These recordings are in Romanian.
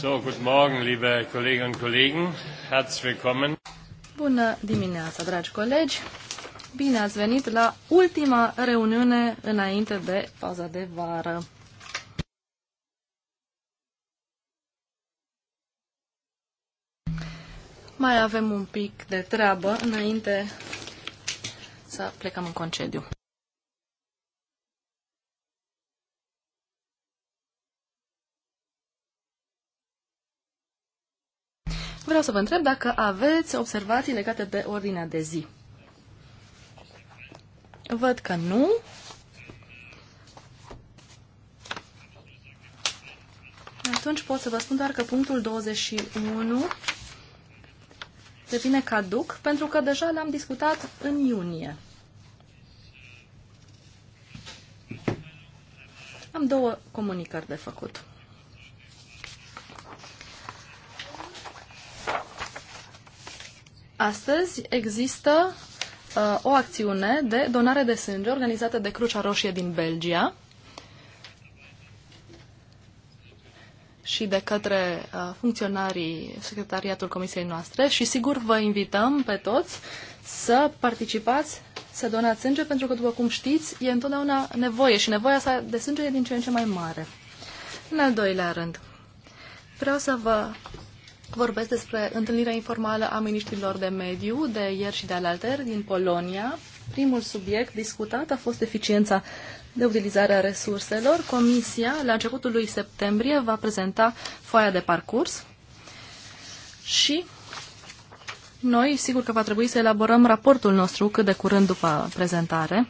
So, guten Morgen, liebe Kolleginnen und Kollegen. Herzlich willkommen. Bună dimineața, dragi colegi. Bine ați venit la ultima reuniune înainte de pauza de vară. Mai avem un pic de treabă înainte să plecăm în concediu. vreau să vă întreb dacă aveți observații legate de ordinea de zi. Văd că nu. Atunci pot să vă spun doar că punctul 21 devine caduc, pentru că deja l-am discutat în iunie. Am două comunicări de făcut. Astăzi există uh, o acțiune de donare de sânge organizată de Crucea Roșie din Belgia și de către uh, funcționarii secretariatul comisiei noastre și sigur vă invităm pe toți să participați, să donați sânge, pentru că, după cum știți, e întotdeauna nevoie și nevoia asta de sânge e din ce în ce mai mare. În al doilea rând, vreau să vă vorbesc despre întâlnirea informală a miniștrilor de mediu de ieri și de alaltări din Polonia. Primul subiect discutat a fost eficiența de utilizare a resurselor. Comisia, la începutul lui septembrie, va prezenta foaia de parcurs și noi, sigur că va trebui să elaborăm raportul nostru cât de curând după prezentare.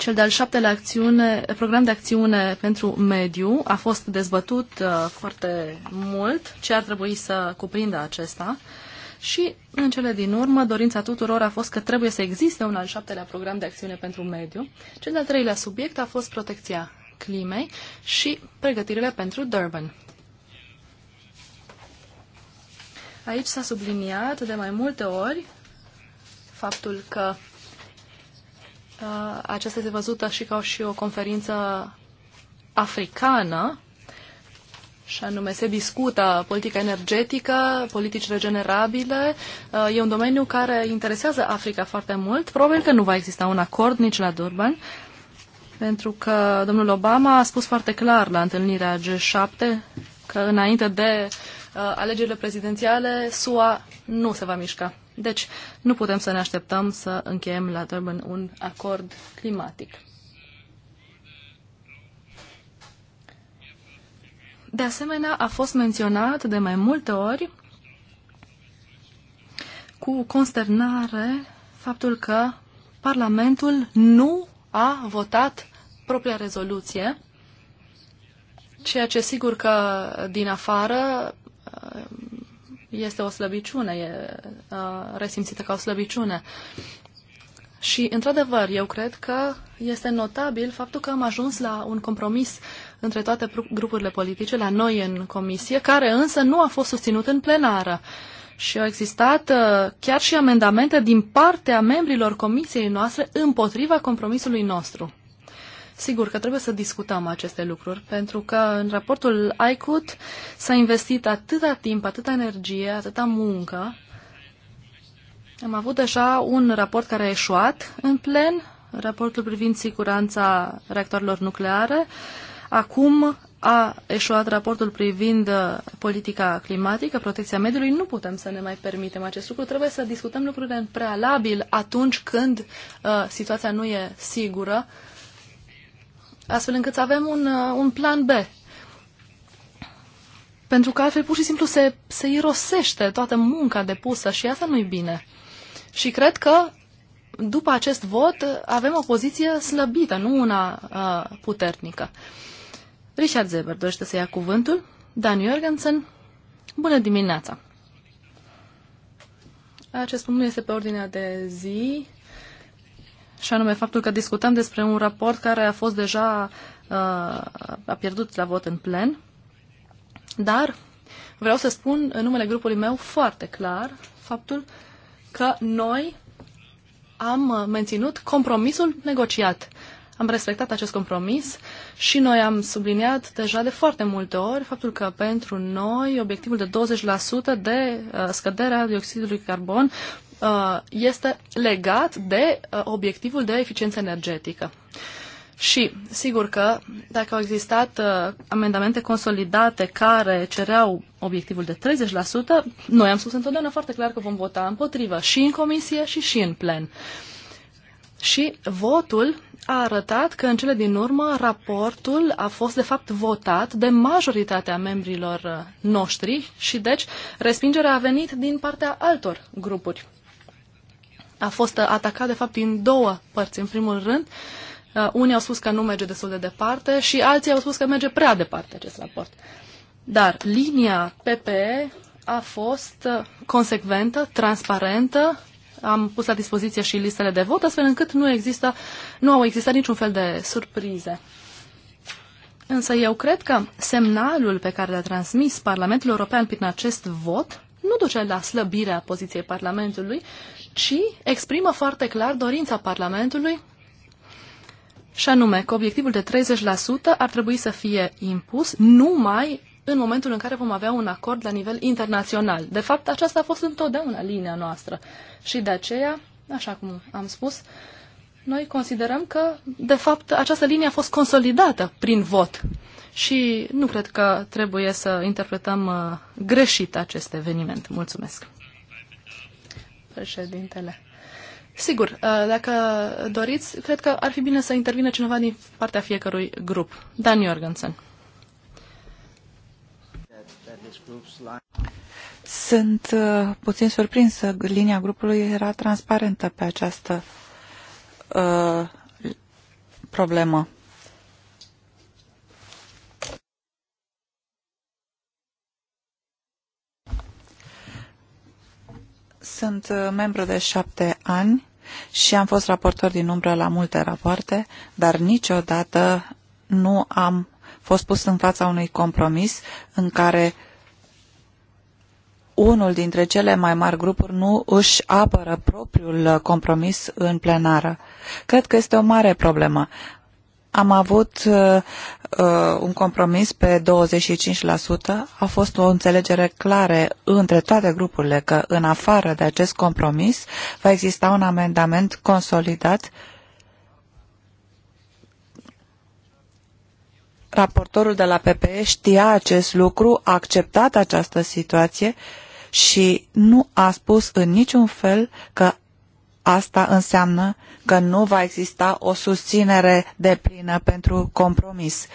Cel de-al șaptelea acțiune, program de acțiune pentru mediu a fost dezbătut uh, foarte mult ce ar trebui să cuprindă acesta și, în cele din urmă, dorința tuturor a fost că trebuie să existe un al șaptelea program de acțiune pentru mediu. Cel de-al treilea subiect a fost protecția climei și pregătirile pentru Durban. Aici s-a subliniat de mai multe ori faptul că Uh, aceasta este văzută și ca și o conferință africană, și anume se discută politica energetică, politici regenerabile. Uh, e un domeniu care interesează Africa foarte mult. Probabil că nu va exista un acord nici la Durban, pentru că domnul Obama a spus foarte clar la întâlnirea G7 că înainte de uh, alegerile prezidențiale SUA nu se va mișca. Deci, nu putem să ne așteptăm să încheiem la Durban un acord climatic. De asemenea, a fost menționat de mai multe ori cu consternare faptul că Parlamentul nu a votat propria rezoluție, ceea ce sigur că din afară este o slăbiciune, e uh, resimțită ca o slăbiciune. Și, într-adevăr, eu cred că este notabil faptul că am ajuns la un compromis între toate grupurile politice, la noi în comisie, care însă nu a fost susținut în plenară. Și au existat uh, chiar și amendamente din partea membrilor comisiei noastre împotriva compromisului nostru. Sigur că trebuie să discutăm aceste lucruri, pentru că în raportul ICUT s-a investit atâta timp, atâta energie, atâta muncă. Am avut deja un raport care a eșuat în plen, raportul privind siguranța reactorilor nucleare. Acum a eșuat raportul privind politica climatică, protecția mediului, nu putem să ne mai permitem acest lucru. Trebuie să discutăm lucrurile în prealabil atunci când uh, situația nu e sigură astfel încât să avem un, uh, un plan B. Pentru că altfel pur și simplu se, se irosește toată munca depusă și asta nu-i bine. Și cred că după acest vot avem o poziție slăbită, nu una uh, puternică. Richard Zeber dorește să ia cuvântul. Dan Jorgensen, bună dimineața! Acest punct nu este pe ordinea de zi și anume faptul că discutăm despre un raport care a fost deja uh, a pierdut la vot în plen, dar vreau să spun în numele grupului meu foarte clar faptul că noi am menținut compromisul negociat. Am respectat acest compromis și noi am subliniat deja de foarte multe ori faptul că pentru noi obiectivul de 20% de uh, scăderea dioxidului carbon Uh, este legat de uh, obiectivul de eficiență energetică. Și, sigur că, dacă au existat uh, amendamente consolidate care cereau obiectivul de 30%, noi am spus întotdeauna foarte clar că vom vota împotrivă și în comisie și și în plen. Și votul a arătat că, în cele din urmă, raportul a fost, de fapt, votat de majoritatea membrilor uh, noștri și, deci, respingerea a venit din partea altor grupuri a fost atacat, de fapt, din două părți. În primul rând, uh, unii au spus că nu merge destul de departe și alții au spus că merge prea departe acest raport. Dar linia PPE a fost uh, consecventă, transparentă, am pus la dispoziție și listele de vot, astfel încât nu, există, nu au existat niciun fel de surprize. Însă eu cred că semnalul pe care l-a transmis Parlamentul European prin acest vot nu duce la slăbirea poziției Parlamentului, ci exprimă foarte clar dorința Parlamentului și anume că obiectivul de 30% ar trebui să fie impus numai în momentul în care vom avea un acord la nivel internațional. De fapt, aceasta a fost întotdeauna linia noastră și de aceea, așa cum am spus, noi considerăm că, de fapt, această linie a fost consolidată prin vot și nu cred că trebuie să interpretăm uh, greșit acest eveniment. Mulțumesc. Președintele. Sigur, uh, dacă doriți, cred că ar fi bine să intervine cineva din partea fiecărui grup. Dan Jorgensen. Sunt uh, puțin surprinsă. Linia grupului era transparentă pe această uh, problemă. Sunt uh, membru de șapte ani și am fost raportor din umbră la multe rapoarte, dar niciodată nu am fost pus în fața unui compromis în care unul dintre cele mai mari grupuri nu își apără propriul uh, compromis în plenară. Cred că este o mare problemă. Am avut uh, uh, un compromis pe 25%. A fost o înțelegere clară între toate grupurile că în afară de acest compromis va exista un amendament consolidat Raportorul de la PPE știa acest lucru, a acceptat această situație și nu a spus în niciun fel că Asta înseamnă că nu va exista o susținere deplină pentru compromis.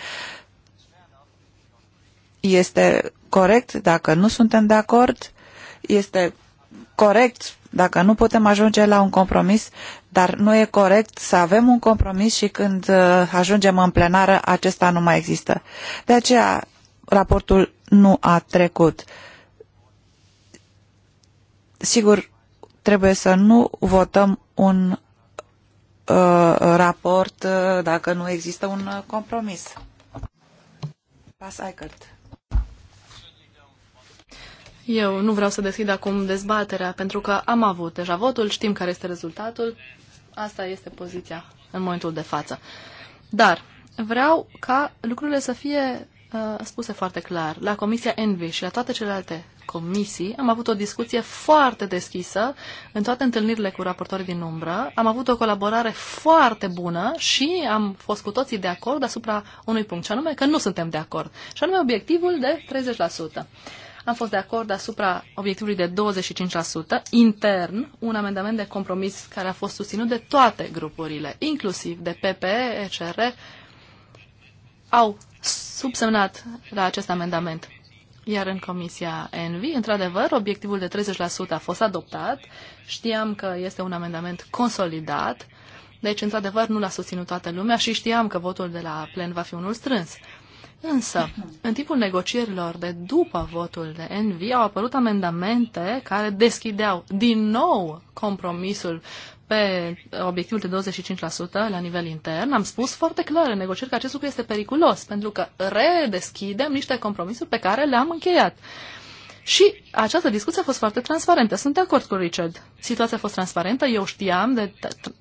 Este corect dacă nu suntem de acord, este corect dacă nu putem ajunge la un compromis, dar nu e corect să avem un compromis și când uh, ajungem în plenară acesta nu mai există. De aceea raportul nu a trecut. Sigur, trebuie să nu votăm un uh, raport uh, dacă nu există un uh, compromis. Pas Eichert. Eu nu vreau să deschid acum dezbaterea, pentru că am avut deja votul, știm care este rezultatul. Asta este poziția în momentul de față. Dar vreau ca lucrurile să fie uh, spuse foarte clar. La Comisia Envi și la toate celelalte comisii, am avut o discuție foarte deschisă în toate întâlnirile cu raportorii din umbră, am avut o colaborare foarte bună și am fost cu toții de acord asupra unui punct, și anume că nu suntem de acord, și anume obiectivul de 30%. Am fost de acord asupra obiectivului de 25%, intern, un amendament de compromis care a fost susținut de toate grupurile, inclusiv de PPE, ECR, au subsemnat la acest amendament. Iar în Comisia Envi, într-adevăr, obiectivul de 30% a fost adoptat. Știam că este un amendament consolidat, deci, într-adevăr, nu l-a susținut toată lumea și știam că votul de la plen va fi unul strâns. Însă, în timpul negocierilor de după votul de Envi, au apărut amendamente care deschideau din nou compromisul pe obiectivul de 25% la nivel intern, am spus foarte clar în negocieri că acest lucru este periculos, pentru că redeschidem niște compromisuri pe care le-am încheiat. Și această discuție a fost foarte transparentă. Sunt de acord cu Richard. Situația a fost transparentă, eu știam de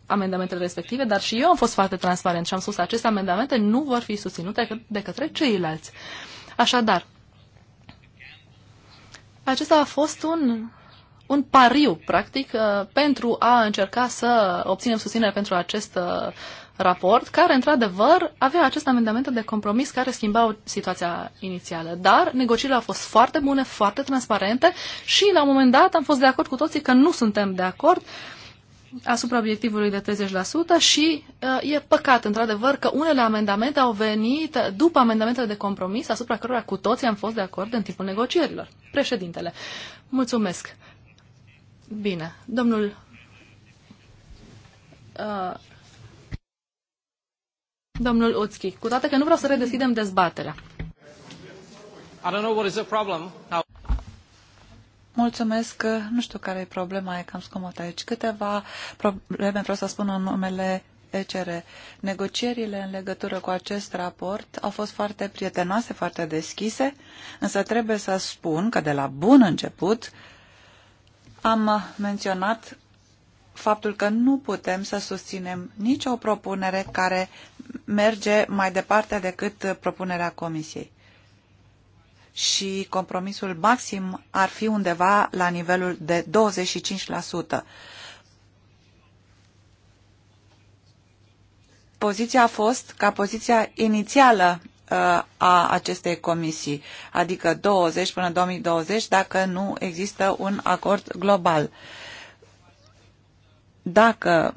amendamentele respective, dar și eu am fost foarte transparent și am spus că aceste amendamente nu vor fi susținute de către ceilalți. Așadar, acesta a fost un un pariu, practic, uh, pentru a încerca să obținem susținere pentru acest uh, raport, care, într-adevăr, avea acest amendament de compromis care schimbau situația inițială. Dar negocierile au fost foarte bune, foarte transparente și, la un moment dat, am fost de acord cu toții că nu suntem de acord asupra obiectivului de 30% și uh, e păcat, într-adevăr, că unele amendamente au venit după amendamentele de compromis asupra cărora cu toții am fost de acord în timpul negocierilor. Președintele, mulțumesc. Bine, domnul uh, domnul Oțchi, cu toate că nu vreau să redeschidem dezbaterea. I don't know what is the problem. How... Mulțumesc. Nu știu care e problema, e cam scomod aici. Câteva probleme vreau să spun în numele ECR. Negocierile în legătură cu acest raport au fost foarte prietenoase, foarte deschise, însă trebuie să spun că de la bun început am menționat faptul că nu putem să susținem nicio propunere care merge mai departe decât propunerea Comisiei. Și compromisul maxim ar fi undeva la nivelul de 25%. Poziția a fost ca poziția inițială a acestei comisii, adică 20 până 2020, dacă nu există un acord global. Dacă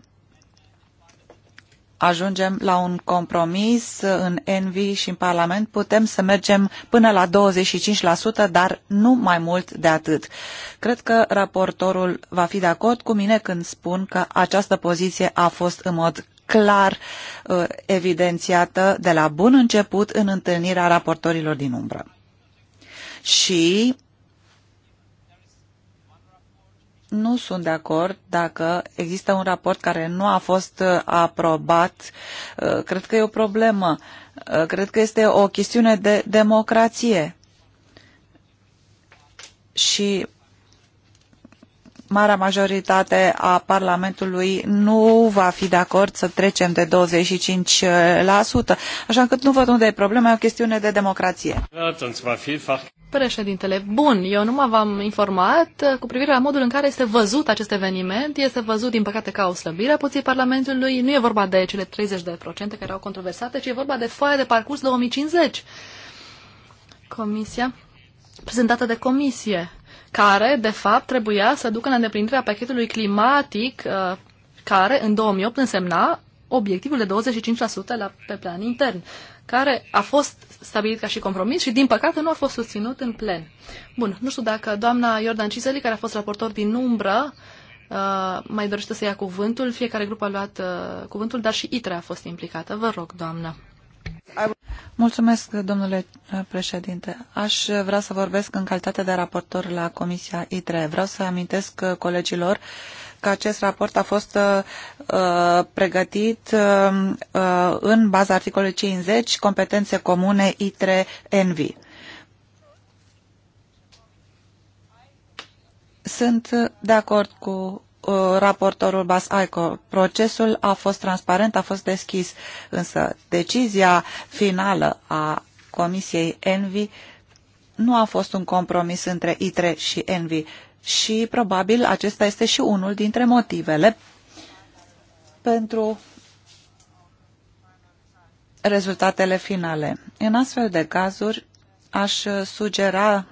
ajungem la un compromis în Envi și în Parlament, putem să mergem până la 25%, dar nu mai mult de atât. Cred că raportorul va fi de acord cu mine când spun că această poziție a fost în mod clar uh, evidențiată de la bun început în întâlnirea raportorilor din umbră. Și nu sunt de acord dacă există un raport care nu a fost uh, aprobat. Uh, cred că e o problemă. Uh, cred că este o chestiune de democrație. Și marea majoritate a Parlamentului nu va fi de acord să trecem de 25%, așa încât nu văd unde e problema, e o chestiune de democrație. Președintele, bun, eu nu v-am informat uh, cu privire la modul în care este văzut acest eveniment. Este văzut, din păcate, ca o slăbire a puții Parlamentului. Nu e vorba de cele 30% care au controversate, ci e vorba de foaia de parcurs 2050. Comisia prezentată de comisie care, de fapt, trebuia să ducă la îndeplinirea pachetului climatic, uh, care în 2008 însemna obiectivul de 25% la, pe plan intern, care a fost stabilit ca și compromis și, din păcate, nu a fost susținut în plen. Bun, nu știu dacă doamna Iordan Cizeli, care a fost raportor din umbră, Uh, mai dorește să ia cuvântul, fiecare grup a luat uh, cuvântul, dar și ITRE a fost implicată. Vă rog, doamnă. Mulțumesc, domnule președinte. Aș vrea să vorbesc în calitate de raportor la Comisia ITRE. Vreau să amintesc colegilor că acest raport a fost uh, pregătit uh, uh în baza articolului 50, competențe comune ITRE-ENVI. Sunt de acord cu Uh, raportorul Bas Aico. Procesul a fost transparent, a fost deschis, însă decizia finală a Comisiei Envi nu a fost un compromis între ITRE și Envi și probabil acesta este și unul dintre motivele pentru rezultatele finale. În astfel de cazuri, aș sugera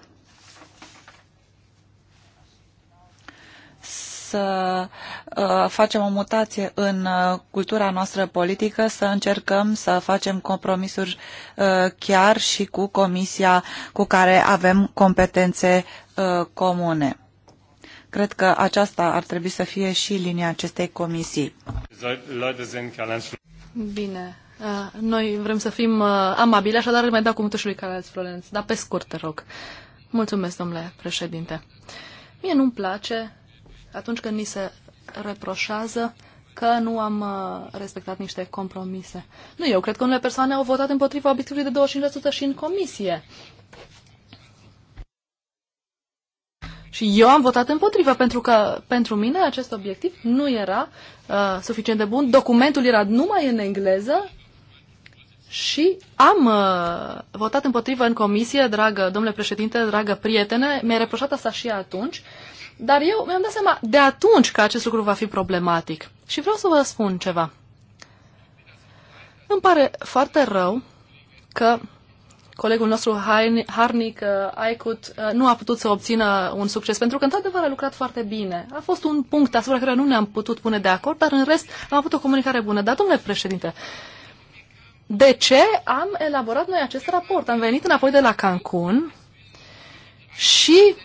să uh, facem o mutație în uh, cultura noastră politică, să încercăm să facem compromisuri uh, chiar și cu comisia cu care avem competențe comune. Cred că aceasta ar trebui să fie și linia acestei comisii. Bine. Noi vrem să fim amabili, așadar îl mai dau cuvântul și lui Carles Florenț, dar pe scurt, te rog. Mulțumesc, domnule președinte. Mie nu-mi place atunci când ni se reproșează că nu am uh, respectat niște compromise. Nu, eu cred că unele persoane au votat împotriva obiectivului de 25% și în comisie. Și eu am votat împotriva, pentru că pentru mine acest obiectiv nu era uh, suficient de bun. Documentul era numai în engleză și am uh, votat împotriva în comisie, dragă domnule președinte, dragă prietene. Mi-ai reproșat asta și atunci. Uh, dar eu mi-am dat seama de atunci că acest lucru va fi problematic. Și vreau să vă spun ceva. Îmi pare foarte rău că colegul nostru Harnic uh, Aicut uh, nu a putut să obțină un succes, pentru că într-adevăr a lucrat foarte bine. A fost un punct asupra care nu ne-am putut pune de acord, dar în rest am avut o comunicare bună. Dar, domnule președinte, de ce am elaborat noi acest raport? Am venit înapoi de la Cancun și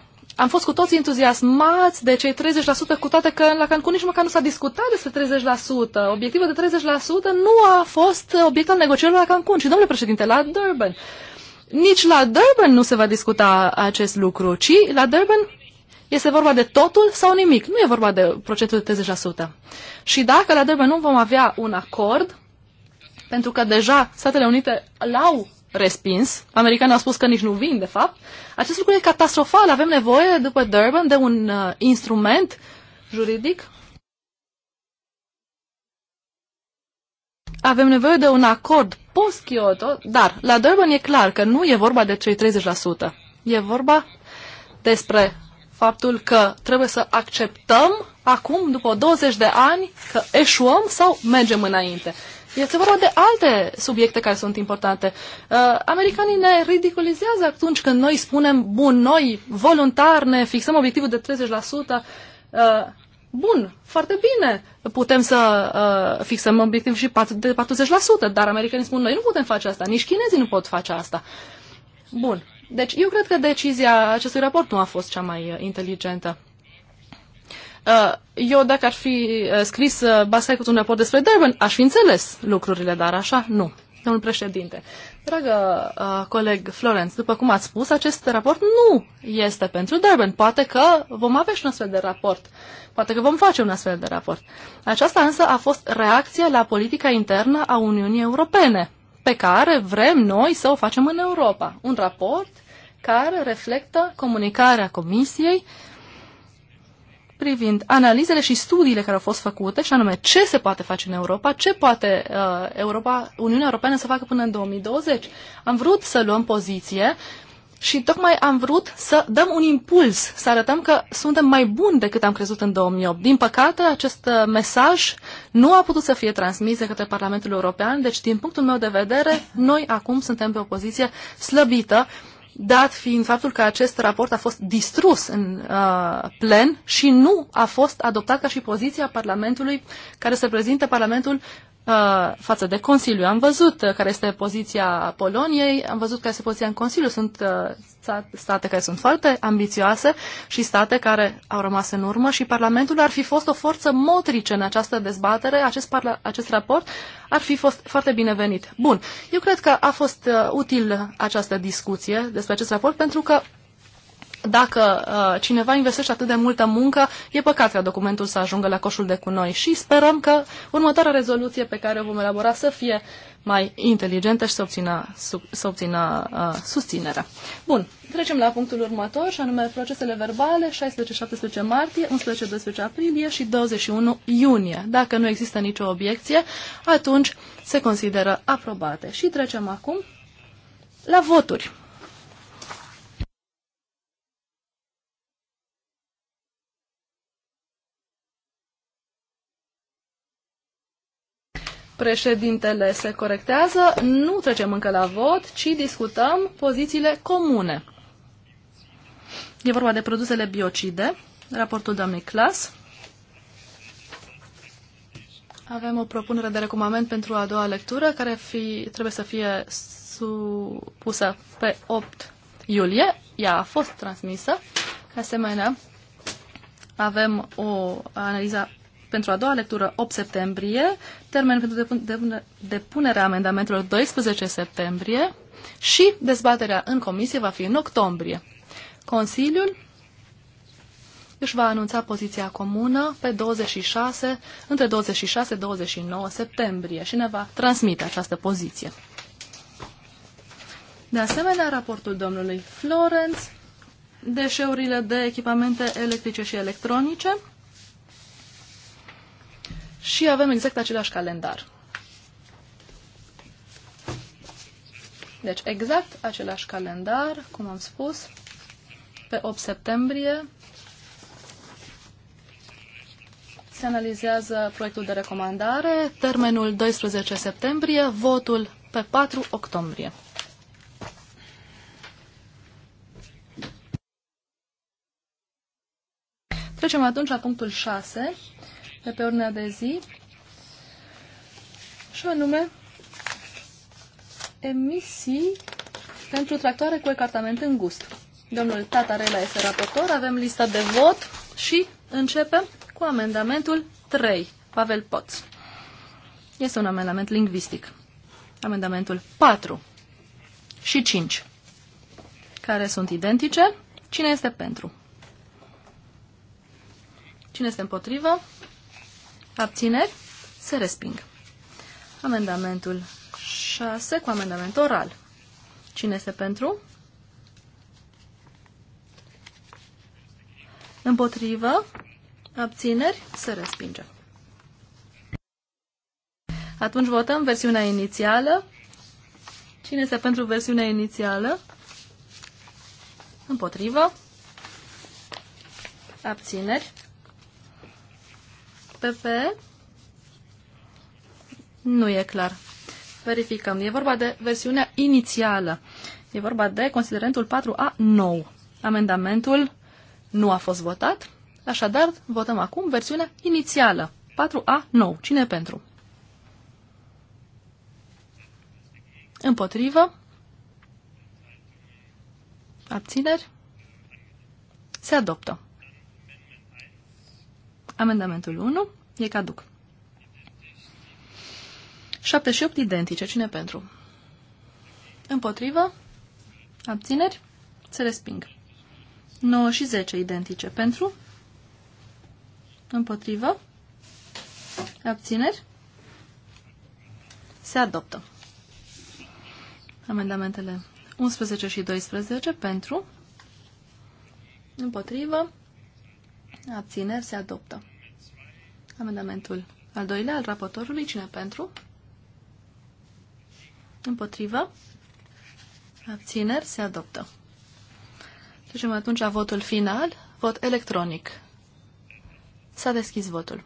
am fost cu toți entuziasmați de cei 30%, cu toate că la Cancun nici măcar nu s-a discutat despre 30%. Obiectivul de 30% nu a fost obiectul negocierilor la Cancun, ci, domnule președinte, la Durban. Nici la Durban nu se va discuta acest lucru, ci la Durban este vorba de totul sau nimic. Nu e vorba de procentul de 30%. Și dacă la Durban nu vom avea un acord, pentru că deja Statele Unite l-au respins. Americanii au spus că nici nu vin, de fapt. Acest lucru e catastrofal. Avem nevoie, după Durban, de un uh, instrument juridic. Avem nevoie de un acord post-Kyoto, dar la Durban e clar că nu e vorba de cei 30%. E vorba despre faptul că trebuie să acceptăm acum, după 20 de ani, că eșuăm sau mergem înainte. Este vorba de alte subiecte care sunt importante. Uh, americanii ne ridiculizează atunci când noi spunem, bun, noi voluntar ne fixăm obiectivul de 30%. Uh, Bun, foarte bine, putem să uh, fixăm obiectivul și de 40%, dar americanii spun noi nu putem face asta, nici chinezii nu pot face asta. Bun, deci eu cred că decizia acestui raport nu a fost cea mai uh, inteligentă. Uh, eu dacă ar fi uh, scris cu uh, un raport despre Durban, aș fi înțeles lucrurile, dar așa nu. Domnul președinte, dragă uh, coleg Florence, după cum ați spus, acest raport nu este pentru Durban. Poate că vom avea și un astfel de raport. Poate că vom face un astfel de raport. Aceasta însă a fost reacția la politica internă a Uniunii Europene, pe care vrem noi să o facem în Europa. Un raport care reflectă comunicarea Comisiei uh, privind analizele și studiile care au fost făcute, și anume ce se poate face în Europa, ce poate uh, Europa, Uniunea Europeană să facă până în 2020. Am vrut să luăm poziție și tocmai am vrut să dăm un impuls, să arătăm că suntem mai buni decât am crezut în 2008. Din păcate, acest uh, mesaj nu a putut să fie transmis de către Parlamentul European, deci, din punctul meu de vedere, noi acum suntem pe o poziție slăbită uh, dat fiind faptul că acest raport a fost distrus în uh, plen și nu a fost adoptat ca și poziția Parlamentului care se prezintă Parlamentul Uh, față de Consiliu. Am văzut uh, care este poziția Poloniei, am văzut care este poziția în Consiliu. Sunt uh, state care sunt foarte ambițioase și state care au rămas în urmă și Parlamentul ar fi fost o forță motrice în această dezbatere, acest, acest raport ar fi fost foarte binevenit. Bun, eu cred că a fost util această discuție despre acest raport pentru că dacă uh, cineva investește atât de multă muncă, e păcat ca documentul să ajungă la coșul de cu noi și sperăm că următoarea rezoluție pe care o vom elabora să fie mai inteligentă și să obțină, să obțină uh, susținere. Bun, trecem la punctul următor și anume procesele verbale 16-17 martie, 11-12 aprilie și 21 iunie. Dacă nu există nicio obiecție, atunci se consideră aprobate. Și trecem acum la voturi. Președintele se corectează, nu trecem încă la vot, ci discutăm pozițiile comune. E vorba de produsele biocide, raportul doamnei Clas. Avem o propunere de recomandament pentru a doua lectură, care fi, trebuie să fie supusă pe 8 iulie. Ea a fost transmisă. asemenea, avem o analiză pentru a doua lectură 8 septembrie, termen pentru depunerea amendamentelor 12 septembrie și dezbaterea în comisie va fi în octombrie. Consiliul își va anunța poziția comună pe 26, între 26-29 septembrie și ne va transmite această poziție. De asemenea, raportul domnului Florenț, deșeurile de echipamente electrice și electronice, și avem exact același calendar. Deci exact același calendar, cum am spus, pe 8 septembrie se analizează proiectul de recomandare, termenul 12 septembrie, votul pe 4 octombrie. Trecem atunci la punctul 6, de pe ordinea de zi, și anume emisii pentru tractoare cu ecartament îngust. Domnul Tatarela este raportor, avem lista de vot și începem cu amendamentul 3, Pavel Poț. Este un amendament lingvistic. Amendamentul 4 și 5, care sunt identice. Cine este pentru? Cine este împotrivă? Abțineri? Se resping. Amendamentul 6 cu amendament oral. Cine este pentru? Împotrivă? Abțineri? Se respinge. Atunci votăm versiunea inițială. Cine este pentru versiunea inițială? Împotrivă? Abțineri? PP? Nu e clar. Verificăm. E vorba de versiunea inițială. E vorba de considerentul 4A9. Amendamentul nu a fost votat, așadar votăm acum versiunea inițială. 4A9. Cine pentru? Împotrivă? Abțineri? Se adoptă. Amendamentul 1 e caduc. 78 identice. Cine pentru? Împotrivă. Abțineri. Se resping. 9 și 10 identice. Pentru? Împotrivă. Abțineri. Se adoptă. Amendamentele 11 și 12 pentru, împotrivă, Abțineri se adoptă. Amendamentul al doilea al raportorului. Cine pentru? Împotrivă. Abțineri se adoptă. Trecem atunci la votul final. Vot electronic. S-a deschis votul.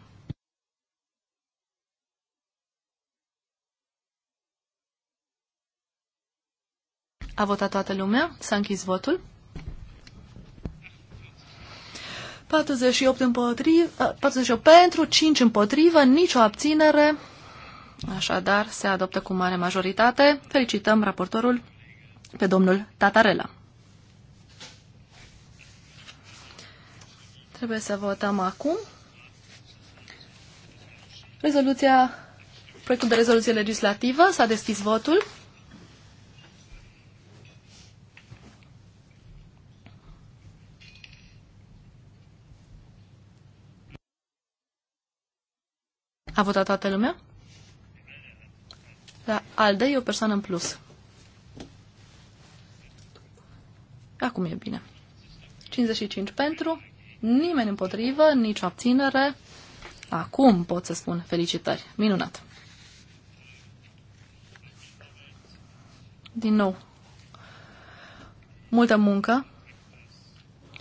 A votat toată lumea? S-a închis votul? 48, împotriv, 48 pentru, 5 împotrivă, nicio abținere. Așadar, se adoptă cu mare majoritate. Felicităm raportorul pe domnul Tatarela. Trebuie să votăm acum rezoluția, proiectul de rezoluție legislativă. S-a deschis votul. A votat toată lumea? La ALDE e o persoană în plus. Acum e bine. 55 pentru, nimeni împotrivă, nicio abținere. Acum pot să spun felicitări. Minunat! Din nou, multă muncă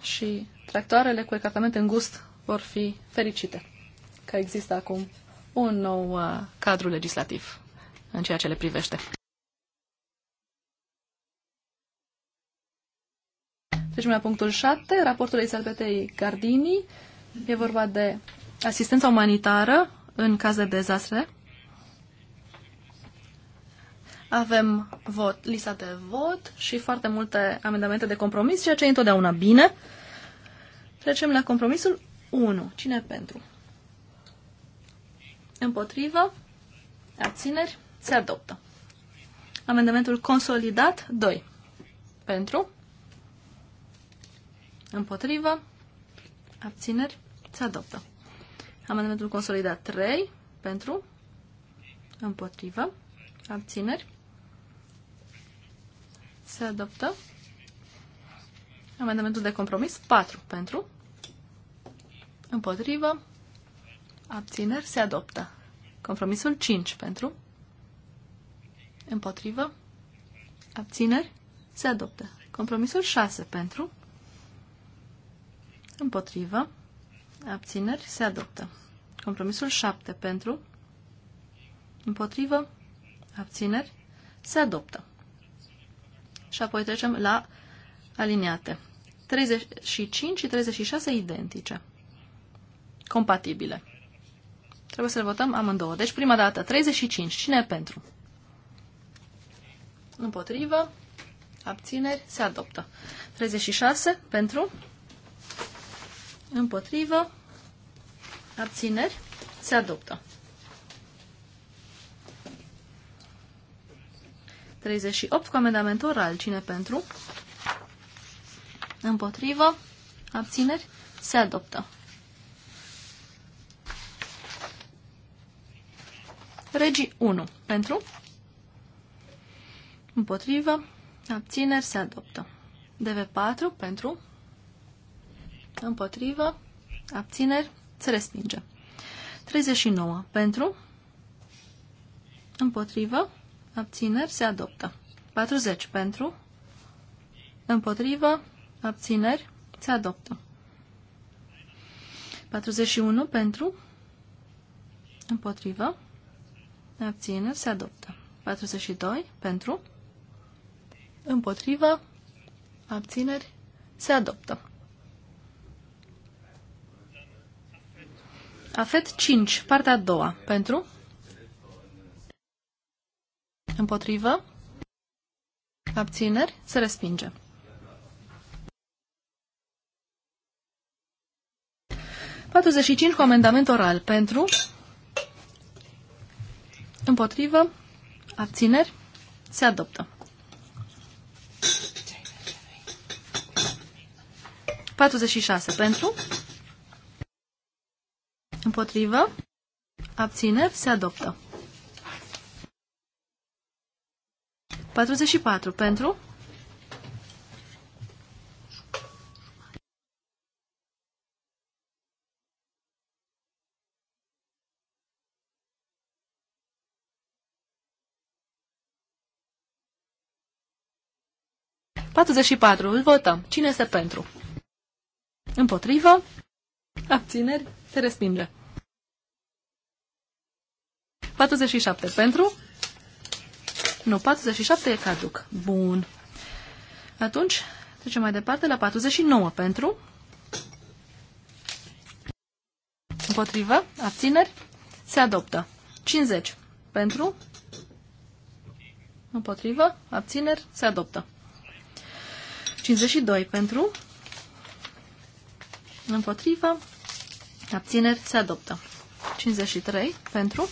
și tractoarele cu ecartament îngust vor fi fericite că există acum un nou uh, cadru legislativ în ceea ce le privește. Deci, la punctul 7, raportul Elisabetei Gardini, e vorba de asistența umanitară în caz de dezastre. Avem vot, lista de vot și foarte multe amendamente de compromis, ceea ce e întotdeauna bine. Trecem la compromisul 1. Cine pentru? Împotrivă. Abțineri. Se adoptă. Amendamentul consolidat 2. Pentru. Împotrivă. Abțineri. Se adoptă. Amendamentul consolidat 3. Pentru. Împotrivă. Abțineri. Se adoptă. Amendamentul de compromis 4. Pentru. Împotrivă abțineri, se adoptă. Compromisul 5 pentru, împotrivă, abțineri, se adoptă. Compromisul 6 pentru, împotrivă, abțineri, se adoptă. Compromisul 7 pentru, împotrivă, abțineri, se adoptă. Și apoi trecem la aliniate. 35 și 36 identice, compatibile. Trebuie să le votăm amândouă. Deci, prima dată, 35. Cine e pentru? Împotrivă. Abțineri. Se adoptă. 36. Pentru. Împotrivă. Abțineri. Se adoptă. 38 cu amendament oral. Cine pentru? Împotrivă. Abțineri. Se adoptă. Regii 1. Pentru? Împotrivă. Abțineri se adoptă. DV4. Pentru? Împotrivă. Abțineri se respinge. 39. Pentru? Împotrivă. Abțineri se adoptă. 40. Pentru? Împotrivă. Abțineri se adoptă. 41. Pentru? Împotrivă abțineri, se adoptă. 42 pentru, împotrivă, abțineri, se adoptă. Afet 5, partea a doua, pentru, împotrivă, abțineri, se respinge. Patruzeci și cinci cu amendament oral pentru Împotrivă. Abțineri. Se adoptă. 46 pentru. Împotrivă. Abțineri. Se adoptă. 44 pentru. 44. Îl votăm. Cine este pentru? Împotrivă? Abțineri? Se respinge. 47. Pentru? Nu, 47 e caduc. Bun. Atunci, trecem mai departe la 49. Pentru? Împotrivă? Abțineri? Se adoptă. 50. Pentru? Împotrivă? Abțineri? Se adoptă. 52 pentru, împotrivă, abțineri, se adoptă. 53 pentru,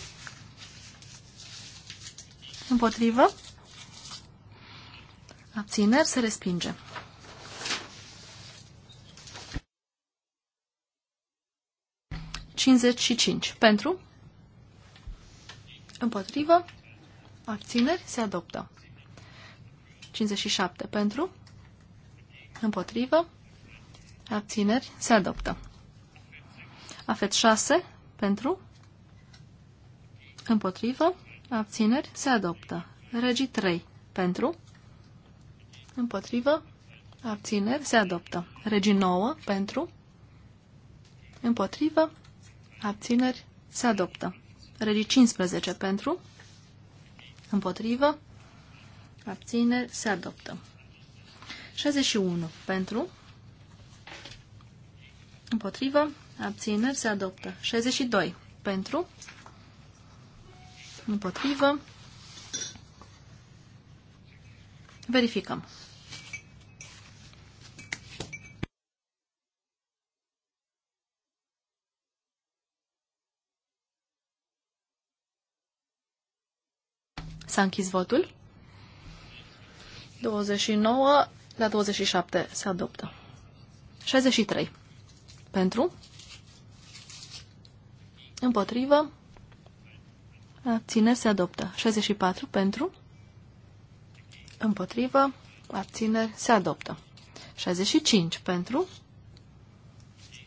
împotrivă, abțineri, se respinge. Cincizeci și cinci pentru, împotrivă, abțineri, se adoptă. 57 pentru, Împotrivă. Abțineri. Se adoptă. Afet 6. Pentru. Împotrivă. Abțineri. Se adoptă. Regii 3. Pentru. Împotrivă. Abțineri. Se adoptă. Regii 9. Pentru. Împotrivă. Abțineri. Se adoptă. Regii 15. Pentru. Împotrivă. Abțineri. Se adoptă. 61 pentru, împotrivă, abțineri se adoptă. 62 pentru, împotrivă, verificăm. S-a închis votul. 29 la 27 se adoptă. 63. Pentru. Împotrivă. Abțineri se adoptă. 64. Pentru. Împotrivă. Abțineri se adoptă. 65. Pentru.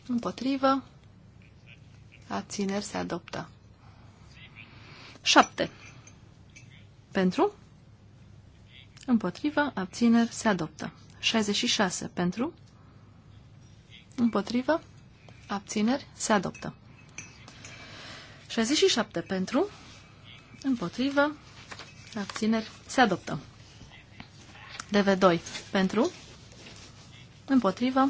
Împotrivă. Abțineri se adoptă. 7. Pentru. Împotrivă, abțineri, se adoptă. 66 pentru. Împotrivă, abțineri, se adoptă. 67 pentru. Împotrivă, abțineri, se adoptă. DV2 pentru. Împotrivă,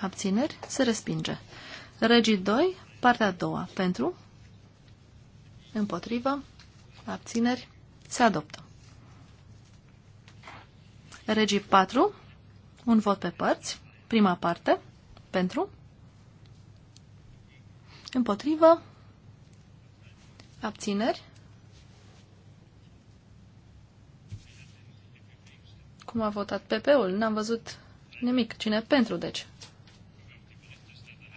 abțineri, se respinge. Regii 2, partea a doua, pentru. Împotrivă, abțineri, se adoptă. Regii 4, un vot pe părți, prima parte, pentru, împotrivă, abțineri, cum a votat PP-ul, n-am văzut nimic. Cine pentru, deci?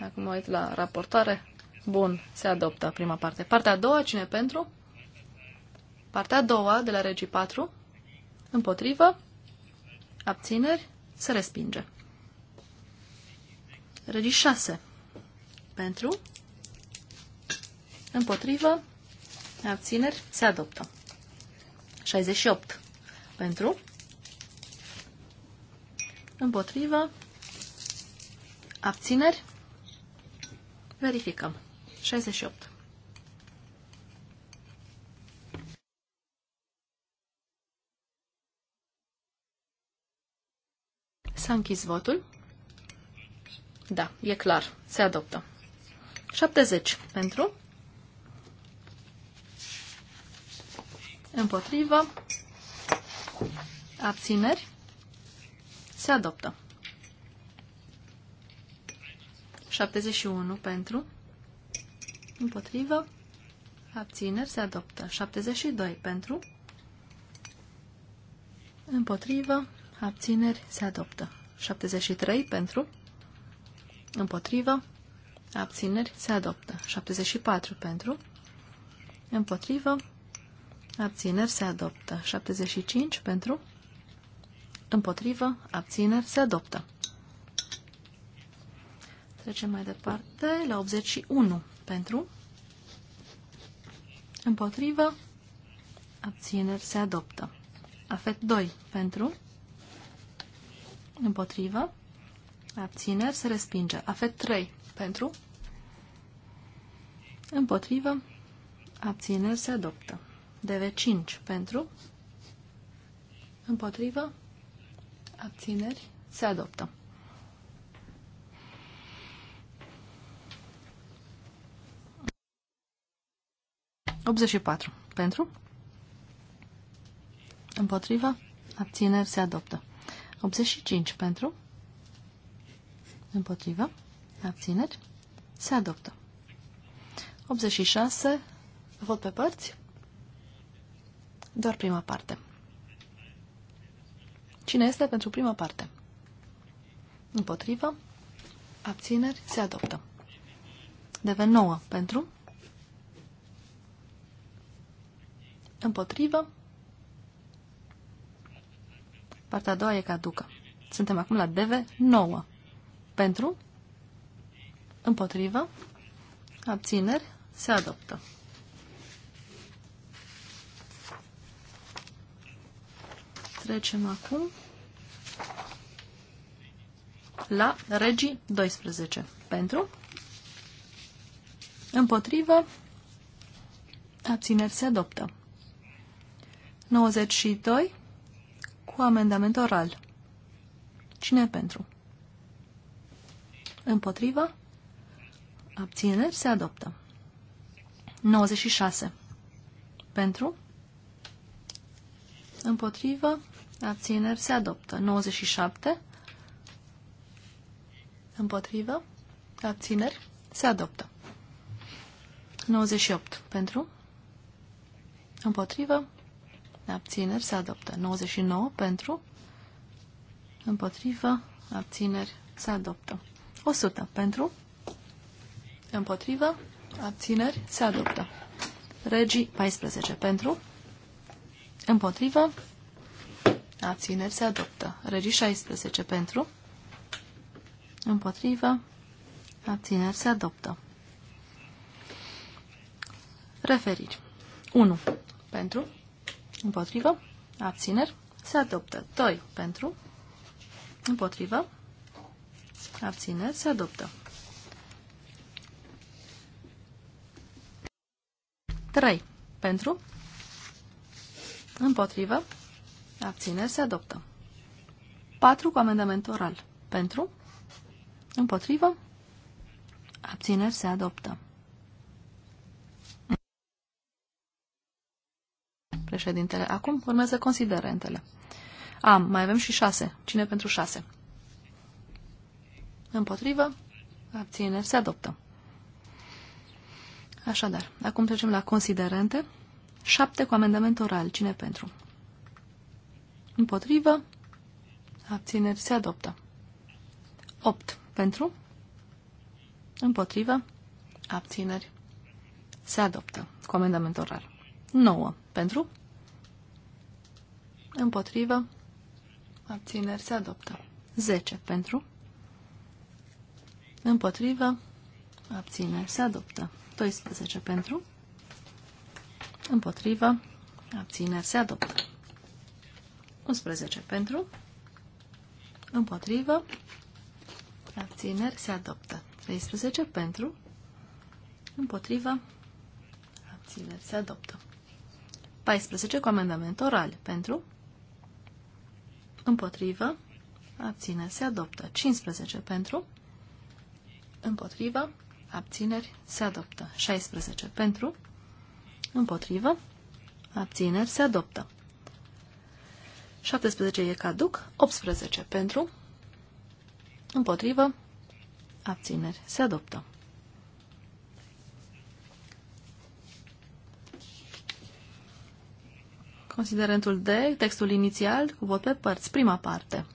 Acum mă uit la raportare. Bun, se adoptă prima parte. Partea a doua, cine pentru? Partea a doua, de la regii 4. Împotrivă. Abțineri? Se respinge. Regi 6. Pentru? Împotrivă? Abțineri? Se adoptă. 68. Pentru? Împotrivă? Abțineri? Verificăm. 68. S-a închis votul. Da, e clar. Se adoptă. 70 pentru. Împotrivă. Abțineri. Se adoptă. 71 pentru. Împotrivă. Abțineri. Se adoptă. 72 pentru. Împotrivă abțineri, se adoptă. 73 pentru, împotrivă, abțineri, se adoptă. 74 pentru, împotrivă, abțineri, se adoptă. 75 pentru, împotrivă, abțineri, se adoptă. Trecem mai departe la 81 pentru, împotrivă, abțineri, se adoptă. Afet 2 pentru, Împotrivă. Abțineri se respinge. Afet 3. Pentru. Împotrivă. Abțineri se adoptă. DV5. Pentru. Împotrivă. Abțineri se adoptă. Optzeci patru. Pentru? Împotriva? Abțineri se adoptă. 85 pentru, împotrivă, abțineri, se adoptă. 86, vot pe părți, doar prima parte. Cine este pentru prima parte? Împotrivă, abțineri, se adoptă. Deve 9 pentru, împotrivă, Partea a doua e caducă. Suntem acum la DV9. Pentru, împotrivă, abțineri, se adoptă. Trecem acum la regii 12. Pentru, împotrivă, abțineri, se adoptă. 92 cu amendament oral. Cine pentru? Împotrivă? Abțineri se adoptă. 96. Pentru? Împotrivă? Abțineri se adoptă. 97. Împotrivă? Abțineri se adoptă. 98. Pentru? Împotrivă? abțineri se adoptă. 99 pentru, împotrivă, abțineri se adoptă. 100 pentru, împotrivă, abțineri se adoptă. Regii 14 pentru, împotrivă, abțineri se adoptă. Regii 16 pentru, împotrivă, abțineri se adoptă. Referiri. 1. Pentru, Împotrivă. Abțineri. Se adoptă. 2 pentru. Împotrivă. Abțineri. Se adoptă. 3 pentru. Împotrivă. Abțineri. Se adoptă. 4 cu amendament oral. Pentru. Împotrivă. Abțineri. Se adoptă. președintele. Acum urmează considerentele. Am, mai avem și șase. Cine pentru șase? Împotrivă, abțineri, se adoptă. Așadar, acum trecem la considerente. Șapte cu amendament oral. Cine pentru? Împotrivă, abțineri, se adoptă. Opt pentru, împotrivă, abțineri, se adoptă. Cu amendament oral. 9 pentru, Împotrivă. Abțineri se adoptă. 10 pentru. Împotrivă. Abțineri se adoptă. 12 pentru. Împotrivă. Abțineri se adoptă. 11 pentru. Împotrivă. Abțineri se adoptă. 13 pentru. Împotrivă. Abțineri se adoptă. 14 cu amendament oral pentru. Împotrivă. Abțineri. Se adoptă. 15 pentru. Împotrivă. Abțineri. Se adoptă. 16 pentru. Împotrivă. Abțineri. Se adoptă. 17 e caduc. 18 pentru. Împotrivă. Abțineri. Se adoptă. Considerentul D, textul inițial, cu vot pe părți, prima parte.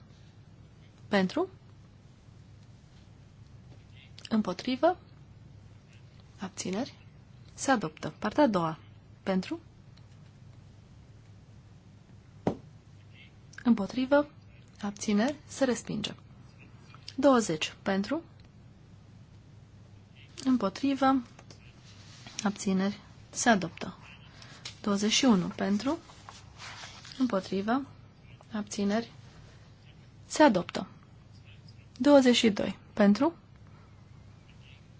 Pentru? Împotrivă? Abțineri? Se adoptă. Partea a doua. Pentru? Împotrivă? Abțineri? Se respinge. 20. Pentru? Împotrivă? Abțineri? Se adoptă. 21. Pentru? Împotrivă. Abțineri. Se adoptă. 22. Pentru.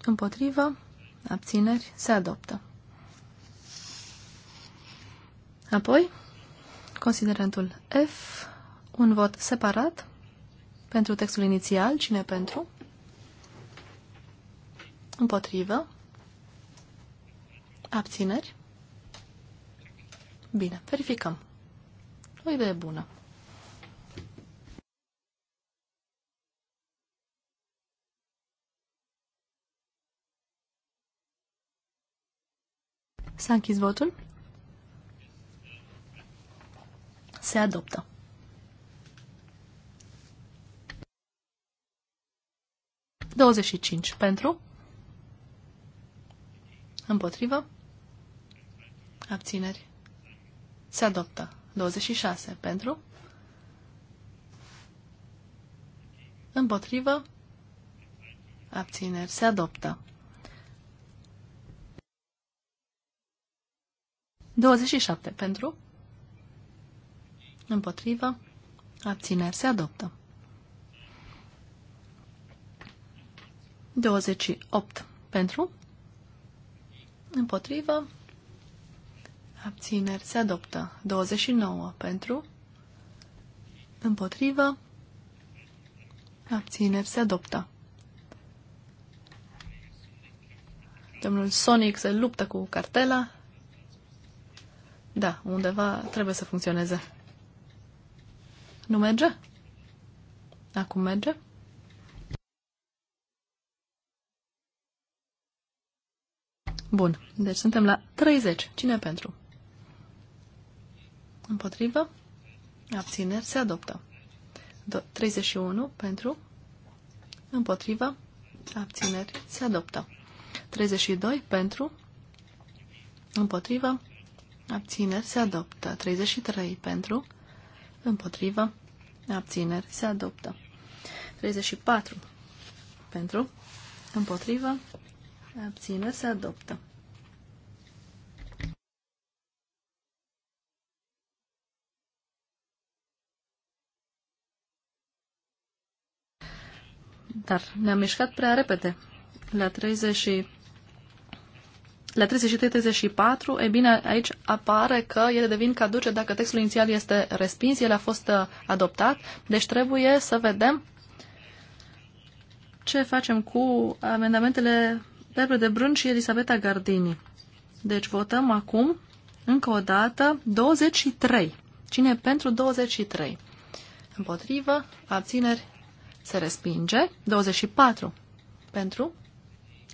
Împotrivă. Abțineri. Se adoptă. Apoi, considerentul F, un vot separat pentru textul inițial, cine pentru, împotrivă, abțineri. Bine, verificăm. O idee bună. S-a închis votul. Se adoptă. Douăzeci și cinci pentru. Împotrivă. Abțineri. Se adoptă. 26 pentru, împotrivă, abțineri, se adoptă. 27 pentru, împotrivă, abțineri, se adoptă. 28 pentru, împotrivă, Abțineri se adoptă. 29 pentru. Împotrivă. Abțineri se adoptă. Domnul Sonic se luptă cu cartela. Da, undeva trebuie să funcționeze. Nu merge? Acum merge? Bun, deci suntem la 30. Cine pentru? Împotrivă. Abțineri se adoptă. 31 pentru. Împotrivă. Abțineri se adoptă. 32 pentru. Împotrivă. Abțineri se adoptă. 33 pentru. Împotrivă. Abțineri se adoptă. 34 pentru. Împotrivă. Abțineri se adoptă. Dar ne-am mișcat prea repede. La 30 la 33-34, e bine, aici apare că ele devin caduce dacă textul inițial este respins, el a fost uh, adoptat, deci trebuie să vedem ce facem cu amendamentele Pepe de Brân și Elisabeta Gardini. Deci votăm acum, încă o dată, 23. Cine pentru 23? Împotrivă, abțineri, se respinge. 24 pentru,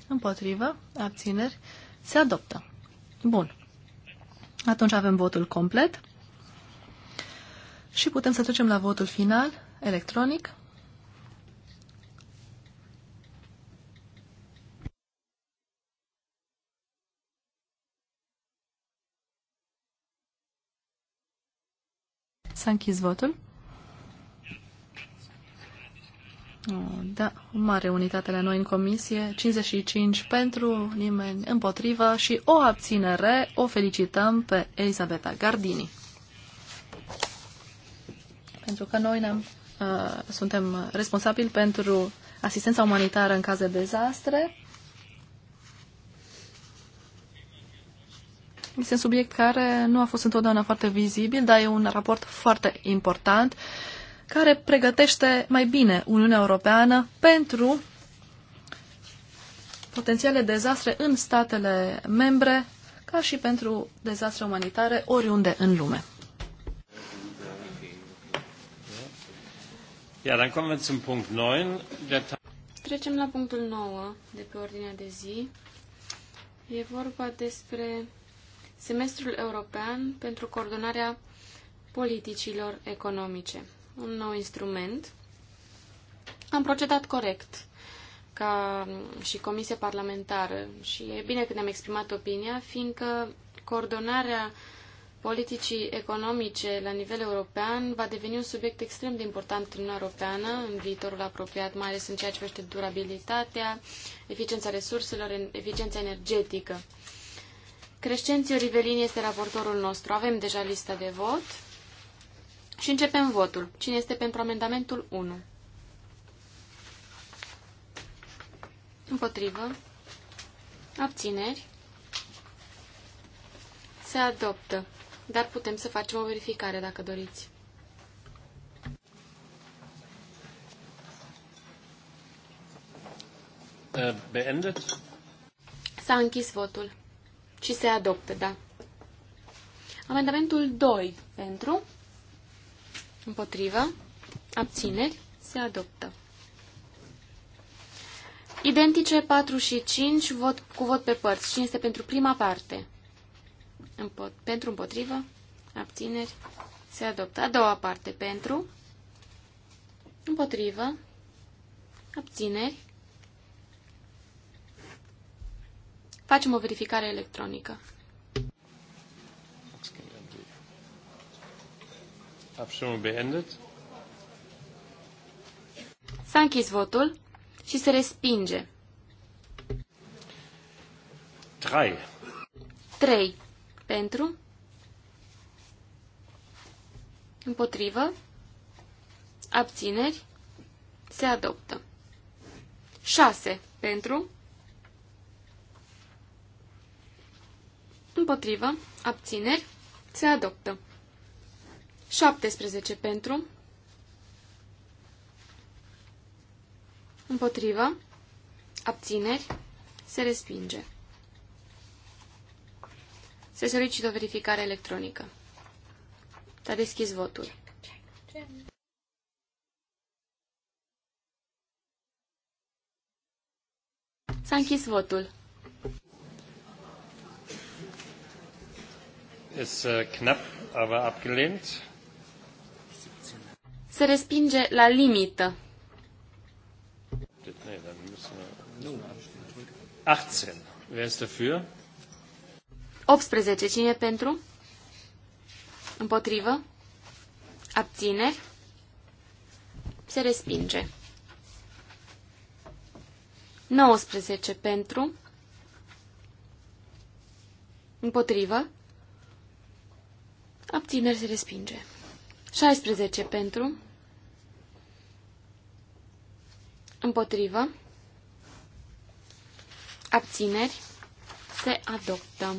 împotrivă, abțineri, se adoptă. Bun. Atunci avem votul complet și putem să trecem la votul final, electronic. S-a închis votul. Da, mare unitate la noi în comisie, 55 pentru, nimeni împotrivă și o abținere, o felicităm pe Elisabeta Gardini. Pentru că noi ne uh, suntem responsabili pentru asistența umanitară în caz de dezastre. Este un subiect care nu a fost întotdeauna foarte vizibil, dar e un raport foarte important. Uh, care pregătește mai bine Uniunea Europeană pentru potențiale dezastre în statele membre, ca și pentru dezastre umanitare oriunde în lume. Ja, dann kommen wir zum Punkt 9. Trecem la punctul 9 de pe ordinea de zi. E vorba despre semestrul european pentru coordonarea politicilor economice un nou instrument. Am procedat corect ca și comisie parlamentară și e bine că ne-am exprimat opinia, fiindcă coordonarea politicii economice la nivel european va deveni un subiect extrem de important în Uniunea Europeană în viitorul apropiat, mai ales în ceea ce privește durabilitatea, eficiența resurselor, eficiența energetică. Crescențiu Rivelin este raportorul nostru. Avem deja lista de vot. Și începem votul. Cine este pentru amendamentul 1? Împotrivă. Abțineri. Se adoptă. Dar putem să facem o verificare dacă doriți. Äh, beendet? S-a închis votul. Și se adoptă, da. Amendamentul 2 pentru... Împotrivă. Abțineri. Se adoptă. Identice 4 și 5 vot, cu vot pe părți. 5 este pentru prima parte. Împot, pentru împotrivă. Abțineri. Se adoptă. A doua parte pentru. Împotrivă. Abțineri. Facem o verificare electronică. Abstimmung beendet. S-a închis votul și se respinge. 3. 3. Pentru. Împotrivă. Abțineri. Se adoptă. 6. Pentru. Împotrivă. Abțineri. Se adoptă. 17 pentru, împotrivă, abțineri, se respinge. Se solicită o verificare electronică. S-a deschis votul. S-a închis votul. este äh, knapp, aber abgelehnt se respinge la limită. 18. Cine e pentru? Împotrivă? Abțineri? Se respinge. 19 pentru, împotrivă, abțineri se respinge. 16 pentru, Împotrivă. Abțineri. Se adoptă.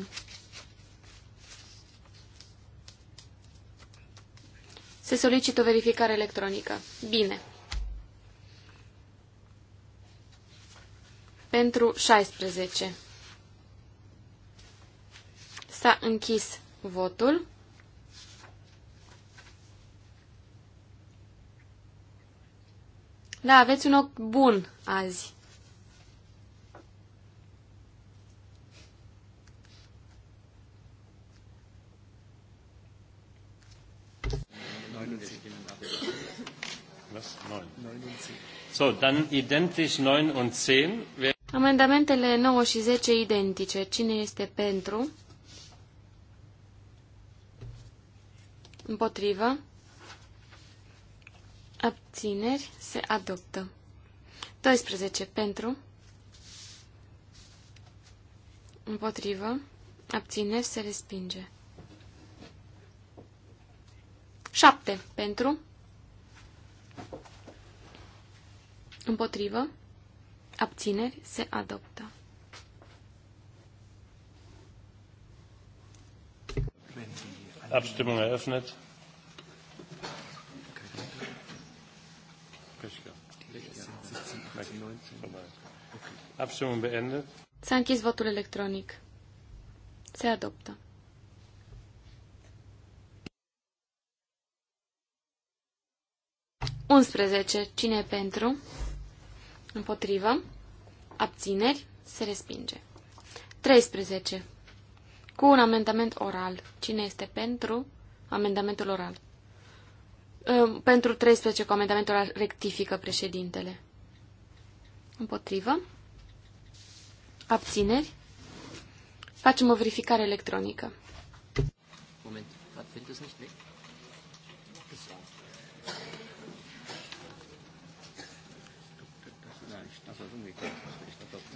Se solicită o verificare electronică. Bine. Pentru 16. S-a închis votul. Da, aveți un ochi bun azi. So, dann identisch 9 und 10. Amendamentele 9 și 10 identice. Cine este pentru? Împotrivă? Abțineri se adoptă. 12 pentru. Împotrivă. Abțineri se respinge. 7 pentru. Împotrivă. Abțineri se adoptă. Abstimmung eröffnet. S-a închis votul electronic. Se adoptă. Unsprezece. Cine pentru? Împotrivă. Abțineri. Se respinge. 13. Cu un amendament oral. Cine este pentru amendamentul oral? Pentru 13 cu amendamentul oral rectifică președintele. Împotrivă. Abțineri. Facem o verificare electronică. Moment, findet es nicht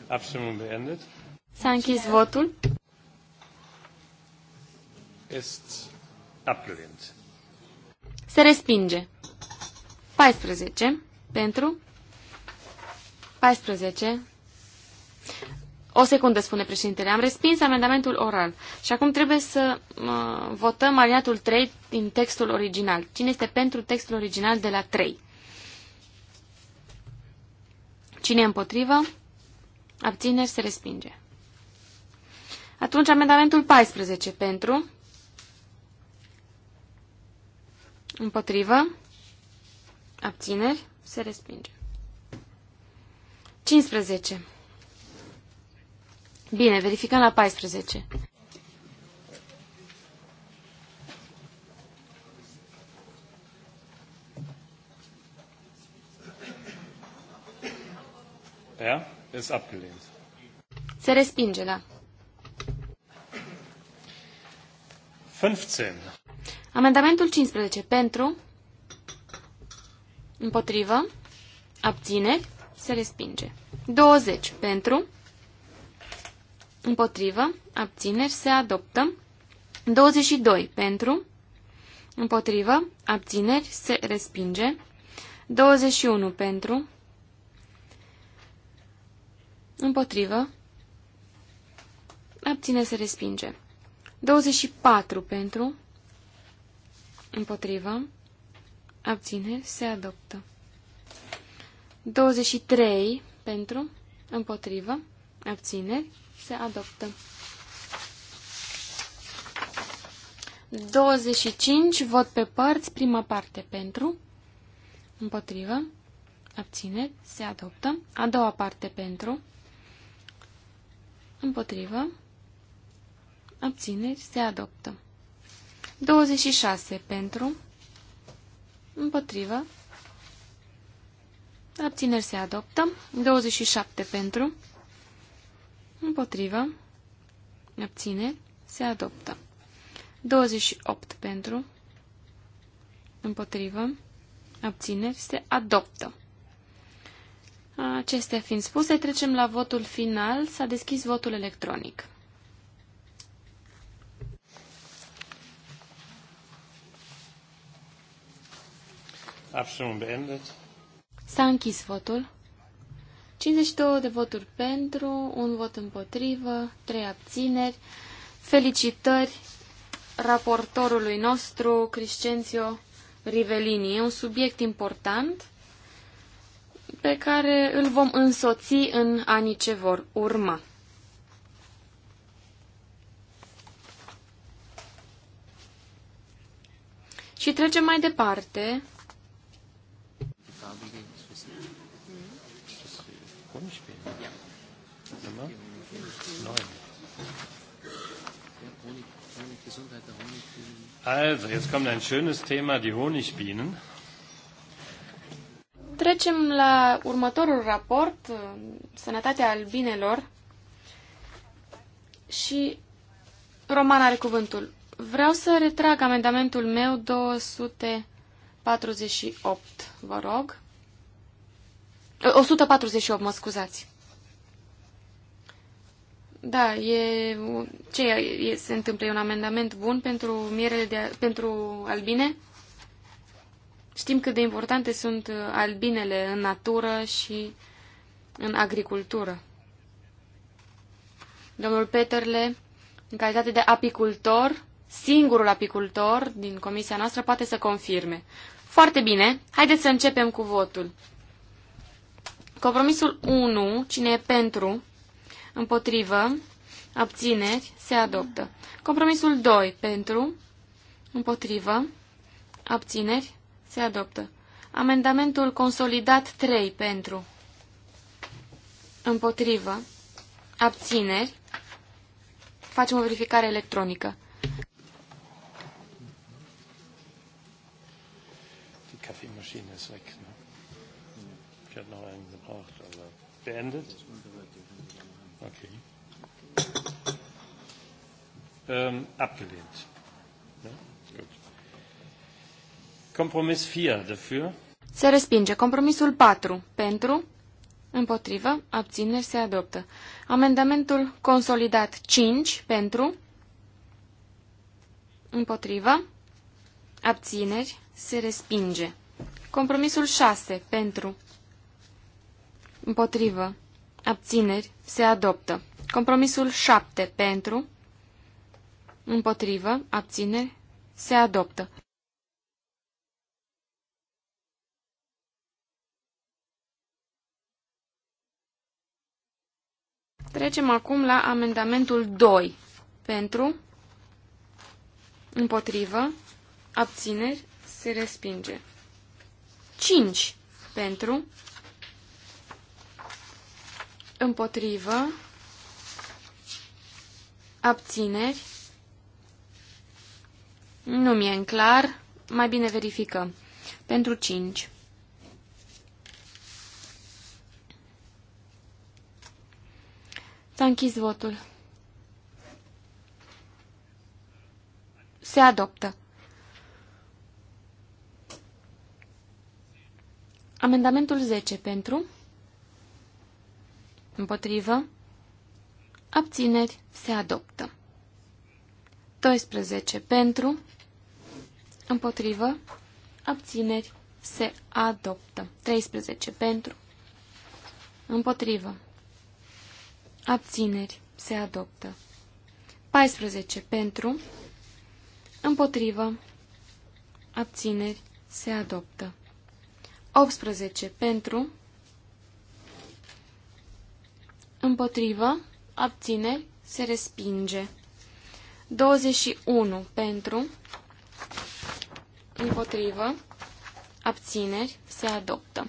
Abstimmung beendet. S-a închis votul. Est abgelehnt. Se respinge. 14 pentru, 14. O secundă, spune președintele. Am respins amendamentul oral și acum trebuie să uh, votăm aliatul 3 din textul original. Cine este pentru textul original de la 3? Cine e împotrivă? Abțineri se respinge. Atunci amendamentul 14 pentru, împotrivă, abțineri se respinge. 15. Bine, verificăm la 14. Ja, ist abgelehnt. Se respinge, da. 15. Amendamentul 15. Pentru. Împotrivă. Abțineri se respinge. 20 pentru, împotrivă, abțineri, se adoptă. 22 pentru, împotrivă, abțineri, se respinge. 21 pentru, împotrivă, abține, se respinge. 24 pentru, împotrivă, abțineri, se adoptă. 23 pentru, împotrivă, abțineri, se adoptă. 25, vot pe părți, prima parte pentru, împotrivă, abțineri, se adoptă. A doua parte pentru, împotrivă, abțineri, se adoptă. 26 pentru, împotrivă, Abțineri se adoptă. 27 pentru. Împotrivă. Abțineri se adoptă. 28 pentru. Împotrivă. Abțineri se adoptă. Acestea fiind spuse, trecem la votul final. S-a deschis votul electronic. Abstimmung beendet. S-a închis votul. 52 de voturi pentru, un vot împotrivă, 3 abțineri. Felicitări raportorului nostru, Crescențio Rivelini. E un subiect important pe care îl vom însoți în anii ce vor urma. Și trecem mai departe neun. Also, jetzt kommt ein schönes Thema, die Honigbienen. Trecem la următorul raport, uh, sănătatea albinelor. Și Roman are cuvântul. Vreau să retrag amendamentul meu 248, vă rog. 148, uh, mă scuzați. Da, e, ce e, se întâmplă? E un amendament bun pentru, mierele de, pentru albine? Știm cât de importante sunt uh, albinele în natură și în agricultură. Domnul Peterle, în calitate de apicultor, singurul apicultor din comisia noastră, poate să confirme. Foarte bine, haideți să începem cu votul. Compromisul 1, cine e pentru, împotrivă, abțineri, se adoptă. Compromisul 2 pentru, împotrivă, abțineri, se adoptă. Amendamentul consolidat 3 pentru, împotrivă, abțineri, facem o verificare electronică. Die Kaffeemaschine ist weg. Ne? Ich hätte noch einen gebraucht, aber beendet. ähm, abgelehnt. Ja? Gut. Kompromiss 4 dafür. Se respinge. Compromisul 4 pentru, împotrivă, abțineri se adoptă. Amendamentul consolidat 5 pentru, împotrivă, abțineri se respinge. Compromisul 6 pentru, împotrivă, abțineri se adoptă. Compromisul 7 pentru, Împotrivă. Abțineri. Se adoptă. Trecem acum la amendamentul 2. Pentru, împotrivă, abțineri, se respinge. 5. Pentru, împotrivă, abțineri, nu mi-e în clar. Mai bine verificăm. Pentru cinci. S-a închis votul. Se adoptă. Amendamentul 10 pentru, împotrivă, abțineri, se adoptă. 12 pentru, Împotrivă. Abțineri. Se adoptă. 13. Pentru. Împotrivă. Abțineri. Se adoptă. 14. Pentru. Împotrivă. Abțineri. Se adoptă. 18. Pentru. Împotrivă. Abțineri. Se respinge. 21. Pentru. Împotrivă. Abțineri. Se adoptă.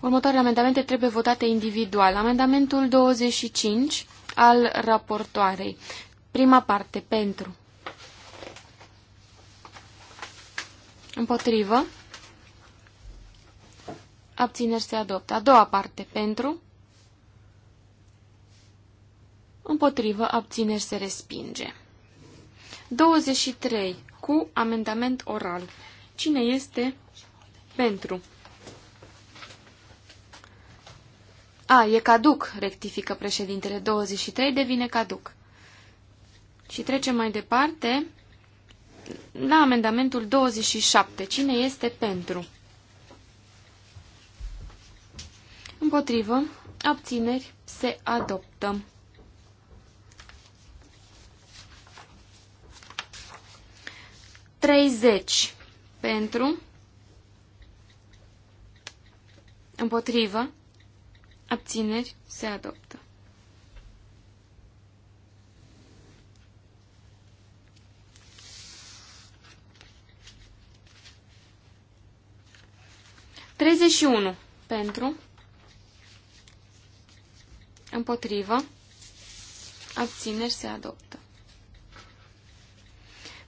Următoarele amendamente trebuie votate individual. Amendamentul 25 al raportoarei. Prima parte, pentru. Împotrivă. Abțineri se adoptă. A doua parte, pentru împotrivă, abțineri se respinge. 23. Cu amendament oral. Cine este pentru? A, e caduc, rectifică președintele. 23 devine caduc. Și trecem mai departe la amendamentul 27. Cine este pentru? Împotrivă, abțineri, se adoptă. 30 pentru, împotrivă, abțineri, se adoptă. Treizeci și unu pentru, împotrivă, abțineri se adoptă.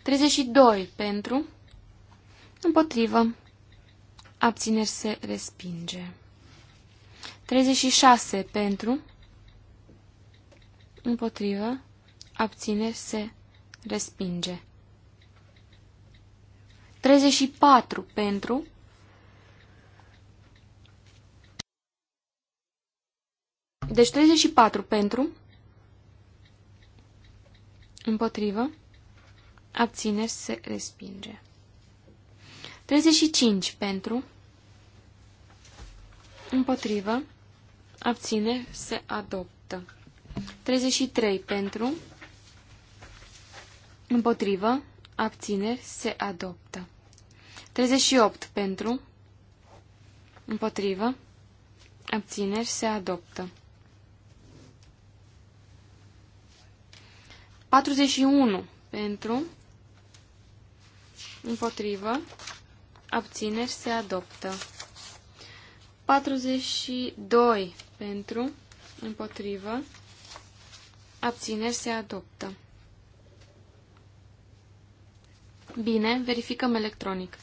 32 pentru, împotrivă, abțineri se respinge. 36 pentru, împotrivă, abțineri se respinge. 34 pentru, deci 34 pentru, împotrivă, Abțineri se respinge. 35 pentru. Împotrivă. Abțineri se adoptă. 33 pentru. Împotrivă. Abțineri se adoptă. 38 pentru. Împotrivă. Abțineri se adoptă. 41 pentru. Împotrivă. Abțineri se adoptă. 42 pentru. Împotrivă. Abțineri se adoptă. Bine, verificăm electronic.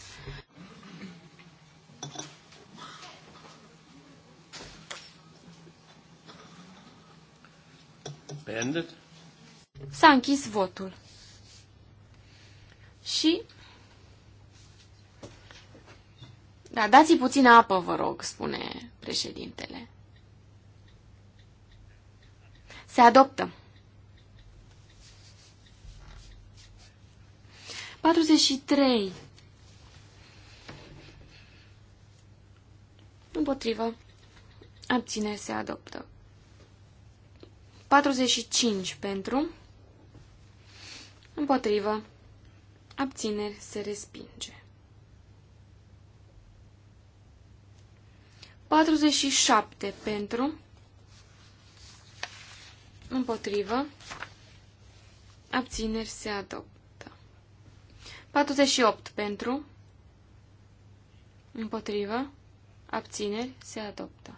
S-a închis votul. Și Da, dați puțină apă, vă rog, spune președintele. Se adoptă. 43. Împotrivă. Abțineri se adoptă. 45 pentru. Împotrivă. Abțineri se respinge. 47 pentru, împotrivă, abțineri se adoptă. 48 pentru, împotrivă, abțineri se adoptă.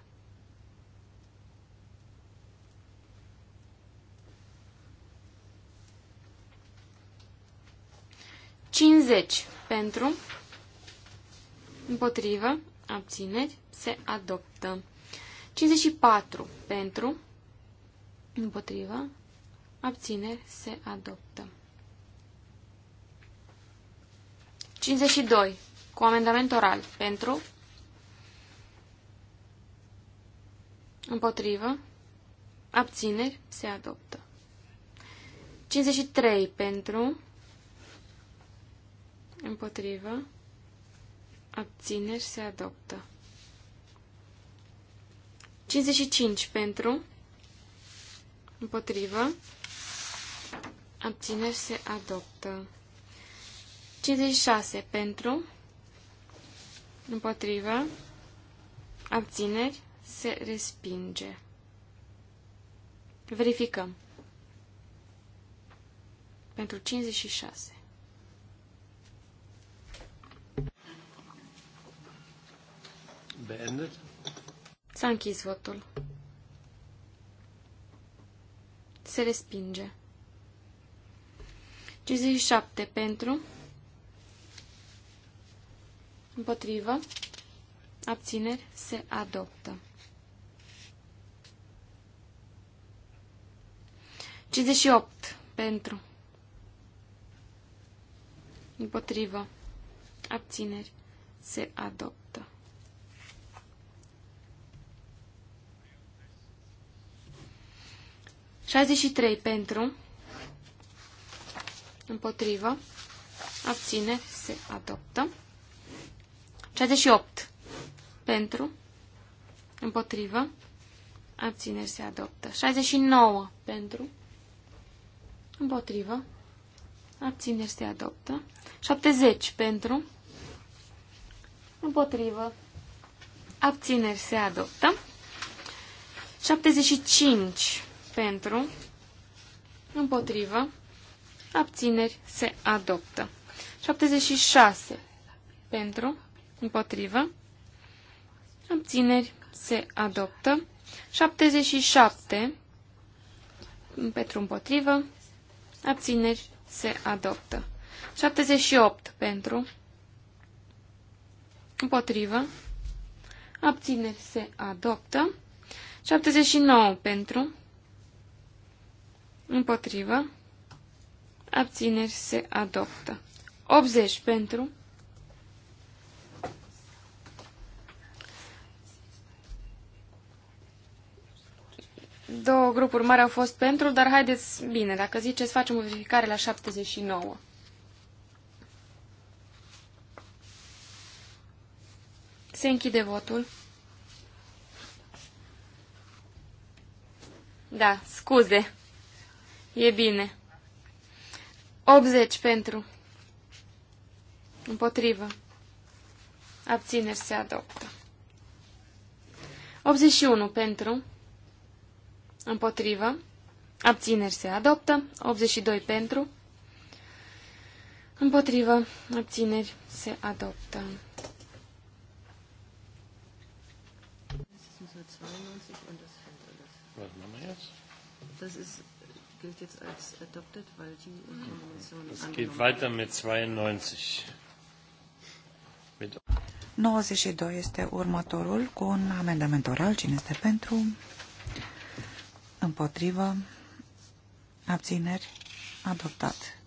50 pentru, împotrivă, abțineri, se adoptă. 54 pentru, Împotriva. abțineri, se adoptă. 52 cu amendament oral pentru, împotrivă, abțineri, se adoptă. 53 pentru, împotrivă, abțineri, se adoptă. 55 pentru, împotrivă, abțineri, se adoptă. 56 pentru, împotrivă, abțineri, se respinge. Verificăm. Pentru 56. beendet. S-a închis votul. Se respinge. 57 pentru. Împotrivă. Abțineri. Se adoptă. 58 pentru. Împotrivă. Abțineri. Se adoptă. 63 pentru, împotrivă, abține se adoptă. 68 pentru, împotrivă, abține se adoptă. 69 pentru, împotrivă, abține se adoptă. 70 pentru, împotrivă, abțineri, se adoptă. 75 pentru, împotrivă, abțineri, se adoptă. 76 pentru, împotrivă, abțineri, se adoptă. 77 pentru, împotrivă, abțineri, se adoptă. 78 pentru, împotrivă, abțineri, se adoptă. 79 pentru, Împotrivă. Abțineri se adoptă. 80 pentru. Două grupuri mari au fost pentru, dar haideți bine, dacă ziceți, facem o verificare la 79. Se închide votul. Da, scuze. E bine. 80 pentru. Împotrivă. Abțineri se adoptă. 81 pentru. Împotrivă. Abțineri se adoptă. 82 pentru. Împotrivă. Abțineri se adoptă. Das ist gilt jetzt als adopted, weil die Konvention Es geht weiter mit 92. 92 este următorul cu un amendament oral. Cine este pentru? Împotrivă? Abțineri? Adoptat.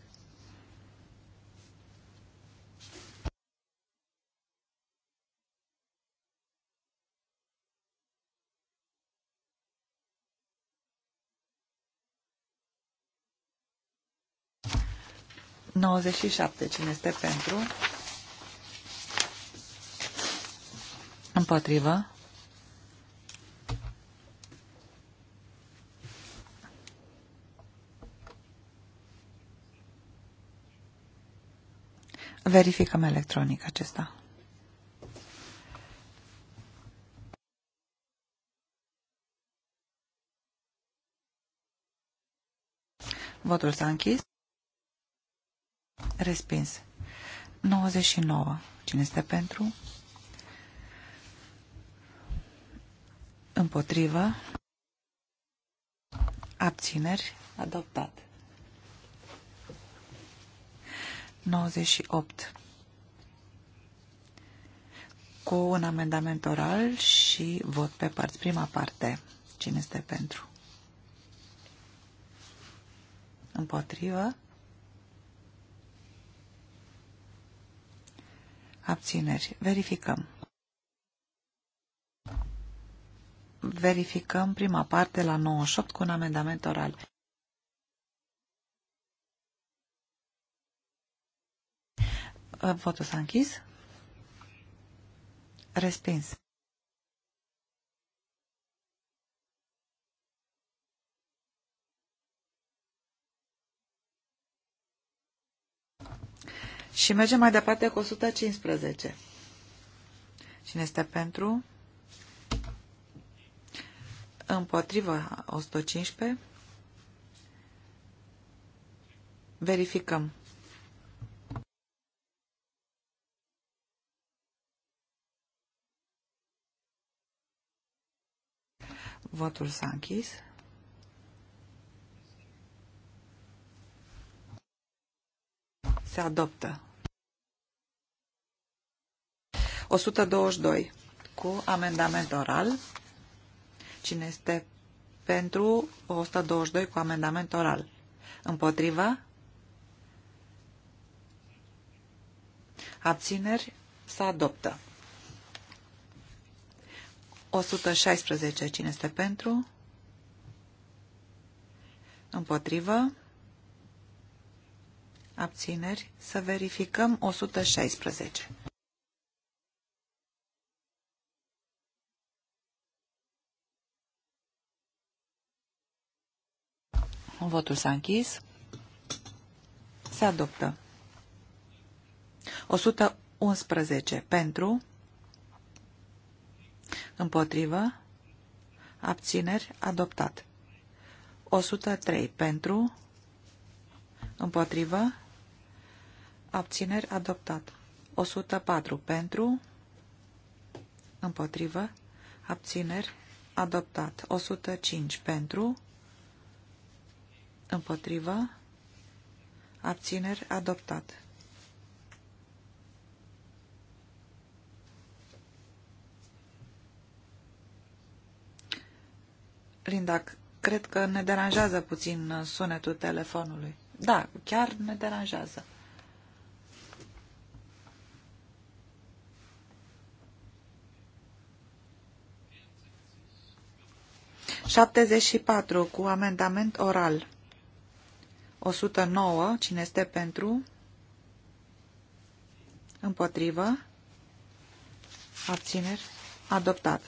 97. Cine este pentru? Împotrivă. Verificăm electronic acesta. Votul s-a închis. Respins. 99. Cine este pentru? Împotrivă. Abțineri. Adoptat. 98. Cu un amendament oral și vot pe părți. Prima parte. Cine este pentru? Împotrivă. abțineri. Verificăm. Verificăm prima parte la 98 cu un amendament oral. Votul s-a închis. Respins. Și mergem mai departe cu 115. Cine este pentru? Împotrivă 115. Verificăm. Votul s-a închis. Se adoptă. 122. Cu amendament oral. Cine este pentru 122 cu amendament oral? Împotriva? Abțineri? Se adoptă. 116. Cine este pentru? Împotrivă? abțineri, să verificăm 116. Votul s-a închis. Se adoptă. 111 pentru, împotrivă, abțineri, adoptat. 103 pentru, împotrivă, abțineri adoptat. 104 pentru, împotrivă, abțineri adoptat. 105 pentru, împotrivă, abțineri adoptat. Linda, cred că ne deranjează puțin uh, sunetul telefonului. Da, chiar ne deranjează. 74 cu amendament oral. 109. Cine este pentru? Împotrivă. Abțineri. Adoptat.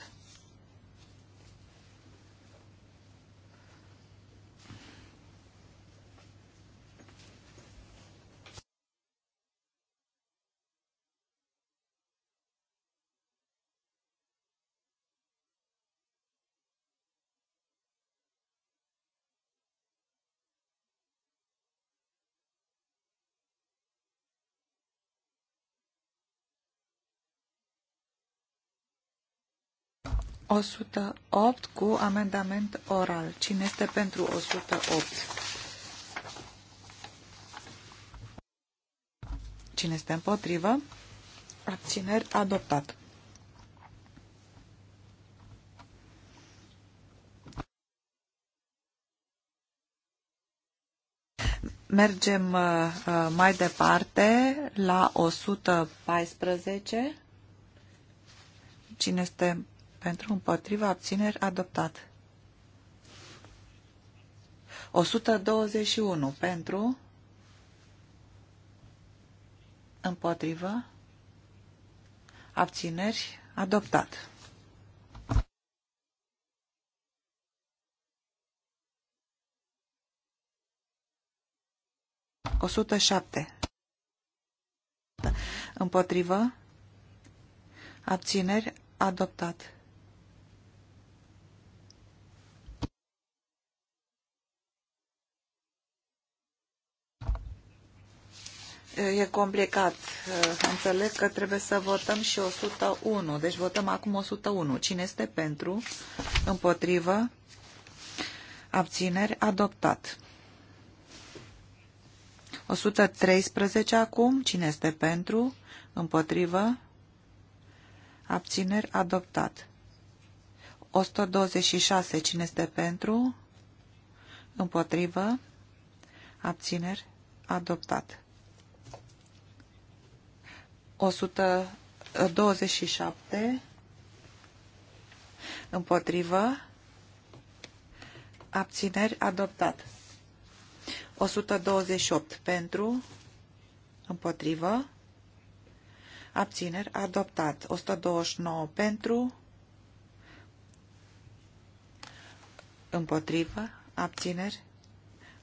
108 cu amendament oral. Cine este pentru 108? Cine este împotrivă? Abțineri adoptat. Mergem uh, uh, mai departe la 114. Cine este pentru, împotriva, abțineri, adoptat. 121 pentru, împotrivă, abțineri, adoptat. O sută șapte. Împotrivă. Abțineri. Adoptat. E complicat. Înțeleg că trebuie să votăm și 101. Deci votăm acum 101. Cine este pentru? Împotrivă? Abțineri? Adoptat. 113 acum. Cine este pentru? Împotrivă? Abțineri? Adoptat. 126. Cine este pentru? Împotrivă? Abțineri? Adoptat. 127 împotrivă abțineri adoptat 128 pentru împotrivă abțineri adoptat 129 pentru împotrivă abțineri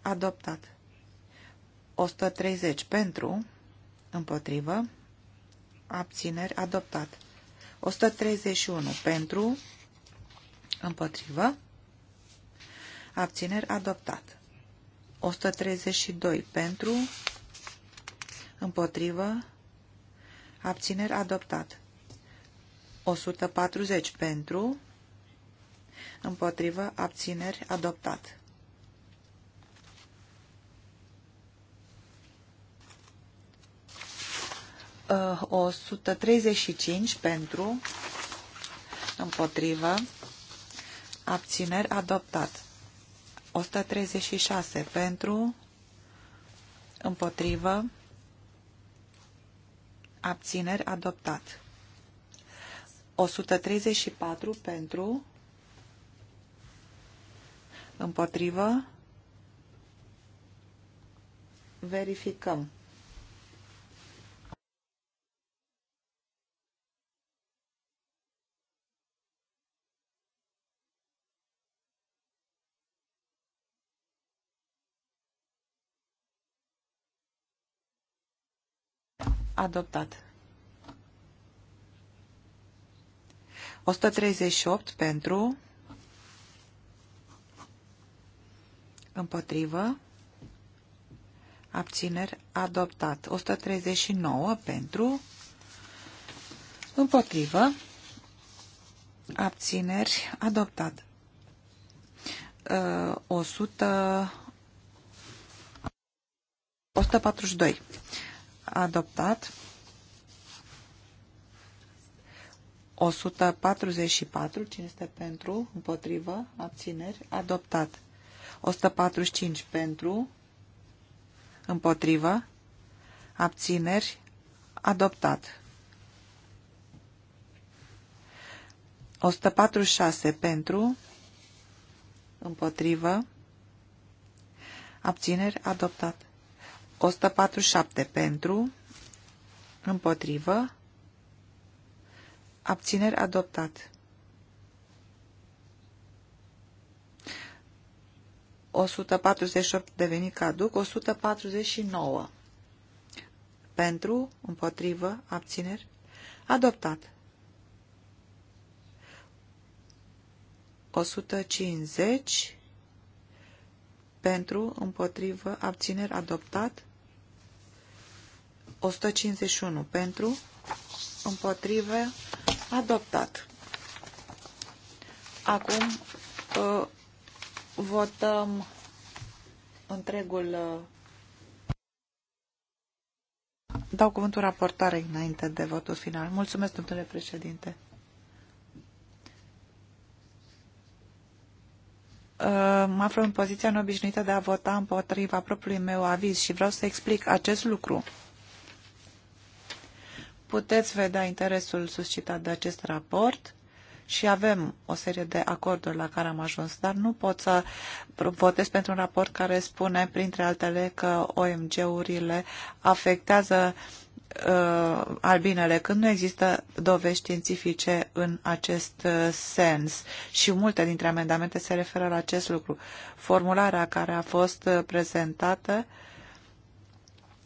adoptat 130 pentru împotrivă abțineri, adoptat. 131 pentru, împotrivă, abțineri, adoptat. 132 pentru, împotrivă, abțineri, adoptat. 140 pentru, împotrivă, abțineri, adoptat. 135 uh, pentru, împotrivă, abțineri adoptat. 136 pentru, împotrivă, abțineri adoptat. 134 pentru, împotrivă, verificăm. adoptat. 138 pentru, împotrivă, abțineri, adoptat. 139 pentru, împotrivă, abțineri, adoptat. 100, uh, 142 adoptat 144, cine este pentru, împotrivă, abțineri, adoptat 145 pentru, împotrivă, abțineri, adoptat 146 pentru, împotrivă, abțineri, adoptat 147 pentru, împotrivă, abțineri adoptat. 148 devenit caduc, 149 pentru, împotrivă, abțineri, adoptat. 150 pentru, împotrivă, abțineri, adoptat. 151 pentru, împotrivă, adoptat. Acum ă, votăm întregul... Ă, dau cuvântul raportoarei înainte de votul final. Mulțumesc, domnule președinte. Ă, mă aflu în poziția neobișnuită de a vota împotriva propriului meu aviz și vreau să explic acest lucru puteți vedea interesul suscitat de acest raport și avem o serie de acorduri la care am ajuns, dar nu pot să votez pentru un raport care spune, printre altele, că OMG-urile afectează uh, albinele, când nu există dovești științifice în acest uh, sens. Și multe dintre amendamente se referă la acest lucru. Formularea care a fost uh, prezentată uh,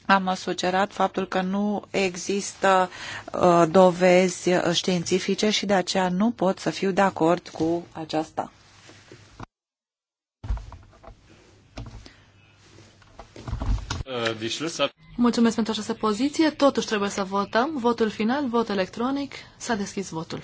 am sugerat faptul că nu există uh, dovezi uh, științifice și de aceea nu pot să fiu de acord cu aceasta. Mulțumesc pentru această poziție. Totuși trebuie să votăm. Votul final, vot electronic. S-a deschis votul.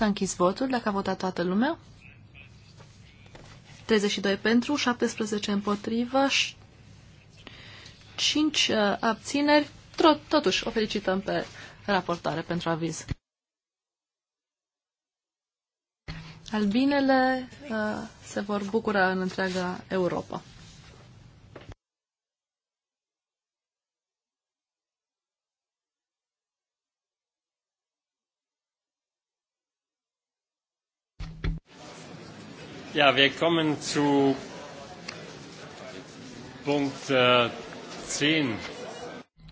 S-a închis votul, dacă a votat toată lumea. 32 pentru, 17 împotrivă, 5 uh, abțineri. Totuși, o felicităm pe raportare pentru aviz. Albinele uh, se vor bucura în întreaga Europa. Ja, wir kommen zu 10. Äh,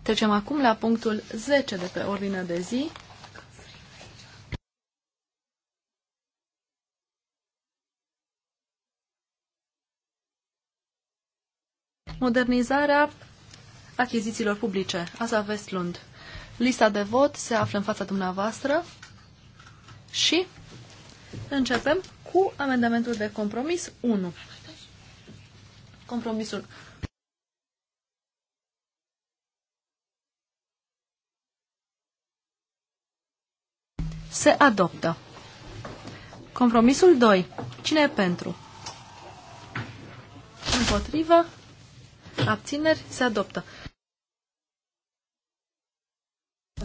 Trecem acum la punctul 10 de pe ordinea de zi. Modernizarea achizițiilor publice. Asta Vestlund. Lista de vot se află în fața dumneavoastră și începem cu amendamentul de compromis 1. Compromisul se adoptă. Compromisul 2. Cine e pentru? Împotrivă. Abțineri. Se adoptă.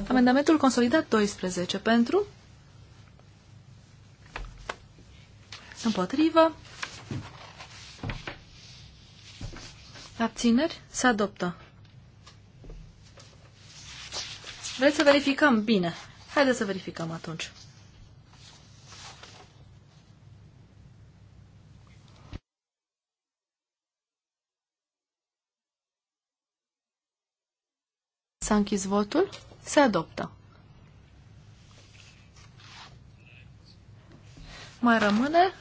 Amendamentul consolidat 12. Pentru. Împotrivă. Abțineri? Se adoptă. Vreți să verificăm? Bine. Haideți să verificăm atunci. S-a închis votul. Se adoptă. Mai rămâne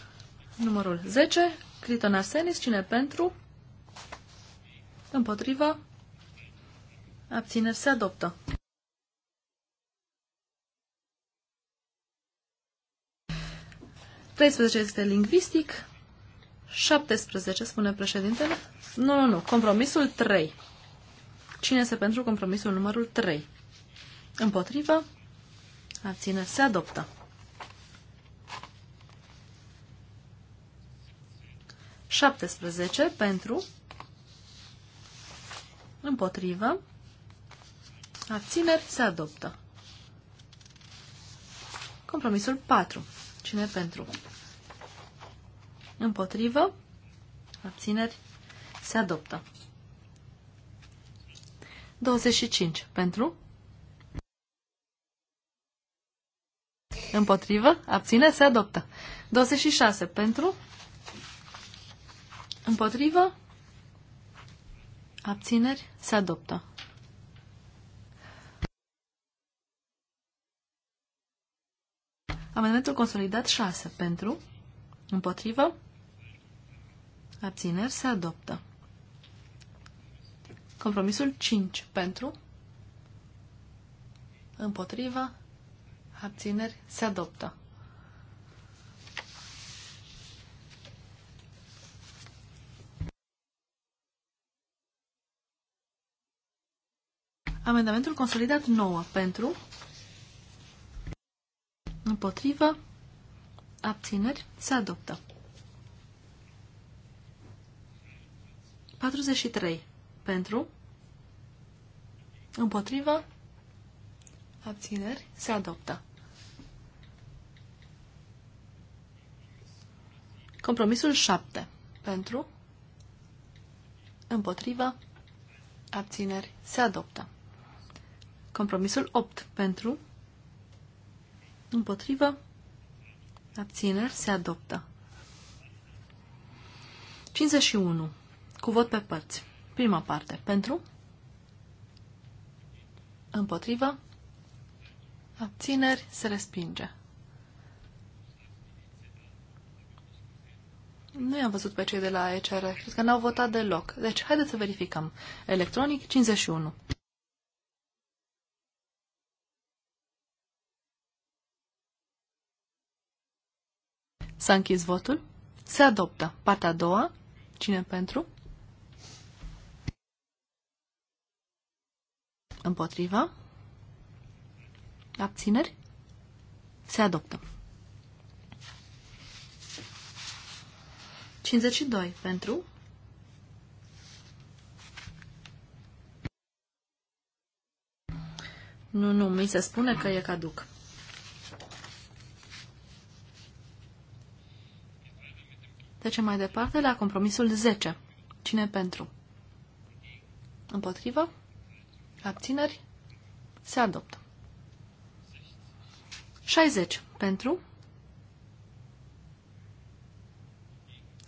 Numărul 10, Criton Arsenis, cine pentru? Împotriva? Abțineri se adoptă. Treisprezece este lingvistic. 17, spune președintele. Nu, nu, nu. Compromisul 3. Cine este pentru compromisul numărul 3? Împotriva? Abțineri se adoptă. 17 pentru, împotrivă, abțineri, se adoptă. Compromisul 4. Cine pentru? Împotrivă, abțineri, se adoptă. 25 pentru, Împotrivă? Abține? Se adoptă. 26. Pentru? Împotrivă? Abțineri? Se adoptă. Amendamentul consolidat 6 pentru, împotrivă, abțineri se adoptă. Compromisul 5 pentru, împotrivă, abțineri se adoptă. Amendamentul consolidat 9 pentru, împotrivă, abțineri, se adoptă. 43 pentru, împotrivă, abțineri, se adoptă. Compromisul 7 pentru, împotrivă, abțineri, se adoptă. Compromisul 8 pentru, împotrivă, abțineri, se adoptă. 51. Cu vot pe părți. Prima parte. Pentru, împotrivă, abțineri, se respinge. Nu i-am văzut pe cei de la ECR. Cred că n-au votat deloc. Deci, haideți să verificăm. Electronic 51. S-a închis votul. Se adoptă. Partea a doua. Cine pentru? Împotriva. Abțineri. Se adoptă. 52 pentru. Nu, nu, mi se spune că e caduc. Trecem mai departe la compromisul 10. Cine pentru? Împotrivă? Abțineri? Se adoptă. 60 pentru?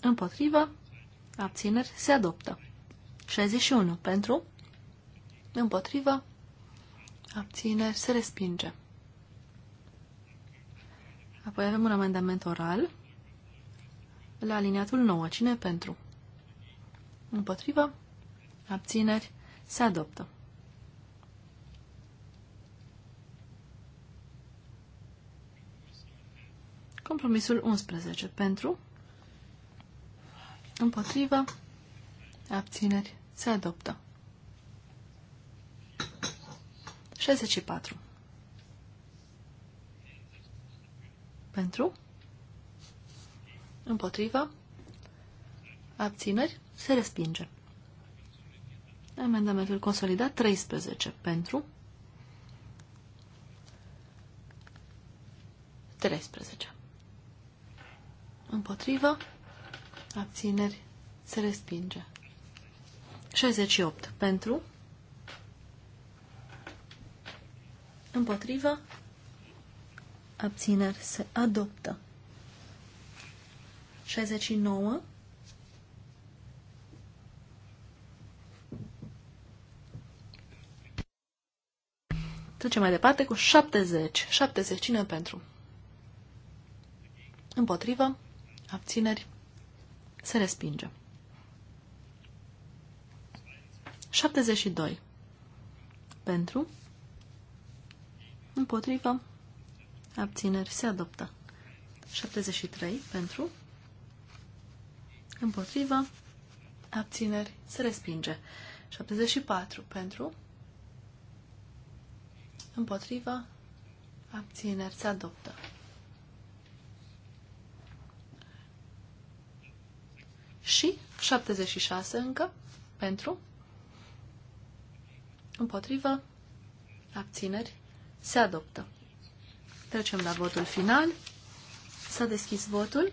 Împotrivă? Abțineri? Se adoptă. 61 pentru? Împotrivă? Abțineri? Se respinge. Apoi avem un amendament oral la aliniatul 9. Cine pentru? Împotrivă? Abțineri? Se adoptă. Compromisul 11. Pentru? Împotrivă? Abțineri? Se adoptă. 64. Pentru? Împotrivă. Abțineri. Se respinge. Amendamentul consolidat 13 pentru 13. Împotrivă. Abțineri. Se respinge. 68 pentru Împotrivă. Abțineri. Se adoptă. 69. Trecem mai departe cu 70. 70. Cine pentru? Împotrivă. Abțineri. Se respinge. 72. Pentru. Împotrivă. Abțineri. Se adoptă. 73. Pentru. Împotrivă. Abțineri. Se respinge. 74. Pentru. Împotrivă. Abțineri. Se adoptă. Și 76 încă. Pentru. Împotrivă. Abțineri. Se adoptă. Trecem la votul final. S-a deschis votul.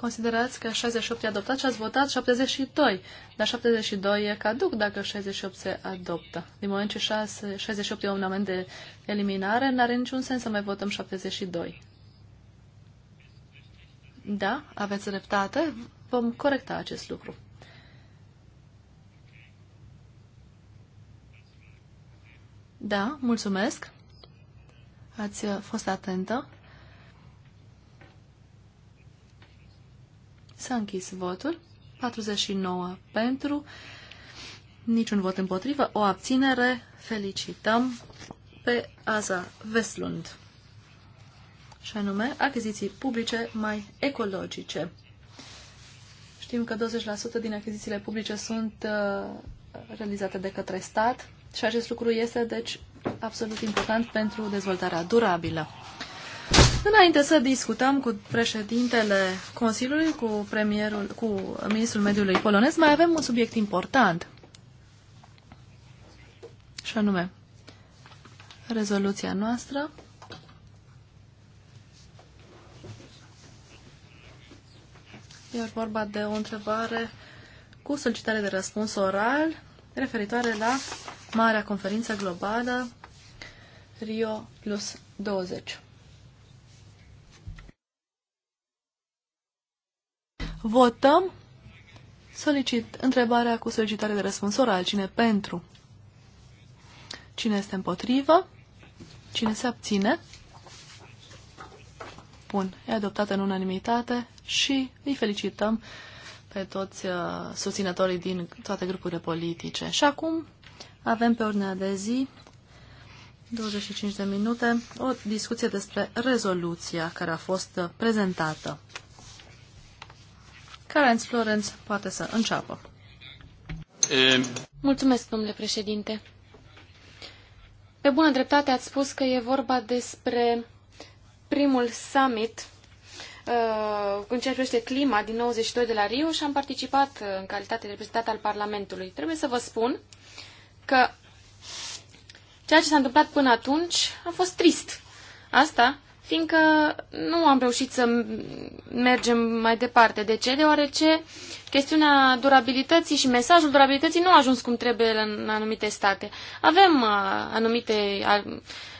considerați că 68 e adoptat și ați votat 72. Dar 72 e caduc dacă 68 se adoptă. Din moment ce 6, 68 e un amend de eliminare, n-are niciun sens să mai votăm 72. Da, aveți dreptate. Vom corecta acest lucru. Da, mulțumesc. Ați fost atentă. S-a închis votul. 49 pentru, niciun vot împotrivă, o abținere. Felicităm pe Aza Veslund. Și anume, achiziții publice mai ecologice. Știm că 20% din achizițiile publice sunt uh, realizate de către stat și acest lucru este, deci, absolut important pentru dezvoltarea durabilă. Înainte să discutăm cu președintele Consiliului, cu premierul, cu ministrul mediului polonez, mai avem un subiect important. Și anume, rezoluția noastră E vorba de o întrebare cu solicitare de răspuns oral referitoare la Marea Conferință Globală Rio plus 20. Votăm solicit, întrebarea cu solicitare de răspuns oral. Cine pentru? Cine este împotrivă? Cine se abține? Bun, e adoptată în unanimitate și îi felicităm pe toți uh, susținătorii din toate grupurile politice. Și acum avem pe ordinea de zi 25 de minute o discuție despre rezoluția care a fost uh, prezentată. Karenț Florenț poate să înceapă. E... Mulțumesc, domnule președinte. Pe bună dreptate ați spus că e vorba despre primul summit uh, în ceea ce clima din 92 de la Rio și am participat în calitate de reprezentant al Parlamentului. Trebuie să vă spun că ceea ce s-a întâmplat până atunci a fost trist. Asta fiindcă nu am reușit să mergem mai departe. De ce? Deoarece chestiunea durabilității și mesajul durabilității nu a ajuns cum trebuie în anumite state. Avem uh, anumite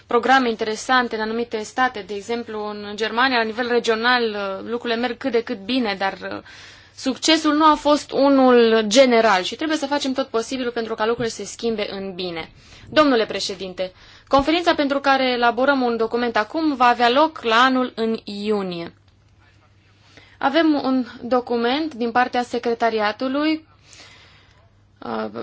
programe interesante în anumite state, de exemplu în Germania, la nivel regional, uh, lucrurile merg cât de cât bine, dar uh, succesul nu a fost unul general și trebuie să facem tot posibilul pentru ca lucrurile să se schimbe în bine. Domnule președinte, conferința pentru care elaborăm un document acum va avea loc la anul în iunie. Avem un document din partea secretariatului.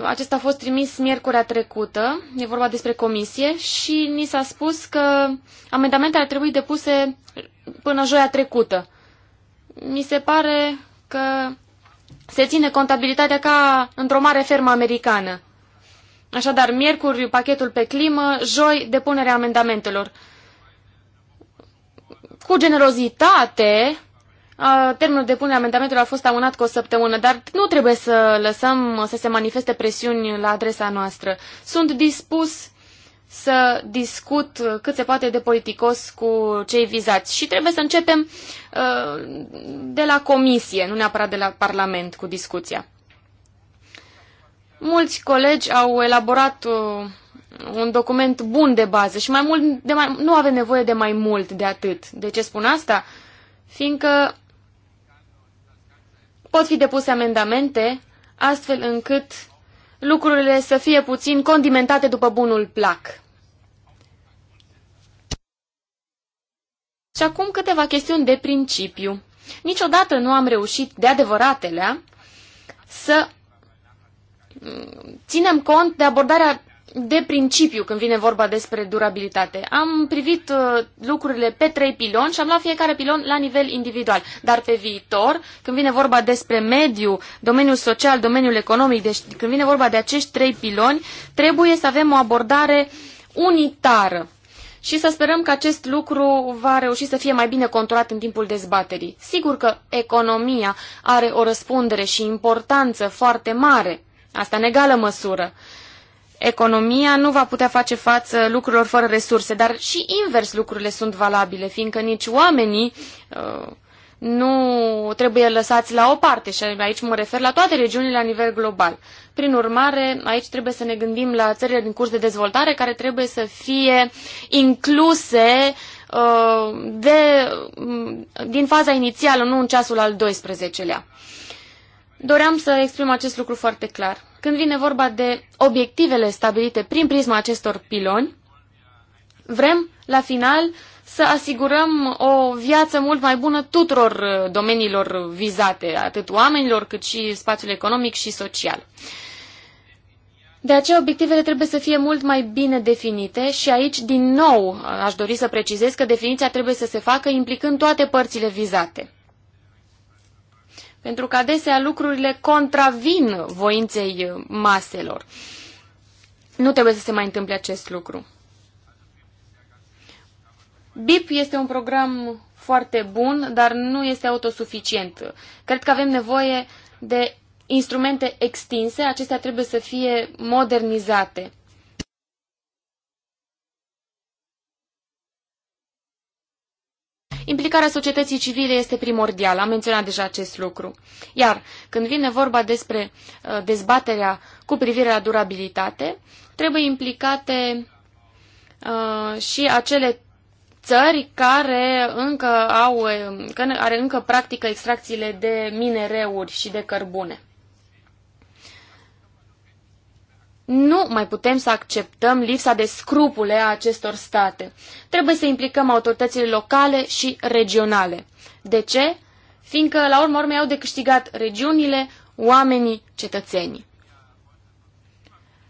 Acesta a fost trimis miercurea trecută, e vorba despre comisie și ni s-a spus că amendamentele ar trebui depuse până joia trecută. Mi se pare că se ține contabilitatea ca într-o mare fermă americană. Așadar, miercuri pachetul pe climă, joi depunerea amendamentelor. Cu generozitate, termenul de depunere a amendamentelor a fost amânat cu o săptămână, dar nu trebuie să lăsăm să se manifeste presiuni la adresa noastră. Sunt dispus să discut cât se poate de politicos cu cei vizați. Și trebuie să începem uh, de la comisie, nu neapărat de la Parlament cu discuția. Mulți colegi au elaborat uh, un document bun de bază și mai mult de mai, nu avem nevoie de mai mult de atât. De ce spun asta? Fiindcă pot fi depuse amendamente astfel încât lucrurile să fie puțin condimentate după bunul plac. Și acum câteva chestiuni de principiu. Niciodată nu am reușit de adevăratele să mm, ținem cont de abordarea de principiu când vine vorba despre durabilitate. Am privit uh, lucrurile pe trei piloni și am luat fiecare pilon la nivel individual. Dar pe viitor, când vine vorba despre mediu, domeniul social, domeniul economic, deci când vine vorba de acești trei piloni, trebuie să avem o abordare unitară. Și să sperăm că acest lucru va reuși să fie mai bine controlat în timpul dezbaterii. Sigur că economia are o răspundere și importanță foarte mare, asta în egală măsură economia nu va putea face față lucrurilor fără resurse, dar și invers lucrurile sunt valabile, fiindcă nici oamenii uh, nu trebuie lăsați la o parte și aici mă refer la toate regiunile la nivel global. Prin urmare, aici trebuie să ne gândim la țările din curs de dezvoltare care trebuie să fie incluse uh, de, mm, din faza inițială, nu în ceasul al 12-lea. Doream să exprim acest lucru foarte clar. Când vine vorba de obiectivele stabilite prin prisma acestor piloni, vrem, la final, să asigurăm o viață mult mai bună tuturor uh, domeniilor vizate, atât oamenilor cât și spațiul economic și social. De aceea, obiectivele trebuie să fie mult mai bine definite și aici, din nou, uh, aș dori să precizez că definiția trebuie să se facă implicând toate părțile vizate pentru că adesea lucrurile contravin voinței maselor. Nu trebuie să se mai întâmple acest lucru. BIP este un program foarte bun, dar nu este autosuficient. Cred că avem nevoie de instrumente extinse, acestea trebuie să fie modernizate. Implicarea societății civile este primordială, am menționat deja acest lucru. Iar când vine vorba despre uh, dezbaterea cu privire la durabilitate, trebuie implicate uh, și acele țări care încă, au, uh, care încă practică extracțiile de minereuri și de cărbune. Nu mai putem să acceptăm lipsa de scrupule a acestor state. Trebuie să implicăm autoritățile locale și regionale. De ce? Fiindcă, la urmă urmei, au de câștigat regiunile, oamenii, cetățenii.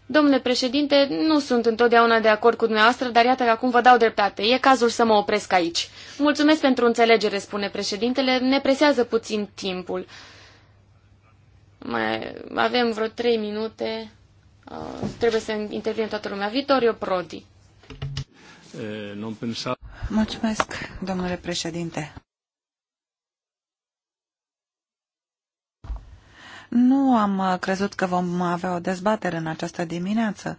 Domnule președinte, nu sunt întotdeauna de acord cu dumneavoastră, dar iată că acum vă dau dreptate. E cazul să mă opresc aici. Mulțumesc pentru înțelegere, spune președintele. Ne presează puțin timpul. Mai avem vreo trei minute. Uh, trebuie să intervine toată lumea. Vitorio Prodi. Eh, Mulțumesc, domnule președinte. Nu am uh, crezut că vom avea o dezbatere în această dimineață,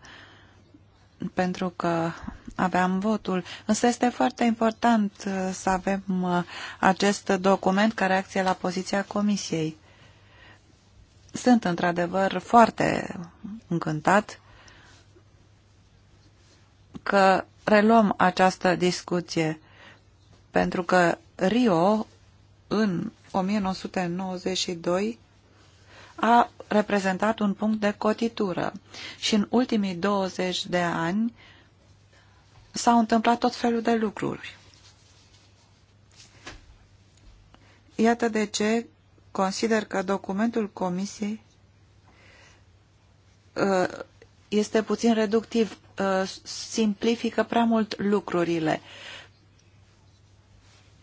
pentru că aveam votul. Însă este foarte important uh, să avem acest document ca reacție la poziția Comisiei. Sunt într-adevăr foarte încântat că reluăm această discuție, pentru că Rio, în 1992, a reprezentat un punct de cotitură și în ultimii 20 de ani s-au întâmplat tot felul de lucruri. Iată de ce Consider că documentul Comisiei uh, este puțin reductiv, uh, simplifică prea mult lucrurile.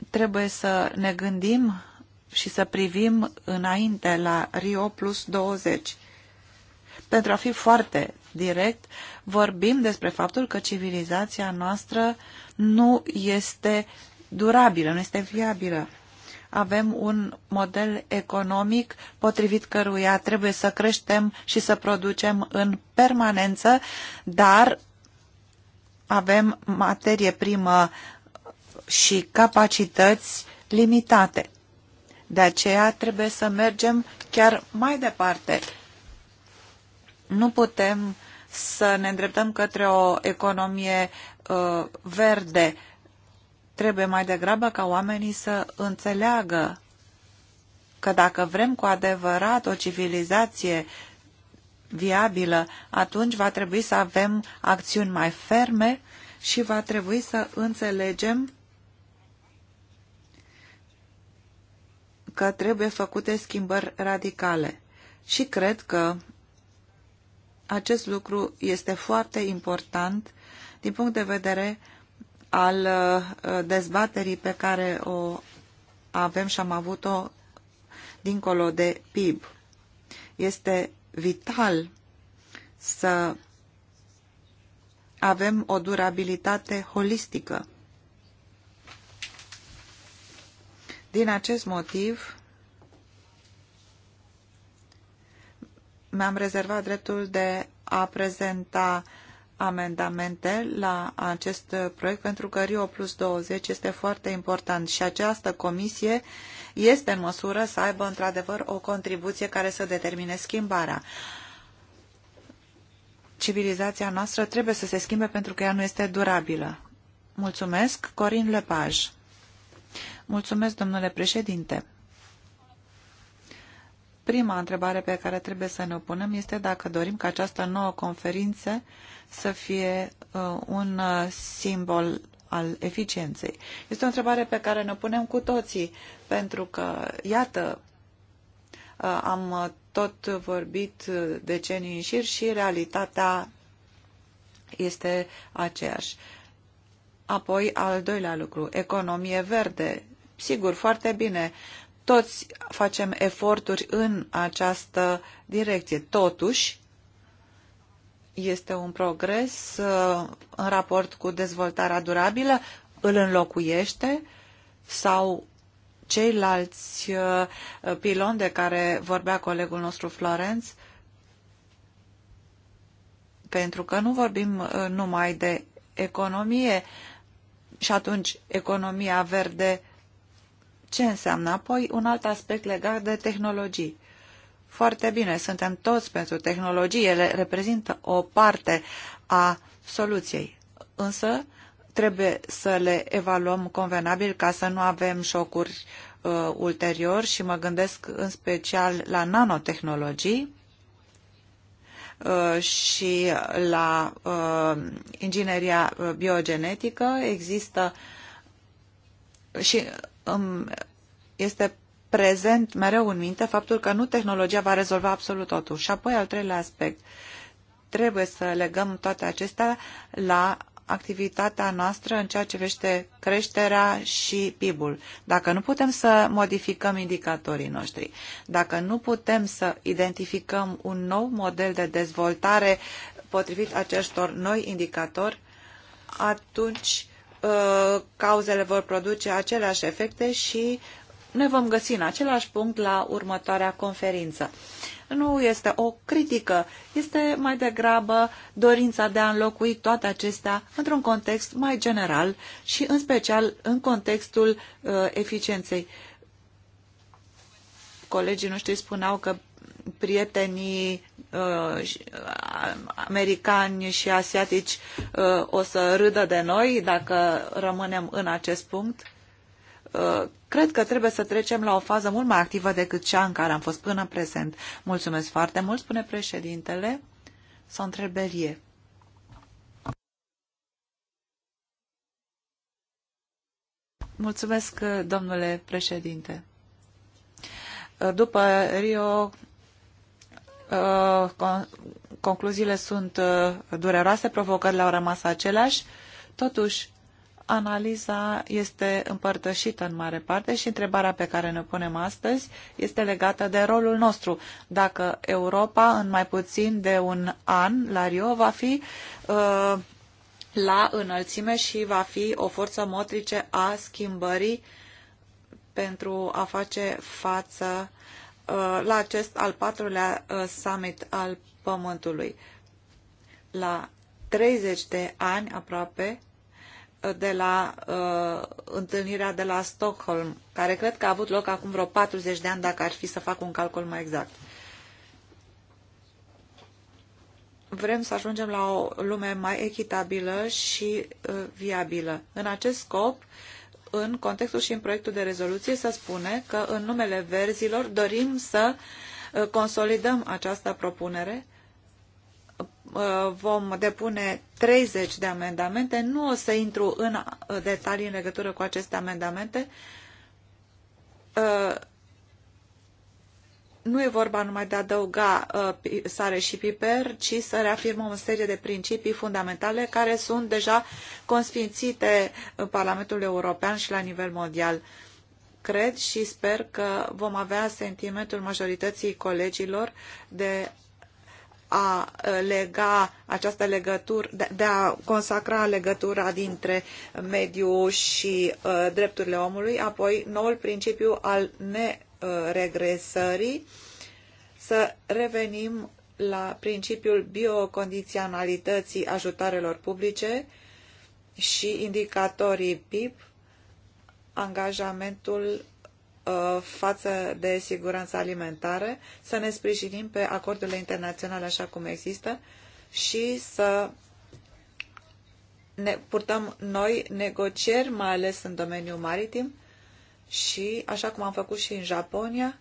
Trebuie să ne gândim și să privim înainte la Rio plus 20. Pentru a fi foarte direct, vorbim despre faptul că civilizația noastră nu este durabilă, nu este viabilă avem un model economic potrivit căruia trebuie să creștem și să producem în permanență, dar avem materie primă și capacități limitate. De aceea trebuie să mergem chiar mai departe. Nu putem să ne îndreptăm către o economie uh, verde Trebuie mai degrabă ca oamenii să înțeleagă că dacă vrem cu adevărat o civilizație viabilă, atunci va trebui să avem acțiuni mai ferme și va trebui să înțelegem că trebuie făcute schimbări radicale. Și cred că acest lucru este foarte important din punct de vedere al uh, dezbaterii pe care o avem și am avut-o dincolo de PIB. Este vital să avem o durabilitate holistică. Din acest motiv, mi-am rezervat dreptul de a prezenta uh, amendamente la acest proiect pentru că Rio Plus 20 este foarte important și această comisie este în măsură să aibă într-adevăr o contribuție care să determine schimbarea. Civilizația noastră trebuie să se schimbe pentru că ea nu este durabilă. Mulțumesc, Corin Lepaj. Mulțumesc, domnule președinte. Prima întrebare pe care trebuie să ne o punem este dacă dorim ca această nouă conferință să fie uh, un uh, simbol al eficienței. Este o întrebare pe care ne punem cu toții, pentru că, iată, uh, am tot vorbit decenii în șir și realitatea este aceeași. Apoi, al doilea lucru, economie verde. Sigur, foarte bine, toți facem eforturi în această direcție. Totuși, este un progres uh, în raport cu dezvoltarea durabilă, îl înlocuiește sau ceilalți uh, piloni de care vorbea colegul nostru Florenț, pentru că nu vorbim uh, numai de economie și atunci economia verde ce înseamnă apoi un alt aspect legat de tehnologii? Foarte bine, suntem toți pentru tehnologii ele reprezintă o parte a soluției. Însă, trebuie să le evaluăm convenabil ca să nu avem șocuri uh, ulterior și mă gândesc în special la nanotehnologii uh, și la uh, ingineria uh, biogenetică. Există și îmi este prezent mereu în minte faptul că nu tehnologia va rezolva absolut totul. Și apoi al treilea aspect. Trebuie să legăm toate acestea la activitatea noastră în ceea ce vește creșterea și PIB-ul. Dacă nu putem să modificăm indicatorii noștri, dacă nu putem să identificăm un nou model de dezvoltare potrivit acestor noi indicatori, atunci Uh, cauzele vor produce aceleași efecte și ne vom găsi în același punct la următoarea conferință. Nu este o critică, este mai degrabă dorința de a înlocui toate acestea într-un context mai general și în special în contextul uh, eficienței. Colegii noștri spuneau că prietenii Uh, uh, americani și asiatici uh, o să râdă de noi dacă rămânem în acest punct. Uh, cred că trebuie să trecem la o fază mult mai activă decât cea în care am fost până prezent. Mulțumesc foarte mult, spune președintele. Să întreberie. Mulțumesc, domnule președinte. După Rio, Uh, concluziile sunt uh, dureroase, provocările au rămas aceleași, totuși analiza este împărtășită în mare parte și întrebarea pe care ne punem astăzi este legată de rolul nostru. Dacă Europa în mai puțin de un an la Rio va fi uh, la înălțime și va fi o forță motrice a schimbării pentru a face față Uh, la acest al patrulea uh, summit al Pământului. La 30 de ani aproape uh, de la uh, întâlnirea de la Stockholm, care cred că a avut loc acum vreo 40 de ani, dacă ar fi să fac un calcul mai exact. Vrem să ajungem la o lume mai echitabilă și uh, viabilă. În acest scop, uh, în contextul și în proiectul de rezoluție să spune că în numele verzilor dorim să uh, consolidăm această propunere. Uh, vom depune 30 de amendamente. Nu o să intru în uh, detalii în legătură cu aceste amendamente nu e vorba numai de a adăuga uh, sare și piper, ci să reafirmăm o serie de principii fundamentale care sunt deja consfințite în Parlamentul European și la nivel mondial. Cred și sper că vom avea sentimentul majorității colegilor de a uh, lega această legătură, de a consacra legătura dintre mediu și uh, drepturile omului, apoi noul principiu al ne Uh, regresării, să revenim la principiul biocondiționalității ajutarelor publice și indicatorii PIB, angajamentul uh, față de siguranța alimentară, să ne sprijinim pe acordurile internaționale așa cum există și să ne purtăm noi negocieri, mai ales în domeniul maritim, și, așa cum am făcut și în Japonia,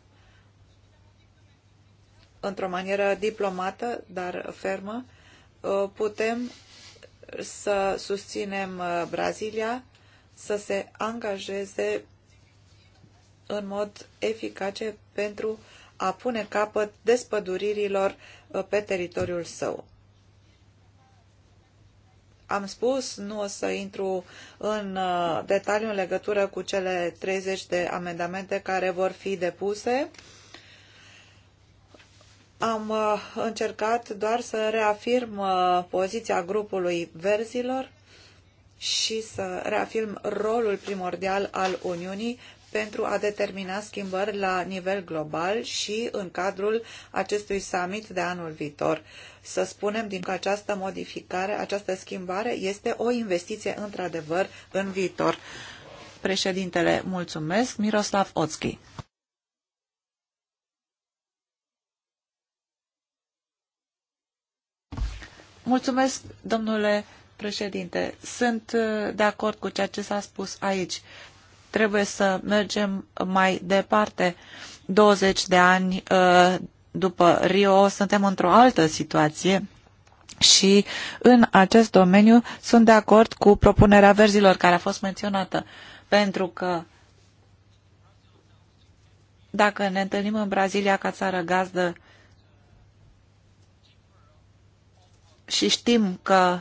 într-o manieră diplomată, dar fermă, ă, putem să susținem ă, Brazilia să se angajeze în mod eficace pentru a pune capăt despăduririlor ă, pe teritoriul său am spus, nu o să intru în uh, detaliu în legătură cu cele 30 de amendamente care vor fi depuse. Am uh, încercat doar să reafirm uh, poziția grupului verzilor și să reafirm rolul primordial al Uniunii pentru a determina schimbări la nivel global și în cadrul acestui summit de anul viitor. Să spunem din că această modificare, această schimbare este o investiție într-adevăr în viitor. Președintele, mulțumesc. Miroslav Otski. Mulțumesc, domnule președinte. Sunt uh, de acord cu ceea ce s-a spus aici trebuie să mergem mai departe. 20 de ani uh, după Rio suntem într-o altă situație și în acest domeniu sunt de acord cu propunerea verzilor care a fost menționată, pentru că dacă ne întâlnim în Brazilia ca țară gazdă și știm că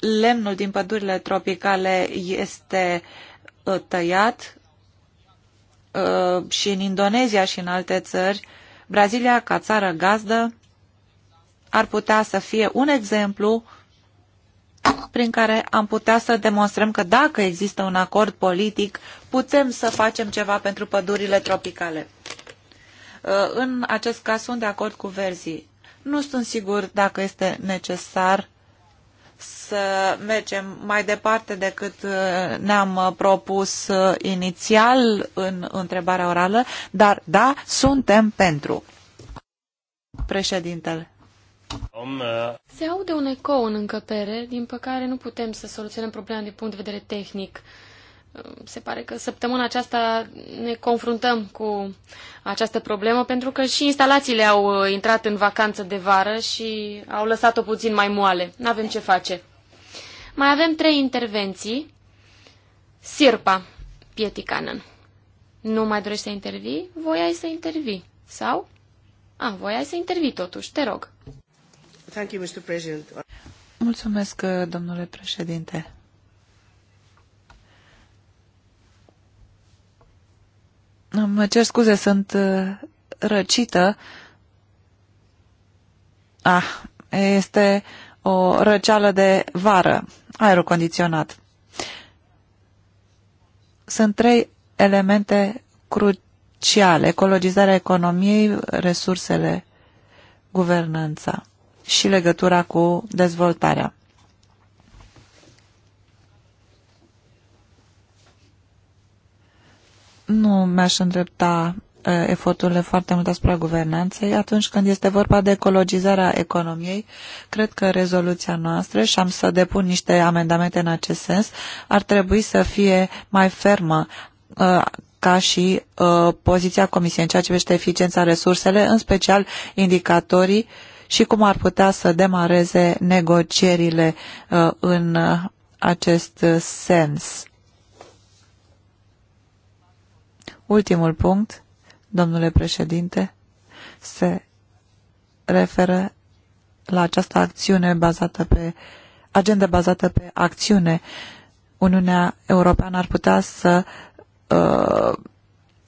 lemnul din pădurile tropicale este uh, tăiat uh, și în Indonezia și în alte țări, Brazilia, ca țară gazdă, ar putea să fie un exemplu prin care am putea să demonstrăm că dacă există un acord politic, putem să facem ceva pentru pădurile tropicale. Uh, în acest caz sunt de acord cu verzii. Nu sunt sigur dacă este necesar să mergem mai departe decât uh, ne-am uh, propus uh, inițial în întrebarea orală, dar da, suntem pentru. Președintele. Se aude un ecou în încăpere, din păcare nu putem să soluționăm problema din punct de vedere tehnic se pare că săptămâna aceasta ne confruntăm cu această problemă pentru că și instalațiile au uh, intrat în vacanță de vară și au lăsat-o puțin mai moale. Nu avem ce face. Mai avem trei intervenții. Sirpa, Pieticanen. Nu mai dorești să intervii? Voiai să intervii. Sau? A, voiai să intervii totuși. Te rog. Thank you, Mr. President. Mulțumesc, uh, domnule președinte. Mă cer scuze, sunt uh, răcită. Ah, este o răceală de vară, aerul condiționat. Sunt trei elemente cruciale, ecologizarea economiei, resursele, guvernanța și legătura cu dezvoltarea. nu mi-aș îndrepta eforturile foarte mult asupra guvernanței. Atunci când este vorba de ecologizarea economiei, cred că rezoluția noastră, și am să depun niște amendamente în acest sens, ar trebui să fie mai fermă ca și poziția Comisiei în ceea ce privește eficiența resursele, în special indicatorii și cum ar putea să demareze negocierile în acest sens. Ultimul punct, domnule președinte, se referă la această acțiune bazată pe agenda bazată pe acțiune. Uniunea Europeană ar putea să uh,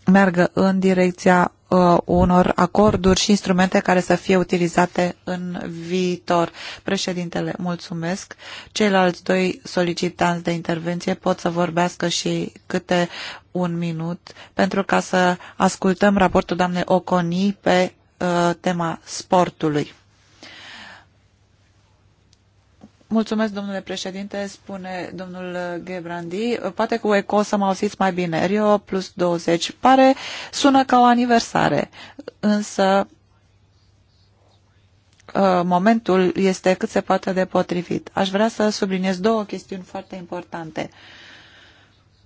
meargă în direcția uh, unor acorduri și instrumente care să fie utilizate în viitor. Președintele, mulțumesc. Ceilalți doi solicitanți de intervenție pot să vorbească și câte un minut pentru ca să ascultăm raportul doamnei Oconi pe uh, tema sportului. Mulțumesc, domnule președinte, spune domnul Gebrandi. Poate cu ECO să mă auziți mai bine. Rio plus 20 pare, sună ca o aniversare, însă uh, momentul este cât se poate de potrivit. Aș vrea să subliniez două chestiuni foarte importante. Uh,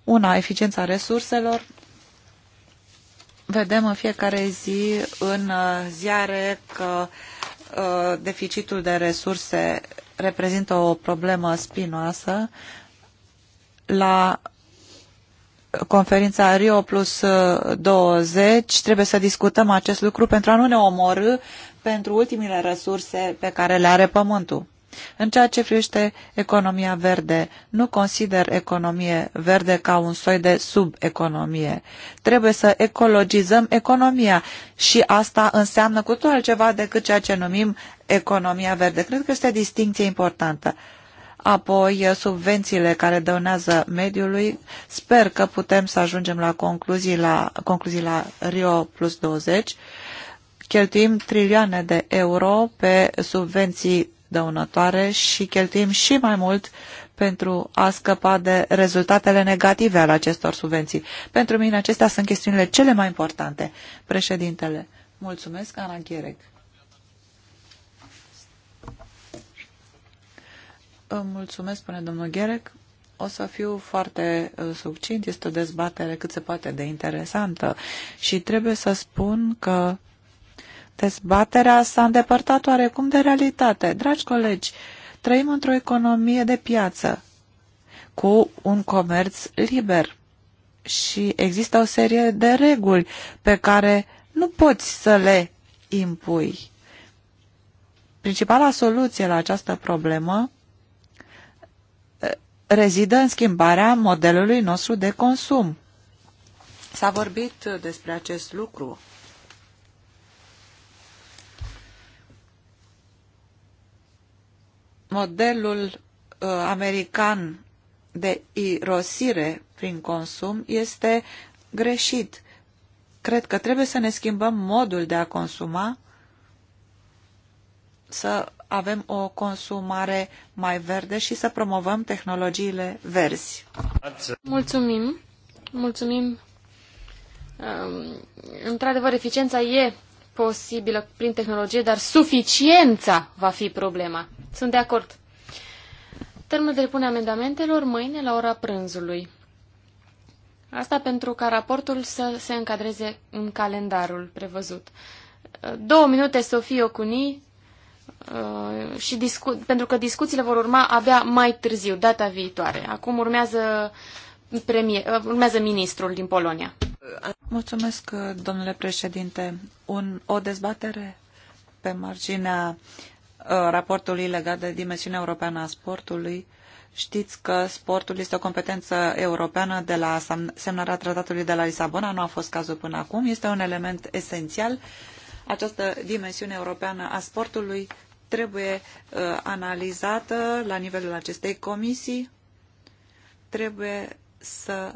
una, eficiența resurselor. Vedem în fiecare zi în uh, ziare că uh, deficitul de resurse reprezintă o problemă spinoasă. La conferința Rio plus 20 uh, trebuie să discutăm acest lucru pentru a nu ne omorâ pentru ultimile resurse pe care le are pământul. În ceea ce privește economia verde, nu consider economie verde ca un soi de subeconomie. Trebuie să ecologizăm economia și asta înseamnă cu totul altceva decât ceea ce numim economia verde. Cred că este o distinție importantă apoi subvențiile care dăunează mediului. Sper că putem să ajungem la concluzii la, concluzii la Rio plus 20. Cheltuim trilioane de euro pe subvenții dăunătoare și cheltuim și mai mult pentru a scăpa de rezultatele negative ale acestor subvenții. Pentru mine acestea sunt chestiunile cele mai importante. Președintele, mulțumesc, Ana Ghierec. Mulțumesc, spune domnul Gherec. O să fiu foarte uh, Este o dezbatere cât se poate de interesantă și trebuie să spun că Dezbaterea s-a îndepărtat oarecum de realitate. Dragi colegi, trăim într-o economie de piață cu un comerț liber și există o serie de reguli pe care nu poți să le impui. Principala soluție la această problemă eh, rezidă în schimbarea modelului nostru de consum. S-a vorbit despre acest lucru modelul uh, american de irosire prin consum este greșit. Cred că trebuie să ne schimbăm modul de a consuma, să avem o consumare mai verde și să promovăm tehnologiile verzi. Mulțumim! Mulțumim! Um, într-adevăr, eficiența e posibilă prin tehnologie, dar suficiența va fi problema. Sunt de acord. Termenul de depune amendamentelor mâine la ora prânzului. Asta pentru ca raportul să se încadreze în calendarul prevăzut. Două minute, Sofie Ocuni, uh, și discu- pentru că discuțiile vor urma abia mai târziu, data viitoare. Acum urmează, premier, uh, urmează ministrul din Polonia. Mulțumesc, domnule președinte. Un, o dezbatere pe marginea uh, raportului legat de dimensiunea europeană a sportului. Știți că sportul este o competență europeană de la semnarea tratatului de la Lisabona, nu a fost cazul până acum, este un element esențial. Această dimensiune europeană a sportului trebuie uh, analizată la nivelul acestei comisii, trebuie să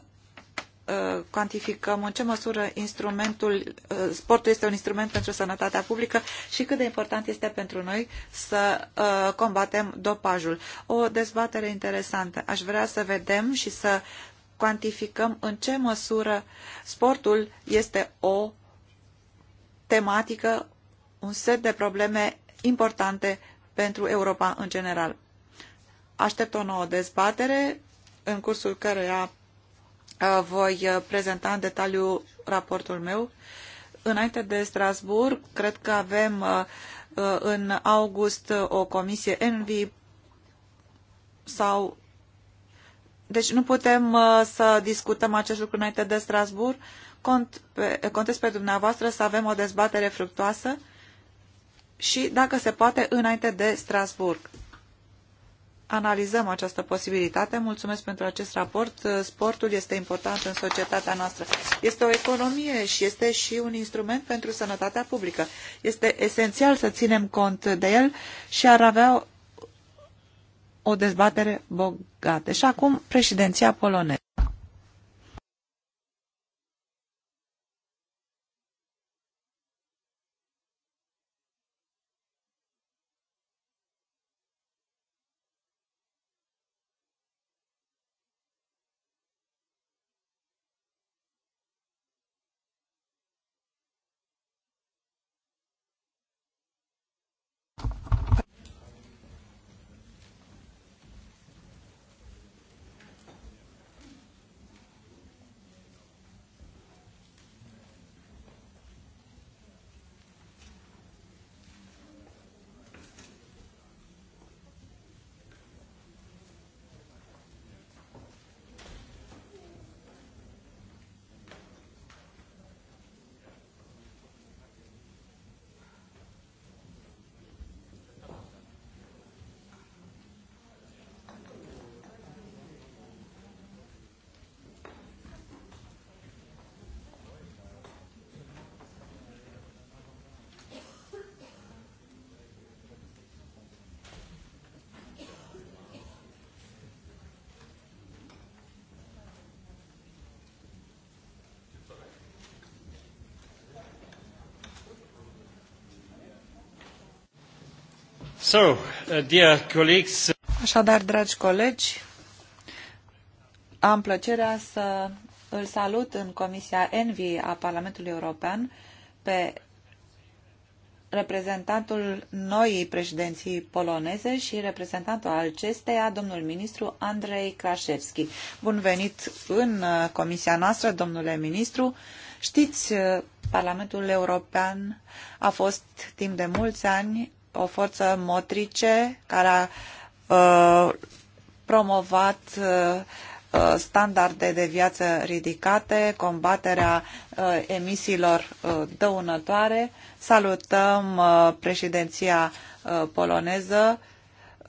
Uh, cuantificăm în ce măsură instrumentul, uh, sportul este un instrument pentru sănătatea publică și cât de important este pentru noi să uh, combatem dopajul. O dezbatere interesantă. Aș vrea să vedem și să cuantificăm în ce măsură sportul este o tematică, un set de probleme importante pentru Europa în general. Aștept o nouă dezbatere în cursul căreia Uh, voi uh, prezenta în detaliu raportul meu. Înainte de Strasbourg, cred că avem uh, în august o comisie Envi sau... Deci nu putem să discutăm acest lucru înainte de Strasbourg. Cont pe, contez pe dumneavoastră să avem o dezbatere fructoasă și, dacă se poate, înainte de Strasbourg analizăm această posibilitate. Mulțumesc pentru acest raport. Sportul este important în societatea noastră. Este o economie și este și un instrument pentru sănătatea publică. Este esențial să ținem cont de el și ar avea o dezbatere bogată. Și acum președinția poloneză. So, uh, dear colleagues... Așadar, dragi colegi, am plăcerea să îl salut în Comisia Envi a Parlamentului European pe reprezentantul noii președinții poloneze și reprezentantul acesteia, domnul ministru Andrei Krașevski. Bun venit în uh, comisia noastră, domnule ministru. Știți, uh, Parlamentul European a fost timp de mulți ani o forță motrice care a uh, promovat uh, uh, standarde de viață ridicate, combaterea emisiilor dăunătoare. Salutăm președinția poloneză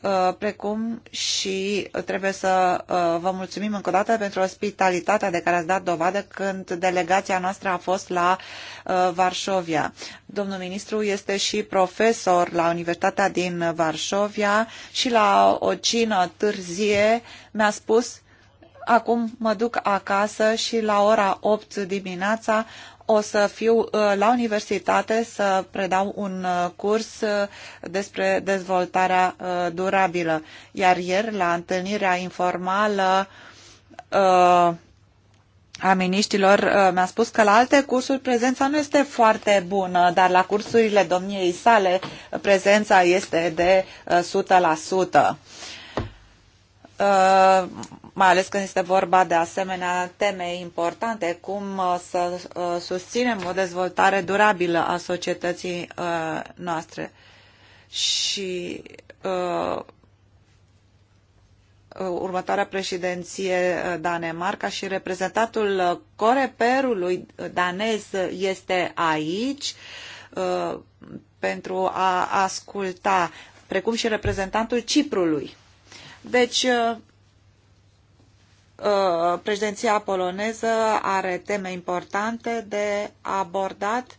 Uh, precum și trebuie să uh, vă mulțumim încă o dată pentru ospitalitatea de care ați dat dovadă când delegația noastră a fost la uh, Varșovia. Domnul ministru este și profesor la Universitatea din Varșovia și la o cină târzie mi-a spus Acum mă duc acasă și la ora 8 dimineața o să fiu uh, la universitate să predau un uh, curs uh, despre dezvoltarea durabilă. Iar ieri, la întâlnirea informală a miniștilor, mi-a spus că la alte cursuri prezența nu este foarte bună, dar la cursurile domniei sale prezența este de 100%. Uh, mai ales când este vorba de asemenea teme importante, cum uh, să uh, susținem o dezvoltare durabilă a societății noastre. Și următoarea președinție Danemarca și reprezentatul coreperului danez este aici pentru a asculta, precum și reprezentantul Ciprului. Deci, uh, uh, președinția poloneză are teme importante de abordat.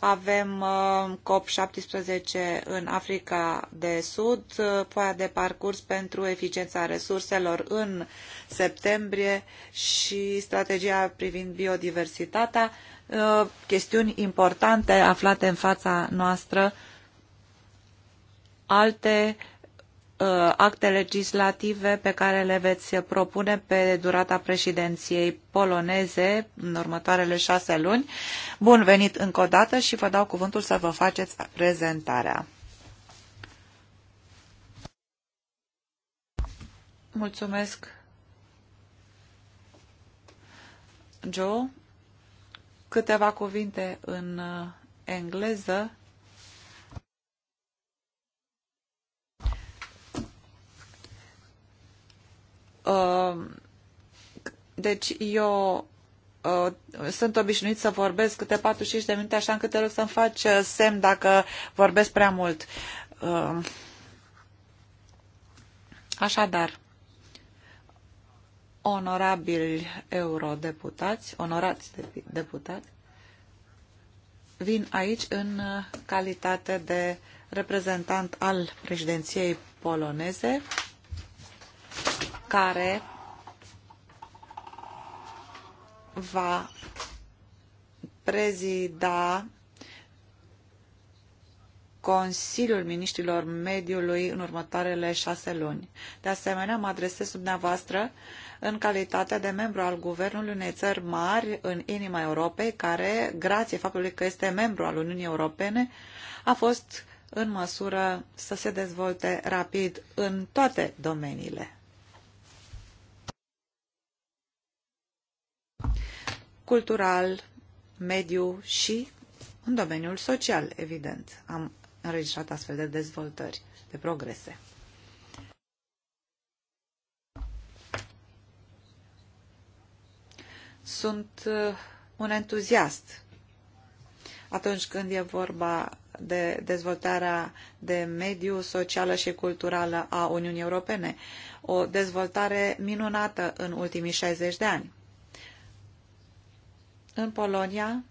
Avem uh, COP17 în Africa de Sud, foaia de parcurs pentru eficiența resurselor în septembrie și strategia privind biodiversitatea, chestiuni importante aflate în fața noastră, alte uh, Uh, acte legislative pe care le veți propune pe durata președinției poloneze în următoarele șase luni. Bun venit încă o dată și vă dau cuvântul să vă faceți prezentarea. Mulțumesc, Joe. Câteva cuvinte în uh, engleză Uh, deci eu uh, sunt obișnuit să vorbesc câte 45 de minute, așa încât te rog să-mi faci uh, semn dacă vorbesc prea mult. Așadar, onorabili eurodeputați, onorați deputați, vin aici în calitate de reprezentant al președinției poloneze care va prezida Consiliul Ministrilor Mediului în următoarele șase luni. De asemenea, mă adresez dumneavoastră în calitate de membru al guvernului unei țări mari în inima Europei, care, grație faptului că este membru al Uniunii Europene, a fost în măsură să se dezvolte rapid în toate domeniile. cultural, mediu și în domeniul social, evident. Am înregistrat astfel de dezvoltări, de progrese. Sunt uh, un entuziast atunci când e vorba de dezvoltarea de mediu, socială și culturală a Uniunii Europene. O dezvoltare minunată în ultimii 60 de ani. În Polonia,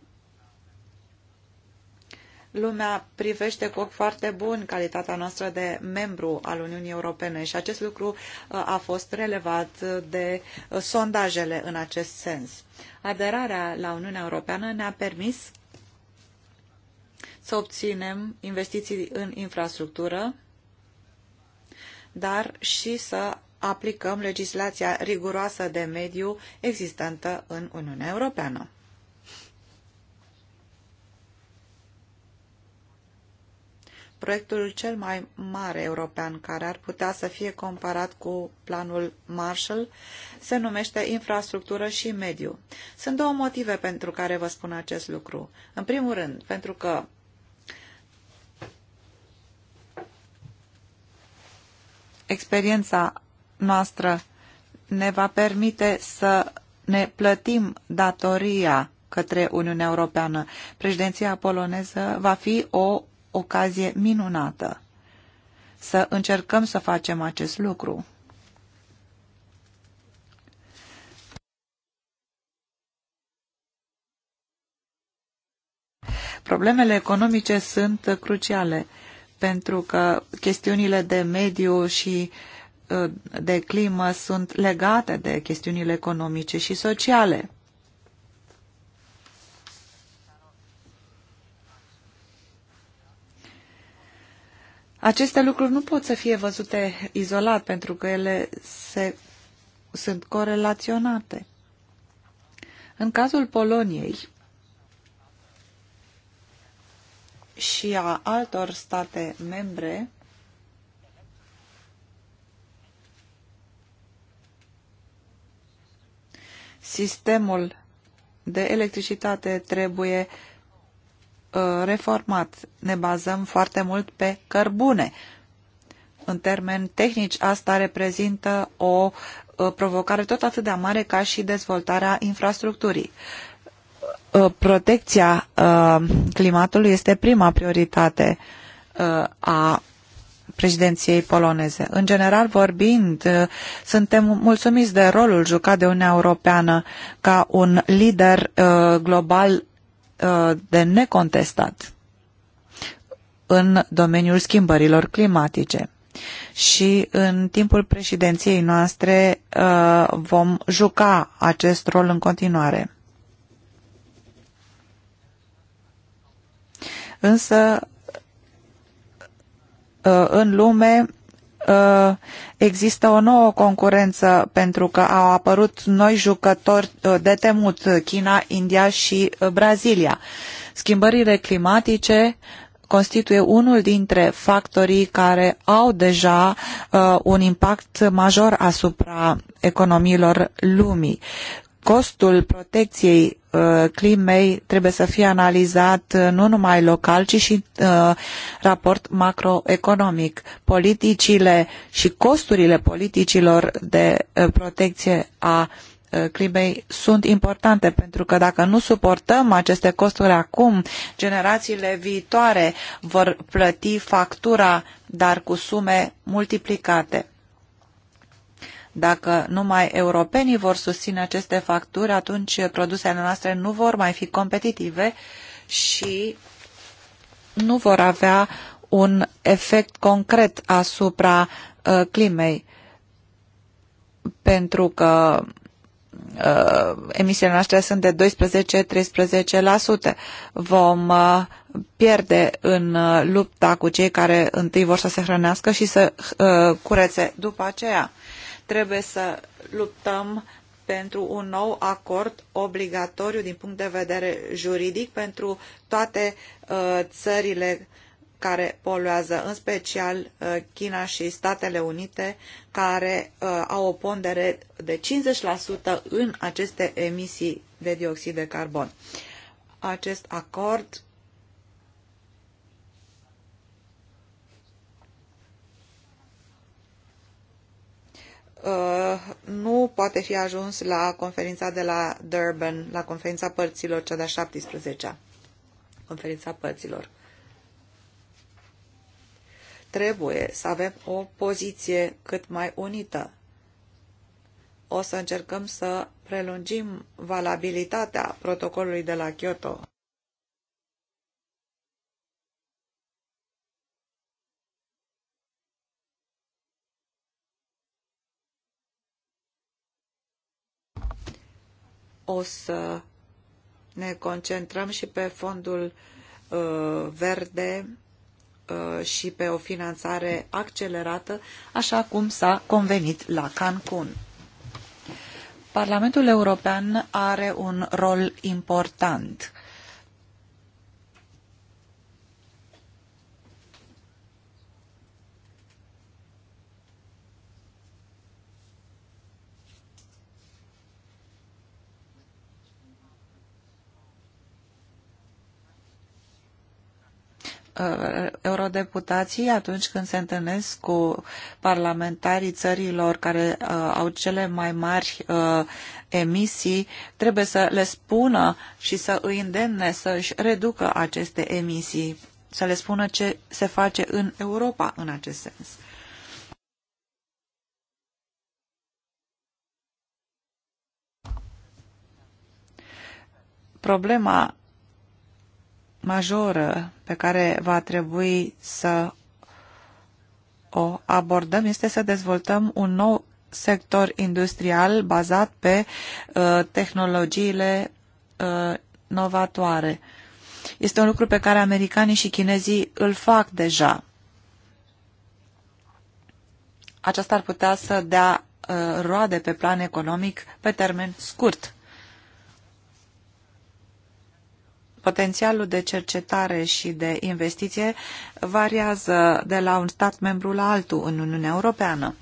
lumea privește cu ochi foarte bun calitatea noastră de membru al Uniunii Europene și acest lucru uh, a fost relevat de uh, sondajele în acest sens. Aderarea la Uniunea Europeană ne-a permis să obținem investiții în infrastructură, dar și să aplicăm legislația riguroasă de mediu existentă în Uniunea Europeană. proiectul cel mai mare european care ar putea să fie comparat cu planul Marshall se numește infrastructură și mediu. Sunt două motive pentru care vă spun acest lucru. În primul rând, pentru că experiența noastră ne va permite să ne plătim datoria către Uniunea Europeană. Președinția poloneză va fi o ocazie minunată să încercăm să facem acest lucru. Problemele economice sunt cruciale pentru că chestiunile de mediu și uh, de climă sunt legate de chestiunile economice și sociale. Aceste lucruri nu pot să fie văzute izolat pentru că ele se, sunt corelaționate. În cazul Poloniei și a altor state membre, sistemul de electricitate trebuie uh, Uh, reformat. Ne bazăm foarte mult pe cărbune. În termeni tehnici, asta reprezintă o uh, provocare tot atât de mare ca și dezvoltarea infrastructurii. Uh, protecția climatului este prima prioritate a președinției poloneze. În general vorbind, suntem mulțumiți de rolul jucat de Uniunea Europeană ca un lider global Uh, de necontestat în domeniul schimbărilor climatice. Și în timpul președinției noastre uh, vom juca acest rol în continuare. Însă, uh, în lume, Uh, există o nouă concurență pentru că au apărut noi jucători uh, de temut, China, India și uh, Brazilia. Schimbările climatice constituie unul dintre factorii care au deja uh, un impact major asupra economiilor lumii costul protecției uh, climei trebuie să fie analizat uh, nu numai local, ci și uh, raport macroeconomic. Politicile și costurile politicilor de uh, protecție a climei sunt importante pentru că dacă nu suportăm aceste costuri acum, generațiile viitoare vor plăti factura, dar cu sume multiplicate. Dacă numai europenii vor susține aceste facturi, atunci produsele noastre nu vor mai fi competitive și nu vor avea un efect concret asupra uh, climei, pentru că uh, emisiile noastre sunt de 12-13%. Vom uh, pierde în uh, lupta cu cei care întâi vor să se hrănească și să uh, curețe după aceea. Trebuie să luptăm pentru un nou acord obligatoriu din punct de vedere juridic pentru toate uh, țările care poluează, în special uh, China și Statele Unite, care uh, au o pondere de 50% în aceste emisii de dioxid de carbon. Acest acord nu poate fi ajuns la conferința de la Durban, la conferința părților, cea de-a 17-a, conferința părților. Trebuie să avem o poziție cât mai unită. O să încercăm să prelungim valabilitatea protocolului de la Kyoto. o să ne concentrăm și pe fondul uh, verde uh, și pe o finanțare accelerată, așa cum s-a convenit la Cancun. Parlamentul European are un rol important Uh, eurodeputații atunci când se întâlnesc cu parlamentarii țărilor care uh, au cele mai mari uh, emisii, trebuie să le spună și să îi îndemne să-și reducă aceste emisii, să le spună ce se face în Europa în acest sens. Problema majoră pe care va trebui să o abordăm este să dezvoltăm un nou sector industrial bazat pe uh, tehnologiile uh, novatoare. Este un lucru pe care americanii și chinezii îl fac deja. Aceasta ar putea să dea uh, roade pe plan economic pe termen scurt. Potențialul de cercetare și de investiție variază de la un stat membru la altul în Uniunea Europeană.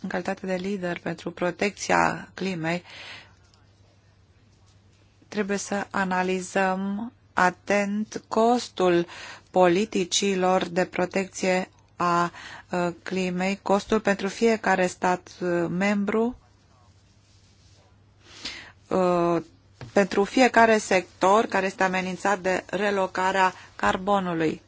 În calitate de lider pentru protecția climei, trebuie să analizăm atent costul politicilor de protecție a ă, climei, costul pentru fiecare stat ă, membru Uh, pentru fiecare sector care este amenințat de relocarea carbonului.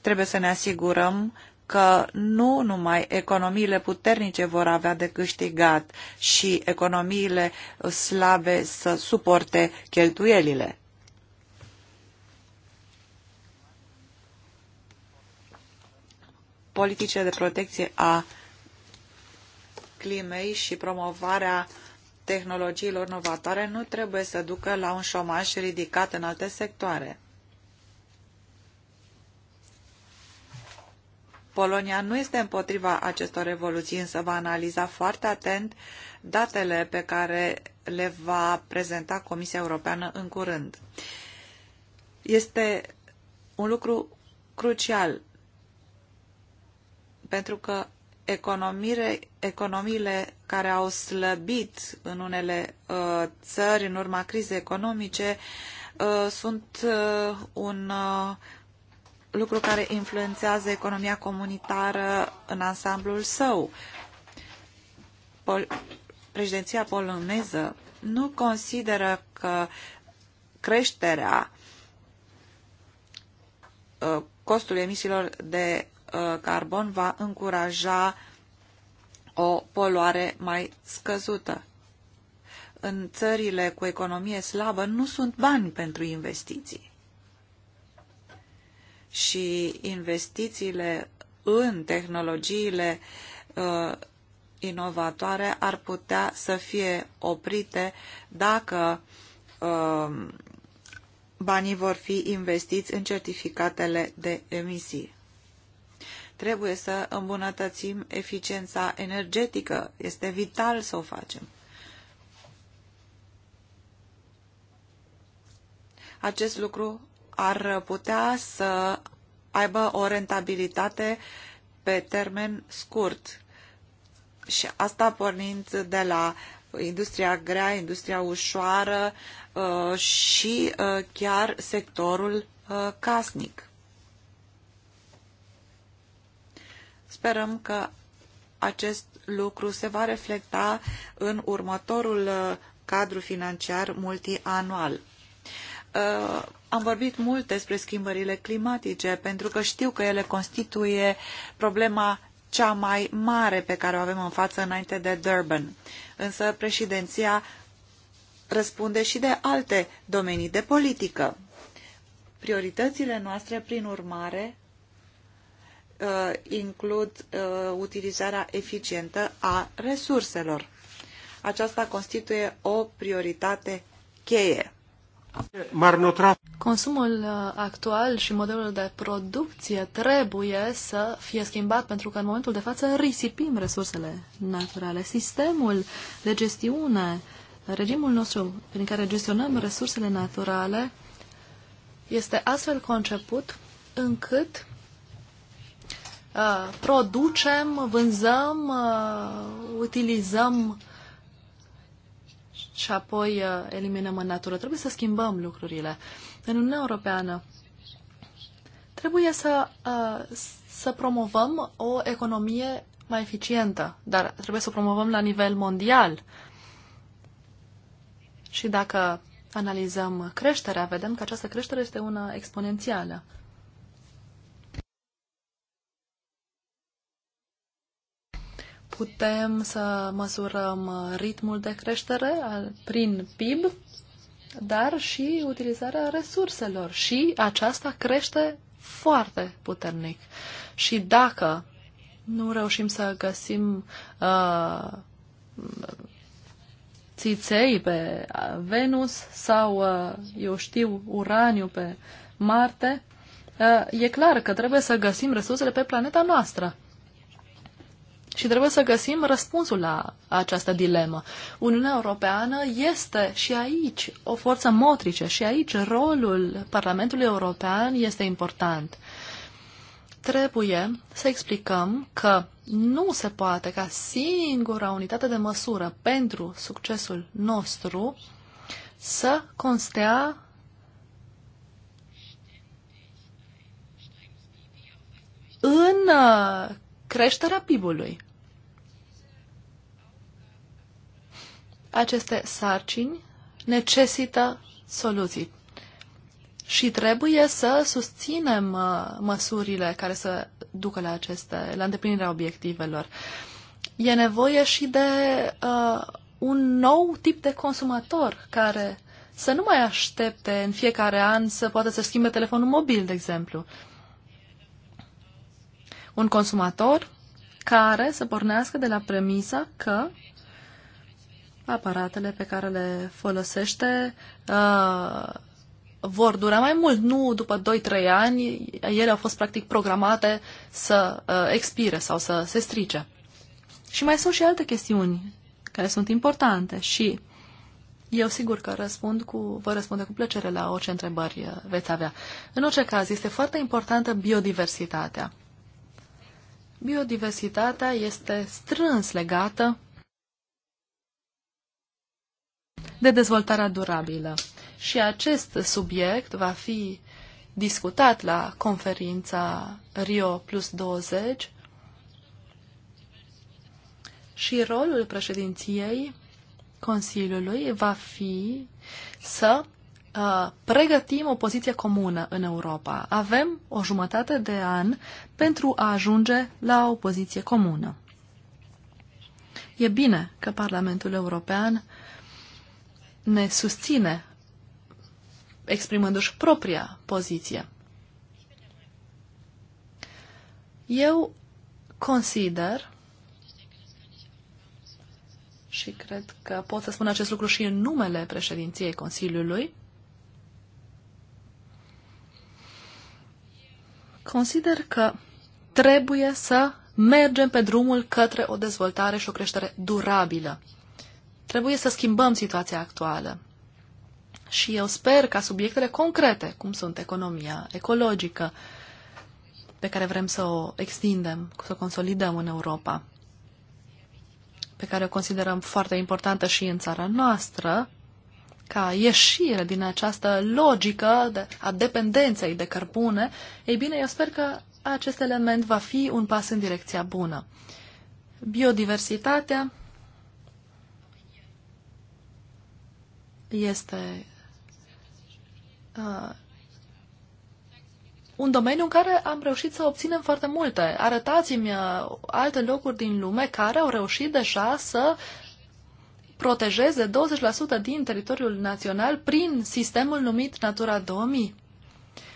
Trebuie să ne asigurăm că nu numai economiile puternice vor avea de câștigat și economiile slabe să suporte cheltuielile. Politicile de protecție a climei și promovarea uh, tehnologiilor novatoare nu trebuie să ducă la un șomaj ridicat în alte sectoare. Polonia nu este împotriva acestor revoluții, însă va analiza foarte atent datele pe care le va prezenta Comisia Europeană în curând. Este un lucru crucial pentru că economiile care au slăbit în unele uh, țări în urma crizei economice uh, sunt uh, un lucru care influențează economia comunitară în ansamblul său. Pol Președinția poloneză nu consideră că creșterea costului emisiilor de Uh, carbon va încuraja o poluare mai scăzută. În țările cu economie slabă nu sunt bani pentru investiții. Și investițiile în tehnologiile uh, inovatoare ar putea să fie oprite dacă uh, banii vor fi investiți în certificatele de emisii. Trebuie să îmbunătățim eficiența energetică. Este vital să o facem. Acest lucru ar putea să aibă o rentabilitate pe termen scurt. Și asta pornind de la industria grea, industria ușoară uh, și uh, chiar sectorul uh, casnic. Sperăm că acest lucru se va reflecta în următorul uh, cadru financiar multianual. Uh, am vorbit mult despre schimbările climatice, pentru că știu că ele constituie problema cea mai mare pe care o avem în față înainte de Durban. Însă președinția răspunde și de alte domenii de politică. Prioritățile noastre, prin urmare, uh, includ uh, utilizarea eficientă a resurselor. Aceasta constituie o prioritate cheie. Consumul uh, actual și modelul de producție trebuie să fie schimbat pentru că în momentul de față risipim resursele naturale. Sistemul de gestiune, regimul nostru prin care gestionăm resursele naturale este astfel conceput încât Uh, producem, vânzăm, uh, utilizăm și apoi uh, eliminăm în natură. Trebuie să schimbăm lucrurile. În Uniunea Europeană trebuie să, să promovăm o economie mai eficientă, dar trebuie să o promovăm la nivel mondial. Și dacă analizăm creșterea, vedem că această creștere este una exponențială. putem să măsurăm uh, ritmul de creștere al, prin PIB, dar și utilizarea resurselor. Și aceasta crește foarte puternic. Și dacă nu reușim să găsim uh, țiței pe uh, Venus sau, uh, eu știu, uraniu pe Marte, uh, e clar că trebuie să găsim resursele pe planeta noastră. Și trebuie să găsim răspunsul la această dilemă. Uniunea Europeană este și aici o forță motrice și aici rolul Parlamentului European este important. Trebuie să explicăm că nu se poate ca singura unitate de măsură pentru succesul nostru să constea în uh, creșterea PIB-ului. Aceste sarcini necesită soluții și trebuie să susținem uh, măsurile care să ducă la aceste, la îndeplinirea obiectivelor. E nevoie și de uh, un nou tip de consumator care să nu mai aștepte în fiecare an să poată să schimbe telefonul mobil, de exemplu. Uh, un consumator care să pornească de la premisa că aparatele pe care le folosește uh, vor dura mai mult, nu după 2-3 ani, ele au fost practic programate să uh, expire sau să se strice. Și mai sunt și alte chestiuni care sunt importante și eu sigur că răspund cu, vă răspunde cu plăcere la orice întrebări uh, veți avea. În orice caz, este foarte importantă biodiversitatea biodiversitatea este strâns legată de dezvoltarea durabilă. Și acest subiect va fi discutat la conferința Rio Plus 20 și rolul președinției Consiliului va fi să uh, pregătim o poziție comună în Europa. Avem o jumătate de an pentru a ajunge la o poziție comună. E bine că Parlamentul European ne susține exprimându-și propria poziție. Eu consider și cred că pot să spun acest lucru și în numele președinției Consiliului, Consider că trebuie să mergem pe drumul către o dezvoltare și o creștere durabilă. Trebuie să schimbăm situația actuală. Și eu sper ca subiectele concrete, cum sunt economia ecologică, pe care vrem să o extindem, să o consolidăm în Europa, pe care o considerăm foarte importantă și în țara noastră, ca ieșire din această logică de, a dependenței de cărbune, ei bine, eu sper că acest element va fi un pas în direcția bună. Biodiversitatea este uh, un domeniu în care am reușit să obținem foarte multe. Arătați-mi uh, alte locuri din lume care au reușit deja să protejeze 20% din teritoriul național prin sistemul numit Natura 2000.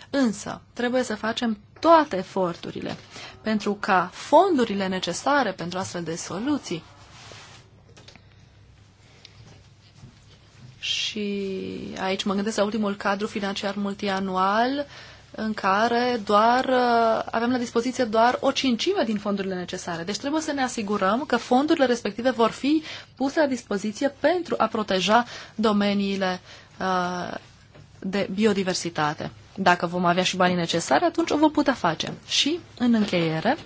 Însă, trebuie să facem toate eforturile pentru ca fondurile necesare pentru astfel de soluții și aici mă gândesc la ultimul cadru financiar multianual uh, în care doar uh, avem la dispoziție doar o cincime din fondurile necesare. Deci trebuie să ne asigurăm că fondurile respective vor fi puse la dispoziție pentru a proteja domeniile uh, de biodiversitate. Dacă vom avea și banii necesari, atunci o vom putea face. Și, în încheiere,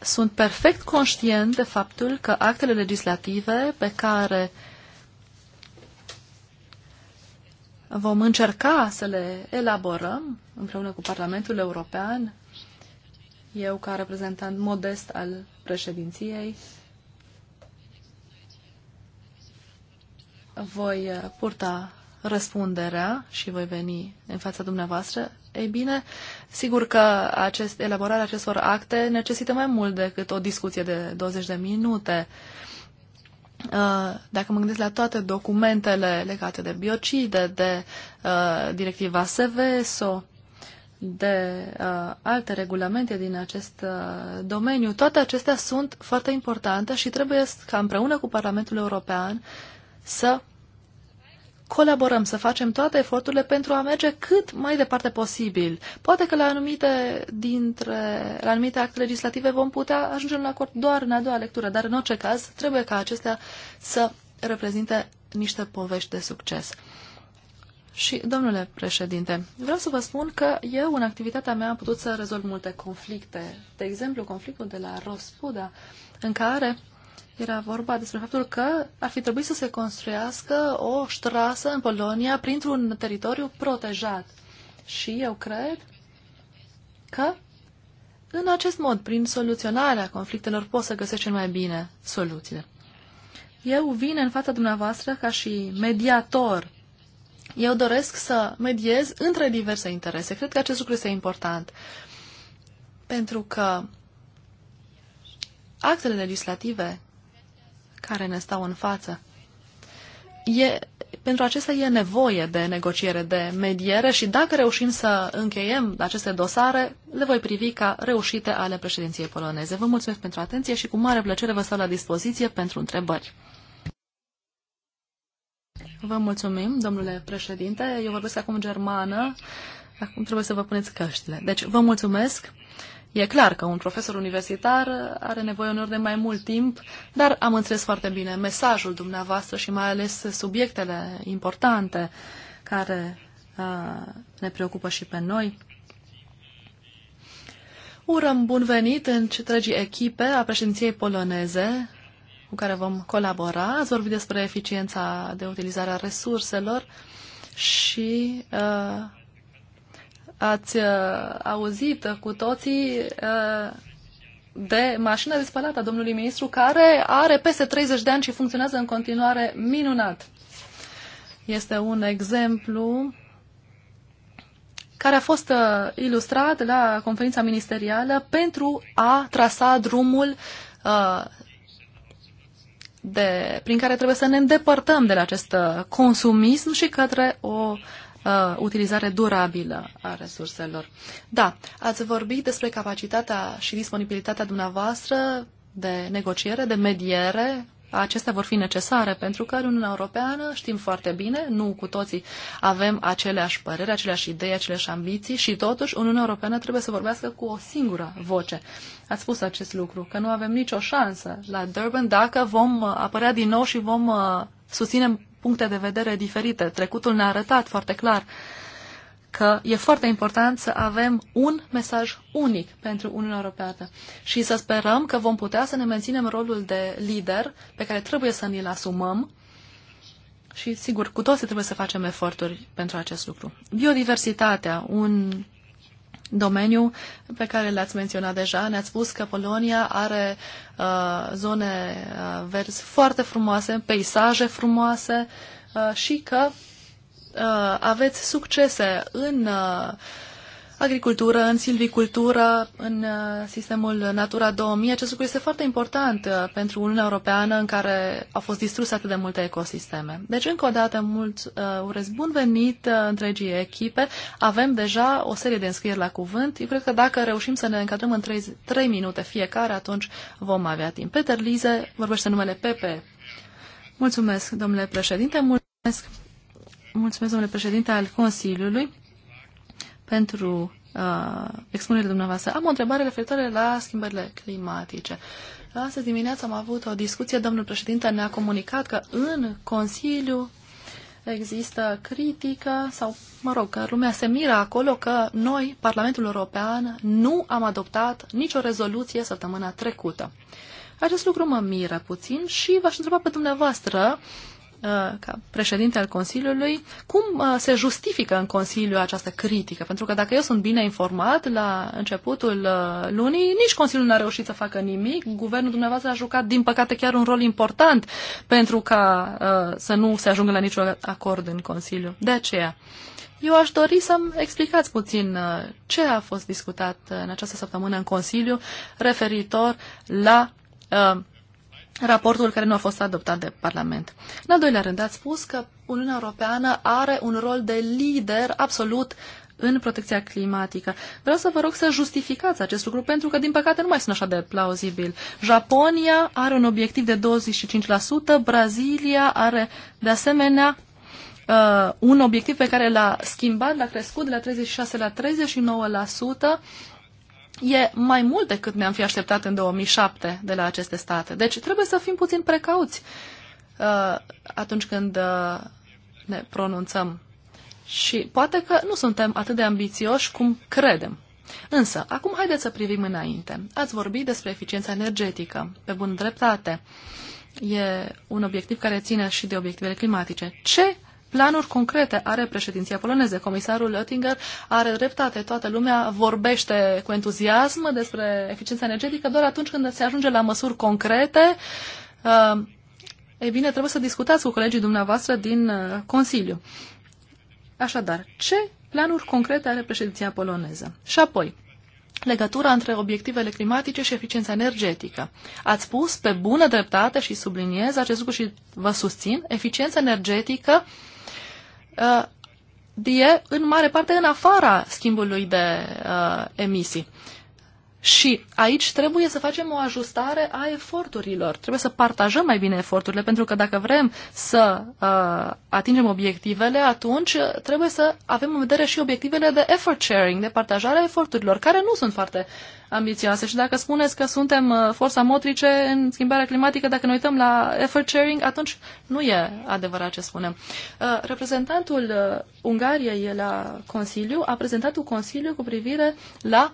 sunt perfect conștient de faptul că actele legislative pe care uh, Vom încerca să le elaborăm împreună cu Parlamentul European, eu ca reprezentant modest al președinției. Voi uh, purta răspunderea și voi veni în fața dumneavoastră, ei bine, sigur că acest, elaborarea acestor acte necesită mai mult decât o discuție de 20 de minute. Uh, Uh, dacă mă gândesc la toate documentele legate de biocide, de uh, directiva SVSO, de uh, alte regulamente din acest uh, domeniu, toate acestea sunt foarte importante și trebuie ca împreună cu Parlamentul European să colaborăm, să facem toate eforturile pentru a merge cât mai departe posibil. Poate că la anumite, dintre, la anumite acte legislative vom putea ajunge la acord doar în a doua lectură, dar în orice caz trebuie ca acestea să reprezinte niște povești de succes. Și, domnule președinte, vreau să vă spun că eu, în activitatea mea, am putut să rezolv multe conflicte. De exemplu, conflictul de la Rospuda, în care era vorba despre faptul că ar fi trebuit să se construiască o ștrasă în Polonia printr-un teritoriu protejat. Și eu cred că în acest mod, prin soluționarea conflictelor, poți să găsești cel mai bine soluțiile. Eu vin în fața dumneavoastră ca și mediator. Eu doresc să mediez între diverse interese. Cred că acest lucru este important. Pentru că actele legislative care ne stau în față. E, pentru acestea e nevoie de negociere, de mediere și dacă reușim să încheiem aceste dosare, le voi privi ca reușite ale președinției poloneze. Vă mulțumesc pentru atenție și cu mare plăcere vă stau la dispoziție pentru întrebări. Vă mulțumim, domnule președinte. Eu vorbesc acum germană. Acum trebuie să vă puneți căștile. Deci, vă mulțumesc. E clar că un profesor universitar are nevoie unor de mai mult timp, dar am înțeles foarte bine mesajul dumneavoastră și mai ales subiectele importante care uh, ne preocupă și pe noi. Urăm bun venit în întregii echipe a președinției poloneze cu care vom colabora. Ați vorbit despre eficiența de utilizare a resurselor și uh, Ați uh, auzit cu toții uh, de mașina de spălat a domnului ministru, care are peste 30 de ani și funcționează în continuare minunat. Este un exemplu care a fost uh, ilustrat la conferința ministerială pentru a trasa drumul uh, de, prin care trebuie să ne îndepărtăm de la acest uh, consumism și către o uh, utilizare durabilă a resurselor. Da, ați vorbit despre capacitatea și disponibilitatea dumneavoastră de negociere, de mediere. Acestea vor fi necesare pentru că în Uniunea Europeană știm foarte bine, nu cu toții avem aceleași păreri, aceleași idei, aceleași ambiții și totuși Uniunea Europeană trebuie să vorbească cu o singură voce. Ați spus acest lucru, că nu avem nicio șansă la Durban dacă vom uh, apărea din nou și vom uh, susținem puncte de vedere diferite. Trecutul ne-a arătat foarte clar că e foarte important să avem un mesaj unic pentru Uniunea Europeană și să sperăm că vom putea să ne menținem rolul de lider pe care trebuie să ne l asumăm și, sigur, cu toții trebuie să facem eforturi pentru acest lucru. Biodiversitatea, un domeniu pe care le-ați menționat deja. Ne-ați spus că Polonia are uh, zone uh, verzi foarte frumoase, peisaje frumoase uh, și că uh, aveți succese în uh, agricultură, în silvicultură, în uh, sistemul Natura 2000. Acest lucru este foarte important uh, pentru Uniunea Europeană în care au fost distruse atât de multe ecosisteme. Deci, încă o dată, mult uh, urez bun venit întregii echipe. Avem deja o serie de înscrieri la cuvânt. Eu cred că dacă reușim să ne încadrăm în 3, 3 minute fiecare, atunci vom avea timp. Peter Lize vorbește numele Pepe. Mulțumesc, domnule președinte. Mulțumesc. Mulțumesc, domnule președinte al Consiliului pentru uh, expunerile dumneavoastră. Am o întrebare referitoare la schimbările climatice. Astăzi dimineața am avut o discuție, domnul președinte ne-a comunicat că în Consiliu există critică sau, mă rog, că lumea se miră acolo că noi, Parlamentul European, nu am adoptat nicio rezoluție săptămâna trecută. Acest lucru mă miră puțin și v-aș întreba pe dumneavoastră uh, Uh, ca președinte al Consiliului, cum uh, se justifică în Consiliu această critică? Pentru că dacă eu sunt bine informat, la începutul uh, lunii, nici Consiliul nu a reușit să facă nimic. Guvernul dumneavoastră a jucat, din păcate, chiar un rol important pentru ca să nu se ajungă la niciun acord în Consiliu. De aceea, eu aș dori să-mi explicați puțin ce a fost discutat în această săptămână în Consiliu referitor la raportul care nu a fost adoptat de Parlament. În al doilea rând, ați spus că Uniunea Europeană are un rol de lider absolut în protecția climatică. Vreau să vă rog să justificați acest lucru, pentru că, din păcate, nu mai sunt așa de plauzibil. Japonia are un obiectiv de 25%, Brazilia are, de asemenea, uh, un obiectiv pe care l-a schimbat, l-a crescut de la 36 la 39%, e mai mult decât ne-am fi așteptat în 2007 de la aceste state. Deci trebuie să fim puțin precauți uh, atunci când uh, ne pronunțăm. Și poate că nu suntem atât de ambițioși cum credem. Însă, acum haideți să privim înainte. Ați vorbit despre eficiența energetică, pe bună dreptate. E un obiectiv care ține și de obiectivele climatice. Ce planuri concrete are președinția poloneză. Comisarul Oettinger are dreptate, toată lumea vorbește cu entuziasm despre eficiența energetică, doar atunci când se ajunge la măsuri concrete, uh, e bine, trebuie să discutați cu colegii dumneavoastră din uh, Consiliu. Așadar, ce planuri concrete are președinția poloneză? Și apoi, legătura între obiectivele climatice și eficiența energetică. Ați spus pe bună dreptate și subliniez acest lucru și vă susțin, eficiența energetică uh, Uh, e în mare parte în afara schimbului de uh, emisii. Și aici trebuie să facem o ajustare a eforturilor. Trebuie să partajăm mai bine eforturile, pentru că dacă vrem să uh, atingem obiectivele, atunci trebuie să avem în vedere și obiectivele de effort sharing, de partajare a eforturilor, care nu sunt foarte uh, ambițioase. Și dacă spuneți că suntem uh, forța motrice în schimbarea climatică, dacă ne uităm la effort sharing, atunci nu e adevărat ce spunem. Uh, reprezentantul uh, Ungariei la Consiliu a prezentat un Consiliu cu privire la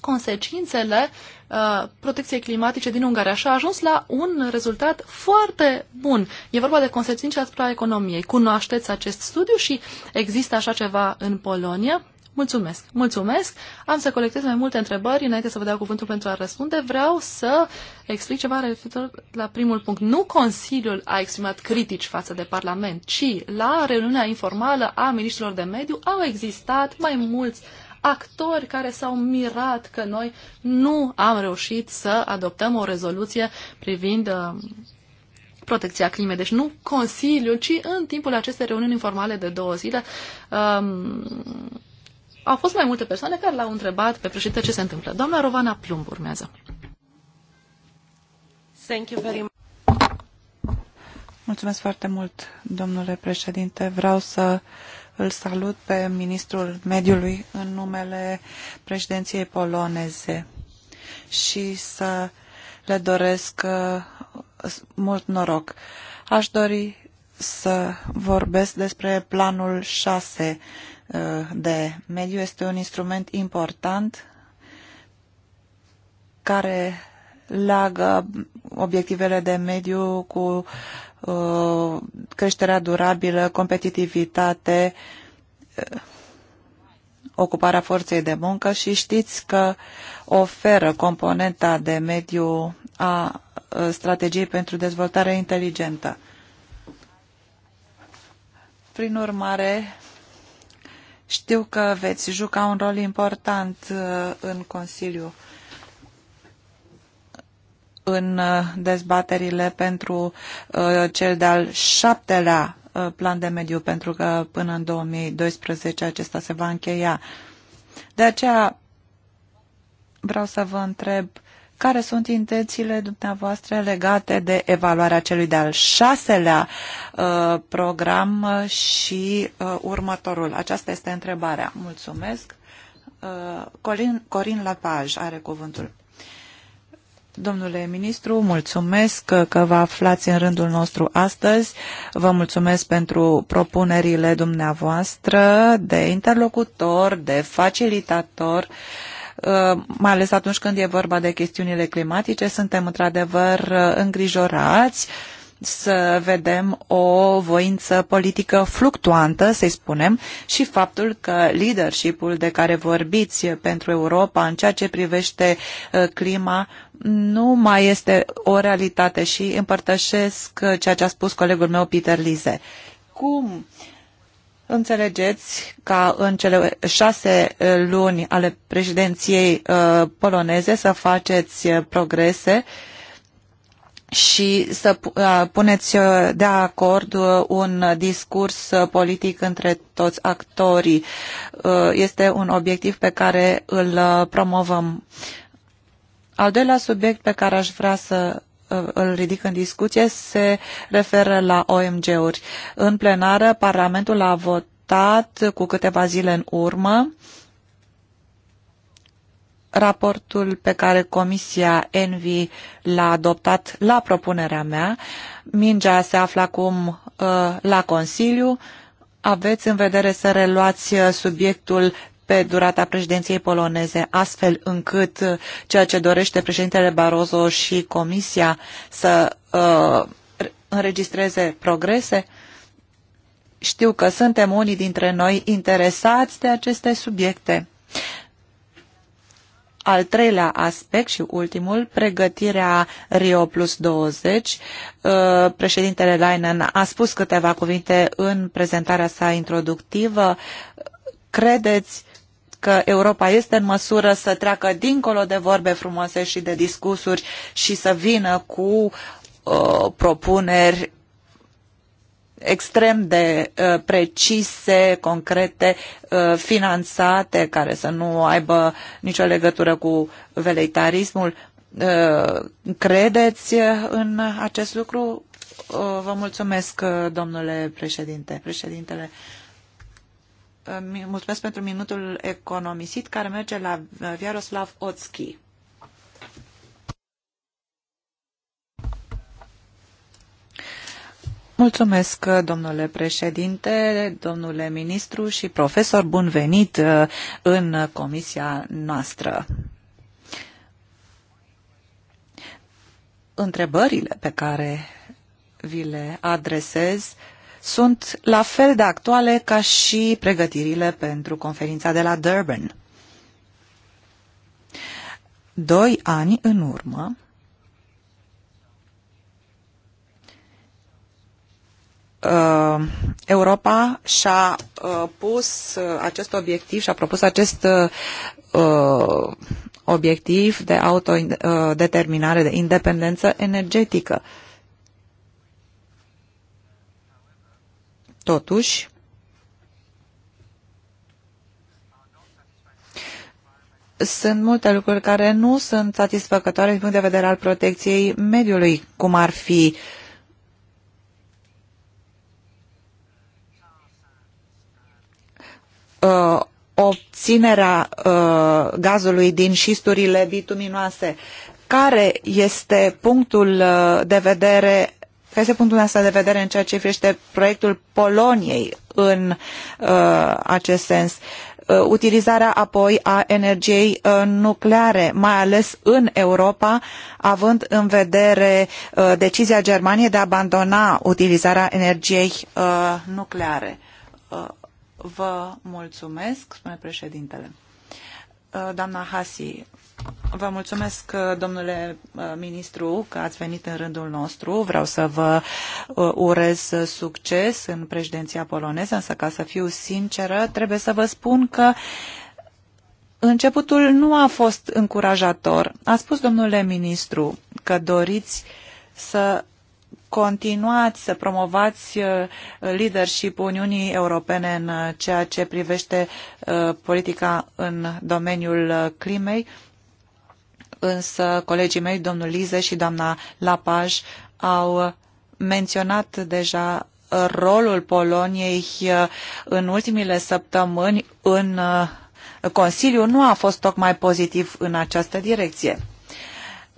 consecințele uh, protecției climatice din Ungaria și a ajuns la un rezultat foarte bun. E vorba de consecințe asupra economiei. Cunoașteți acest studiu și există așa ceva în Polonia? Mulțumesc. Mulțumesc. Am să colectez mai multe întrebări înainte să vă dau cuvântul pentru a răspunde. Vreau să explic ceva referitor la primul punct. Nu Consiliul a exprimat critici față de Parlament, ci la reuniunea informală a ministrilor de mediu au existat mai mulți actori care s-au mirat că noi nu am reușit să adoptăm o rezoluție privind uh, protecția climei. Deci nu Consiliul, ci în timpul acestei reuniuni informale de două zile um, au fost mai multe persoane care l-au întrebat pe președinte ce se întâmplă. Doamna Rovana Plumb urmează. Thank you very much. Mulțumesc foarte mult, domnule președinte. Vreau să îl salut pe ministrul mediului în numele președinției poloneze și să le doresc uh, mult noroc. Aș dori să vorbesc despre planul 6 de mediu este un instrument important care leagă obiectivele de mediu cu uh, creșterea durabilă, competitivitate, uh, ocuparea forței de muncă și știți că oferă componenta de mediu a uh, strategiei pentru dezvoltare inteligentă. Prin urmare, știu că veți juca un rol important uh, în Consiliu în uh, dezbaterile pentru uh, cel de-al șaptelea plan de mediu, pentru că până în 2012 acesta se va încheia. De aceea vreau să vă întreb care sunt intențiile dumneavoastră legate de evaluarea celui de-al șaselea uh, program și uh, următorul? Aceasta este întrebarea. Mulțumesc. Uh, Corin, Corin Lapaj are cuvântul. Domnule ministru, mulțumesc că vă aflați în rândul nostru astăzi. Vă mulțumesc pentru propunerile dumneavoastră de interlocutor, de facilitator uh, Uh, mai ales atunci când e vorba de chestiunile climatice. Suntem într-adevăr uh, îngrijorați să vedem o voință politică fluctuantă, să-i spunem, și faptul că leadershipul de care vorbiți pentru Europa în ceea ce privește uh, clima nu mai este o realitate și împărtășesc ceea ce a spus colegul meu Peter Lize. Cum uh, Înțelegeți ca în cele șase eh, luni ale președinției eh, poloneze să faceți eh, progrese și să puneți de acord un discurs politic între toți actorii. Este un obiectiv pe care îl promovăm. Al doilea subiect pe care aș vrea să Uh, îl ridic în discuție se referă la OMG-uri. În plenară, Parlamentul a votat cu câteva zile în urmă raportul pe care Comisia Envi l-a adoptat la propunerea mea. Mingea se află acum uh, la Consiliu aveți în vedere să reluați uh, subiectul pe durata președinției poloneze, astfel încât uh, ceea ce dorește președintele Barroso și Comisia să uh, înregistreze progrese? Știu că suntem unii dintre noi interesați de aceste subiecte. Al treilea aspect și ultimul, pregătirea Rio Plus 20. Uh, președintele Leinen a spus câteva cuvinte în prezentarea sa introductivă. Credeți că Europa este în măsură să treacă dincolo de vorbe frumoase și de discursuri și să vină cu uh, propuneri extrem de uh, precise, concrete, uh, finanțate, care să nu aibă nicio legătură cu veleitarismul. Uh, credeți uh, în acest lucru? Uh, vă mulțumesc, uh, domnule președinte. Președintele, mulțumesc pentru minutul economisit care merge la Viaroslav Otski. Mulțumesc, domnule președinte, domnule ministru și profesor, bun venit uh, în comisia noastră. Întrebările pe care vi le adresez uh, sunt la fel de actuale ca și pregătirile pentru conferința de la Durban. Doi ani în urmă, uh, Europa și-a uh, pus uh, acest obiectiv și-a propus acest obiectiv de autodeterminare, de independență energetică. totuși, sunt multe lucruri care nu sunt satisfăcătoare din punct de vedere al protecției mediului, cum ar fi uh, obținerea uh, gazului din șisturile bituminoase. Care este punctul uh, de vedere care este punctul ăsta de vedere în ceea ce privește proiectul Poloniei în uh, acest sens? Uh, utilizarea apoi a energiei uh, nucleare, mai ales în Europa, având în vedere uh, decizia Germaniei de a abandona utilizarea energiei uh, nucleare. Uh, vă mulțumesc, spune președintele. Uh, doamna Hasi, Vă mulțumesc, uh, domnule uh, ministru, că ați venit în rândul nostru. Vreau să vă uh, urez succes în președinția poloneză, însă ca să fiu sinceră, trebuie să vă spun că începutul nu a fost încurajator. A spus, domnule ministru, că doriți să continuați să promovați leadership Uniunii Europene în ceea ce privește politica în domeniul climei însă colegii mei, domnul Lize și doamna Lapaj, au menționat deja rolul Poloniei uh, în ultimile săptămâni în uh, Consiliu nu a fost tocmai pozitiv în această direcție.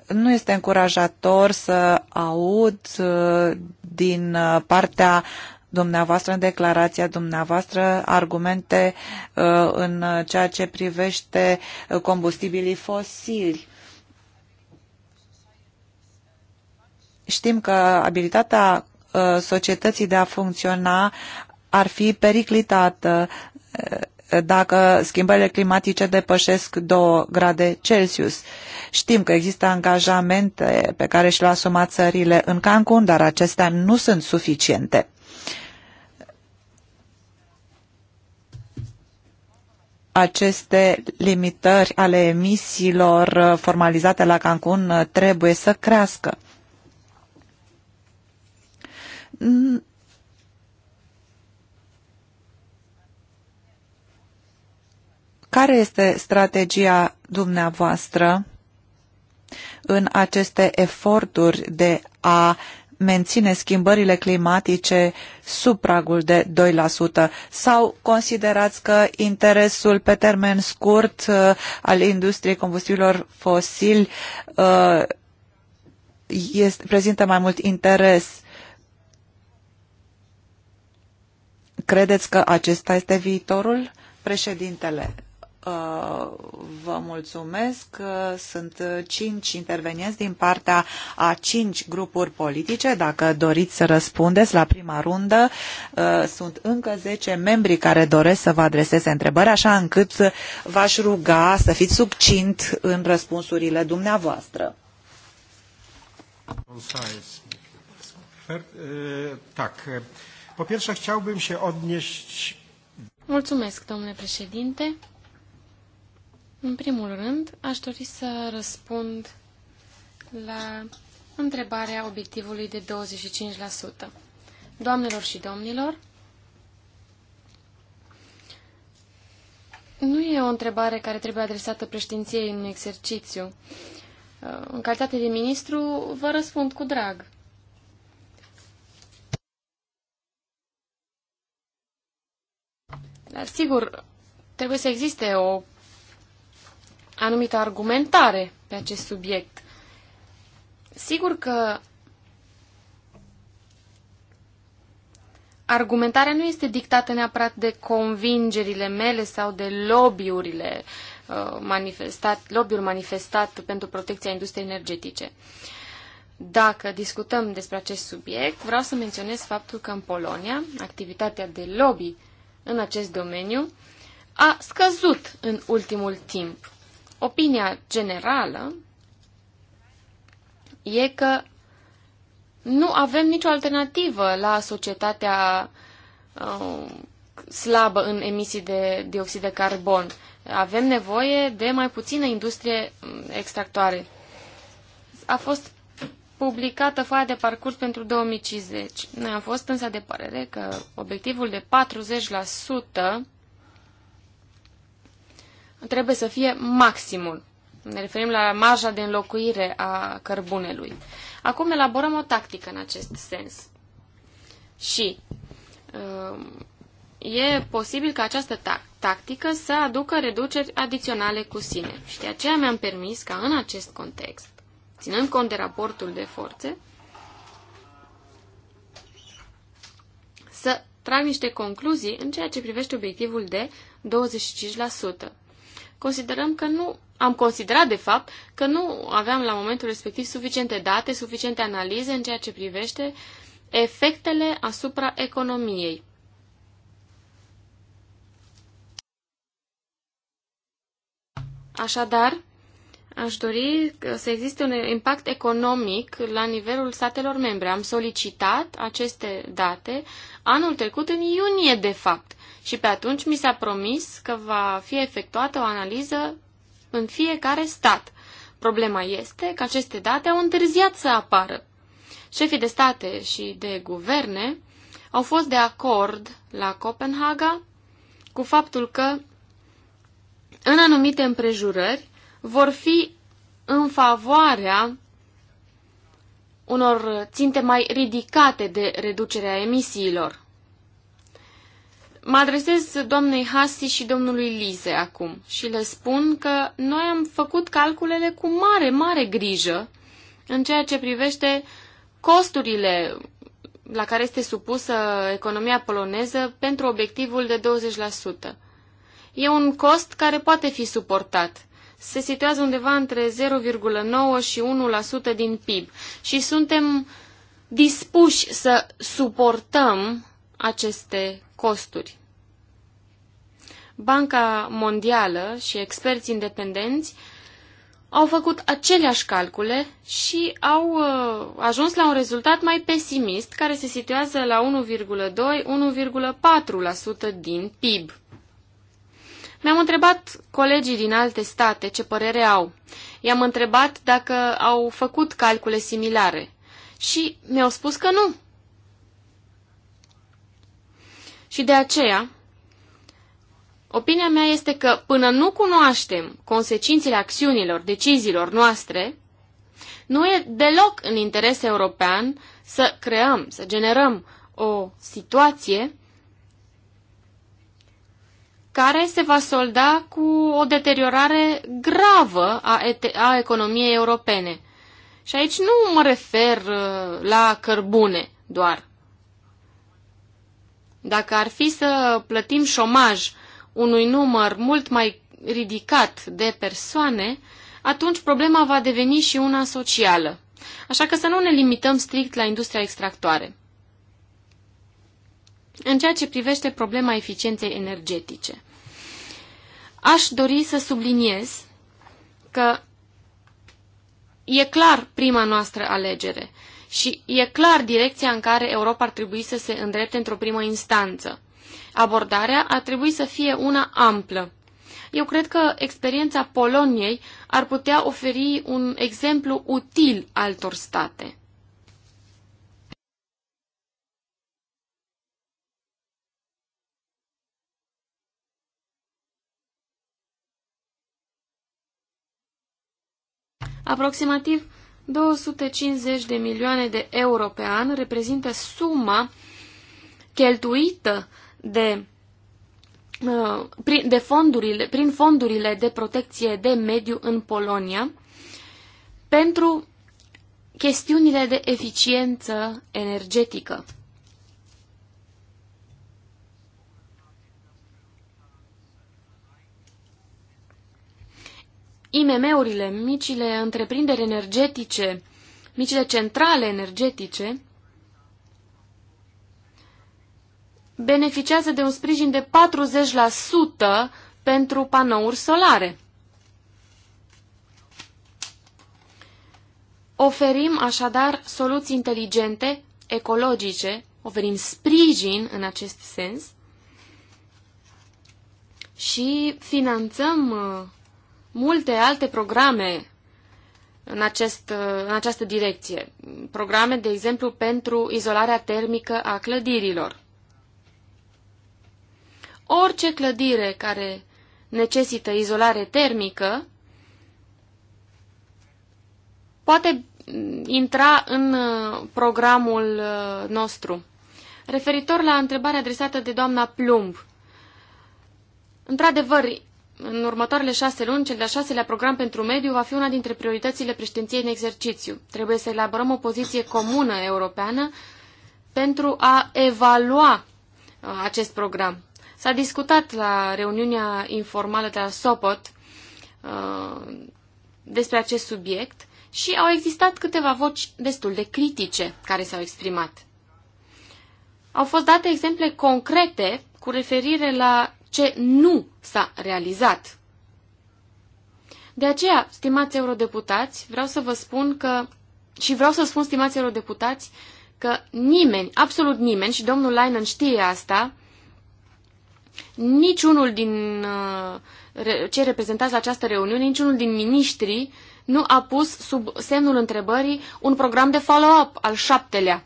Nu este încurajator să aud uh, din partea dumneavoastră în declarația dumneavoastră argumente în ceea ce privește combustibilii fosili Știm că abilitatea uh, societății de a funcționa ar fi periclitată uh, dacă schimbările climatice depășesc 2 grade Celsius. Știm că există angajamente pe care și le-au asumat țările în Cancun, dar acestea nu sunt suficiente. Aceste limitări ale emisiilor uh, formalizate la Cancun trebuie să crească. Care este strategia dumneavoastră în aceste eforturi de a menține schimbările climatice sub pragul de 2% sau considerați că interesul pe termen scurt uh, al industriei combustibilor fosili uh, este, prezintă mai mult interes Credeți că acesta este viitorul? Președintele, uh, vă mulțumesc. Sunt cinci intervenienți din partea a cinci grupuri politice. Dacă doriți să răspundeți la prima rundă, uh, sunt încă zece membri care doresc să vă adreseze întrebări, așa încât v-aș ruga să fiți subcint în răspunsurile dumneavoastră. Eh, tak, Po pierwsze, chciałbym się odnieść... Mulțumesc, domnule președinte. În primul rând, aș dori să răspund la întrebarea obiectivului de 25%. Doamnelor și domnilor, nu e o întrebare care trebuie adresată președinției în exercițiu. În calitate de ministru, vă răspund cu drag. Dar Sigur, trebuie să existe o anumită argumentare pe acest subiect. Sigur că argumentarea nu este dictată neapărat de convingerile mele sau de lobby-urile uh, manifestat, lobby manifestat pentru protecția industriei energetice. Dacă discutăm despre acest subiect, vreau să menționez faptul că în Polonia activitatea de lobby în acest domeniu a scăzut în ultimul timp. Opinia generală e că nu avem nicio alternativă la societatea uh, slabă în emisii de dioxid de carbon. Avem nevoie de mai puțină industrie mm, extractoare. A fost publicată foaia de parcurs pentru 2050. Noi am fost însă de părere că obiectivul de 40% trebuie să fie maximul. Ne referim la marja de înlocuire a cărbunelui. Acum elaborăm o tactică în acest sens. Și um, e posibil ca această tactică să aducă reduceri adiționale cu sine. Și de aceea mi-am permis ca în acest context ținând cont de raportul de forțe, să trag niște concluzii în ceea ce privește obiectivul de 25%. Considerăm că nu, am considerat de fapt că nu aveam la momentul respectiv suficiente date, suficiente analize în ceea ce privește efectele asupra economiei. Așadar, Aș dori să existe un impact economic la nivelul statelor membre. Am solicitat aceste date anul trecut, în iunie, de fapt. Și pe atunci mi s-a promis că va fi efectuată o analiză în fiecare stat. Problema este că aceste date au întârziat să apară. Șefii de state și de guverne au fost de acord la Copenhaga cu faptul că, în anumite împrejurări, vor fi în favoarea unor ținte mai ridicate de reducerea emisiilor. Mă adresez doamnei Hasi și domnului Lise acum și le spun că noi am făcut calculele cu mare, mare grijă în ceea ce privește costurile la care este supusă economia poloneză pentru obiectivul de 20%. E un cost care poate fi suportat se situează undeva între 0,9 și 1% din PIB și suntem dispuși să suportăm aceste costuri. Banca Mondială și experți independenți au făcut aceleași calcule și au uh, ajuns la un rezultat mai pesimist, care se situează la 1,2-1,4% din PIB. Mi-am întrebat colegii din alte state ce părere au. I-am întrebat dacă au făcut calcule similare și mi-au spus că nu. Și de aceea, opinia mea este că până nu cunoaștem consecințele acțiunilor, deciziilor noastre, nu e deloc în interes european să creăm, să generăm o situație care se va solda cu o deteriorare gravă a, a economiei europene. Și aici nu mă refer uh, la cărbune doar. Dacă ar fi să plătim șomaj unui număr mult mai ridicat de persoane, atunci problema va deveni și una socială. Așa că să nu ne limităm strict la industria extractoare în ceea ce privește problema eficienței energetice. Aș dori să subliniez că e clar prima noastră alegere și e clar direcția în care Europa ar trebui să se îndrepte într-o primă instanță. Abordarea ar trebui să fie una amplă. Eu cred că experiența Poloniei ar putea oferi un exemplu util altor state. Aproximativ 250 de milioane de euro pe an reprezintă suma cheltuită de, uh, de fondurile, prin fondurile de protecție de mediu în Polonia pentru chestiunile de eficiență energetică. IMM-urile, micile întreprinderi energetice, micile centrale energetice, beneficiază de un sprijin de 40% pentru panouri solare. Oferim așadar soluții inteligente, ecologice, oferim sprijin în acest sens și finanțăm uh, multe alte programe în, acest, în această direcție. Programe, de exemplu, pentru izolarea termică a clădirilor. Orice clădire care necesită izolare termică poate intra în uh, programul uh, nostru. Referitor la întrebarea adresată de doamna Plumb, într-adevăr, în următoarele șase luni, cel de-al șaselea program pentru mediu va fi una dintre prioritățile președinției în exercițiu. Trebuie să elaborăm o poziție comună europeană pentru a evalua uh, acest program. S-a discutat la reuniunea informală de la Sopot uh, despre acest subiect și au existat câteva voci destul de critice care s-au exprimat. Au fost date exemple concrete cu referire la ce nu s-a realizat. De aceea, stimați eurodeputați, vreau să vă spun că, și vreau să spun, stimați eurodeputați, că nimeni, absolut nimeni, și domnul Leinen știe asta, niciunul din uh, cei reprezentați la această reuniune, niciunul din miniștrii nu a pus sub semnul întrebării un program de follow-up al șaptelea.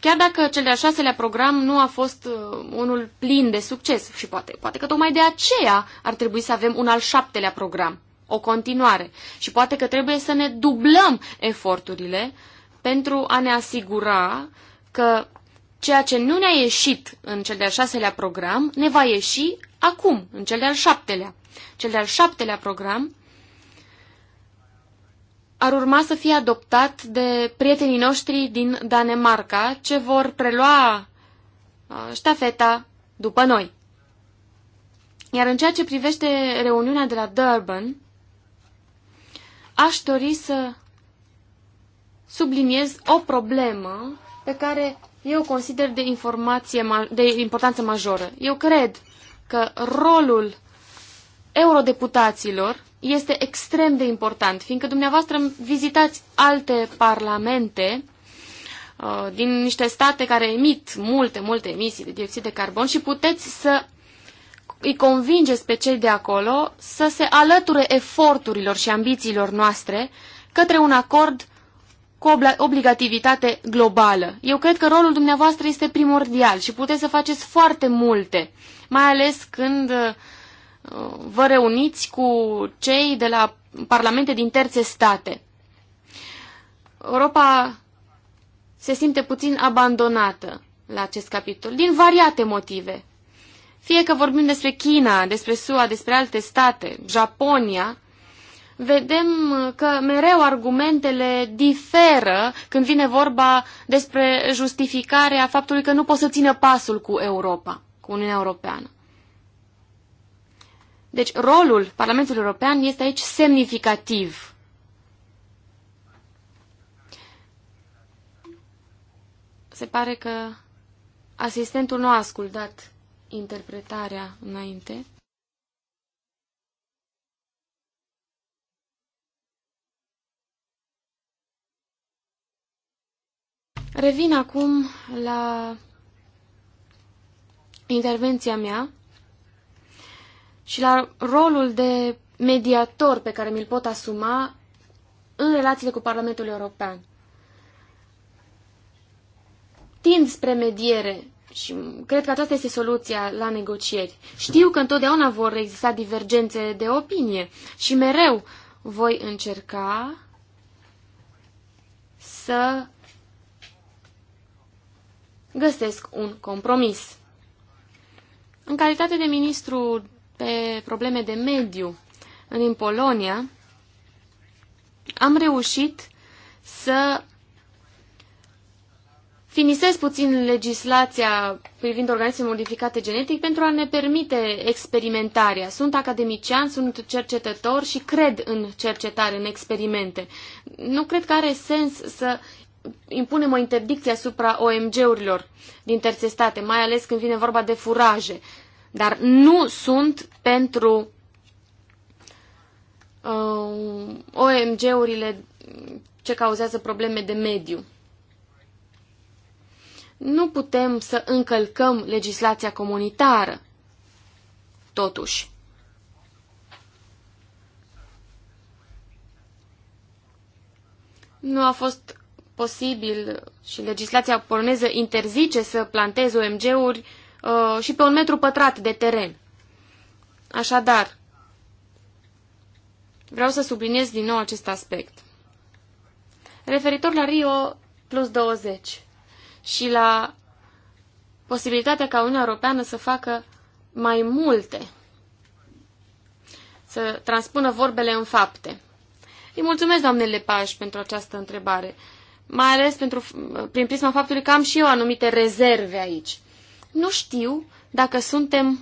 Chiar dacă cel de-al șaselea program nu a fost uh, unul plin de succes și poate, poate că tocmai de aceea ar trebui să avem un al șaptelea program, o continuare. Și poate că trebuie să ne dublăm eforturile pentru a ne asigura că ceea ce nu ne-a ieșit în cel de-al șaselea program ne va ieși acum, în cel de-al șaptelea. Cel de-al șaptelea program ar urma să fie adoptat de prietenii noștri din Danemarca, ce vor prelua uh, ștafeta după noi. Iar în ceea ce privește reuniunea de la Durban, aș dori să subliniez o problemă pe care eu consider de, informație, de importanță majoră. Eu cred că rolul eurodeputaților este extrem de important, fiindcă dumneavoastră vizitați alte parlamente uh, din niște state care emit multe, multe emisii de dioxid de carbon și puteți să îi convingeți pe cei de acolo să se alăture eforturilor și ambițiilor noastre către un acord cu obligativitate globală. Eu cred că rolul dumneavoastră este primordial și puteți să faceți foarte multe, mai ales când uh, vă reuniți cu cei de la parlamente din terțe state. Europa se simte puțin abandonată la acest capitol, din variate motive. Fie că vorbim despre China, despre SUA, despre alte state, Japonia, vedem că mereu argumentele diferă când vine vorba despre justificarea faptului că nu pot să țină pasul cu Europa, cu Uniunea Europeană. Deci rolul Parlamentului European este aici semnificativ. Se pare că asistentul nu a ascultat interpretarea înainte. Revin acum la intervenția mea și la rolul de mediator pe care mi-l pot asuma în relațiile cu Parlamentul European. Tind spre mediere și cred că aceasta este soluția la negocieri. Știu că întotdeauna vor exista divergențe de opinie și mereu voi încerca să găsesc un compromis. În calitate de ministru pe probleme de mediu în Polonia, am reușit să finisez puțin legislația privind organisme modificate genetic pentru a ne permite experimentarea. Sunt academician, sunt cercetător și cred în cercetare, în experimente. Nu cred că are sens să impunem o interdicție asupra OMG-urilor din terțe state, mai ales când vine vorba de furaje dar nu sunt pentru uh, OMG-urile ce cauzează probleme de mediu. Nu putem să încălcăm legislația comunitară, totuși. Nu a fost posibil și legislația poloneză interzice să plantezi OMG-uri uh, Uh, și pe un metru pătrat de teren. Așadar, vreau să subliniez din nou acest aspect. Referitor la Rio plus 20 și la posibilitatea ca Uniunea Europeană să facă mai multe, să transpună vorbele în fapte. Îi mulțumesc, doamne Lepaj, pentru această întrebare, mai ales pentru, prin prisma faptului că am și eu anumite rezerve aici nu știu dacă suntem,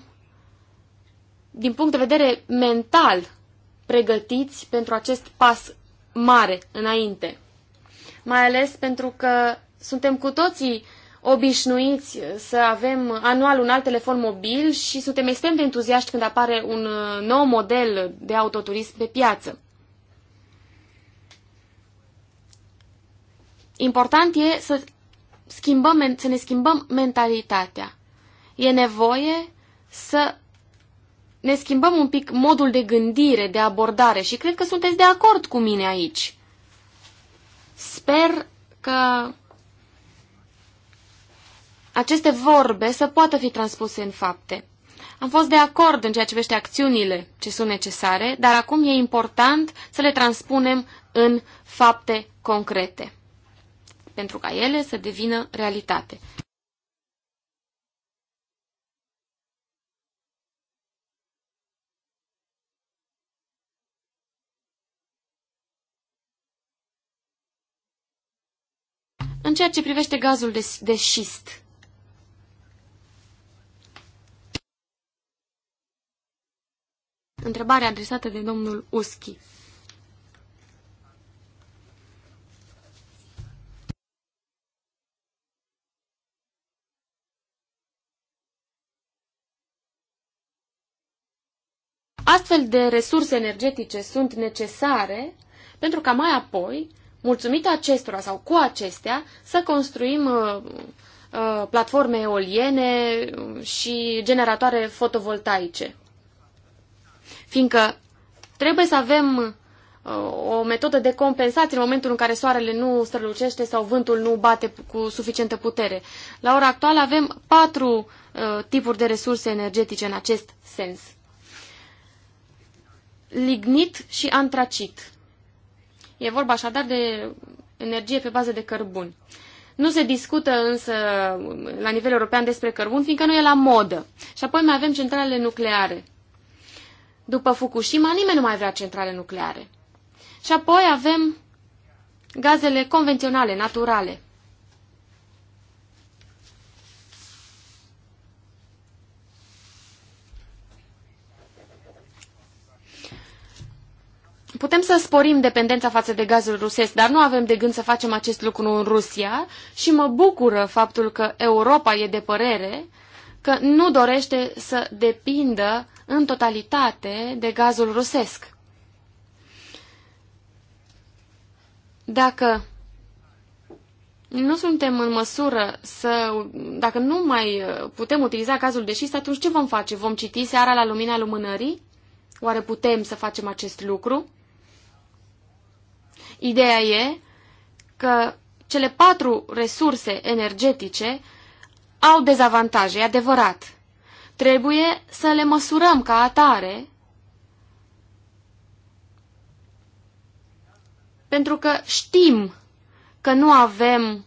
din punct de vedere mental, pregătiți pentru acest pas mare înainte. Mai ales pentru că suntem cu toții obișnuiți să avem anual un alt telefon mobil și suntem extrem de entuziaști când apare un uh, nou model de autoturism pe piață. Important e să, schimbăm, să ne schimbăm mentalitatea. E nevoie să ne schimbăm un pic modul de gândire, de abordare și cred că sunteți de acord cu mine aici. Sper că aceste vorbe să poată fi transpuse în fapte. Am fost de acord în ceea ce vește acțiunile ce sunt necesare, dar acum e important să le transpunem în fapte concrete, pentru ca ele să devină realitate. În ceea ce privește gazul de, de șist, Întrebare adresată de domnul Uschi. Astfel de resurse energetice sunt necesare pentru ca mai apoi mulțumită acestora sau cu acestea, să construim uh, uh, platforme eoliene um, și generatoare fotovoltaice. Fiindcă trebuie să avem uh, o metodă de compensație în momentul în care soarele nu strălucește sau vântul nu bate cu suficientă putere. La ora actuală avem patru tipuri de resurse energetice în acest sens. Lignit și antracit. E vorba așadar de energie pe bază de cărbuni. Nu se discută însă la nivel european despre cărbun, fiindcă nu e la modă. Și apoi mai avem centralele nucleare. După Fukushima, nimeni nu mai vrea centrale nucleare. Și apoi avem gazele convenționale, naturale. putem să sporim dependența față de gazul rusesc, dar nu avem de gând să facem acest lucru în Rusia și mă bucură faptul că Europa e de părere că nu dorește să depindă în totalitate de gazul rusesc. Dacă nu suntem în măsură să... Dacă nu mai putem utiliza gazul de șist, atunci ce vom face? Vom citi seara la lumina lumânării? Oare putem să facem acest lucru? Ideea e că cele patru resurse energetice au dezavantaje, e adevărat. Trebuie să le măsurăm ca atare, pentru că știm că nu avem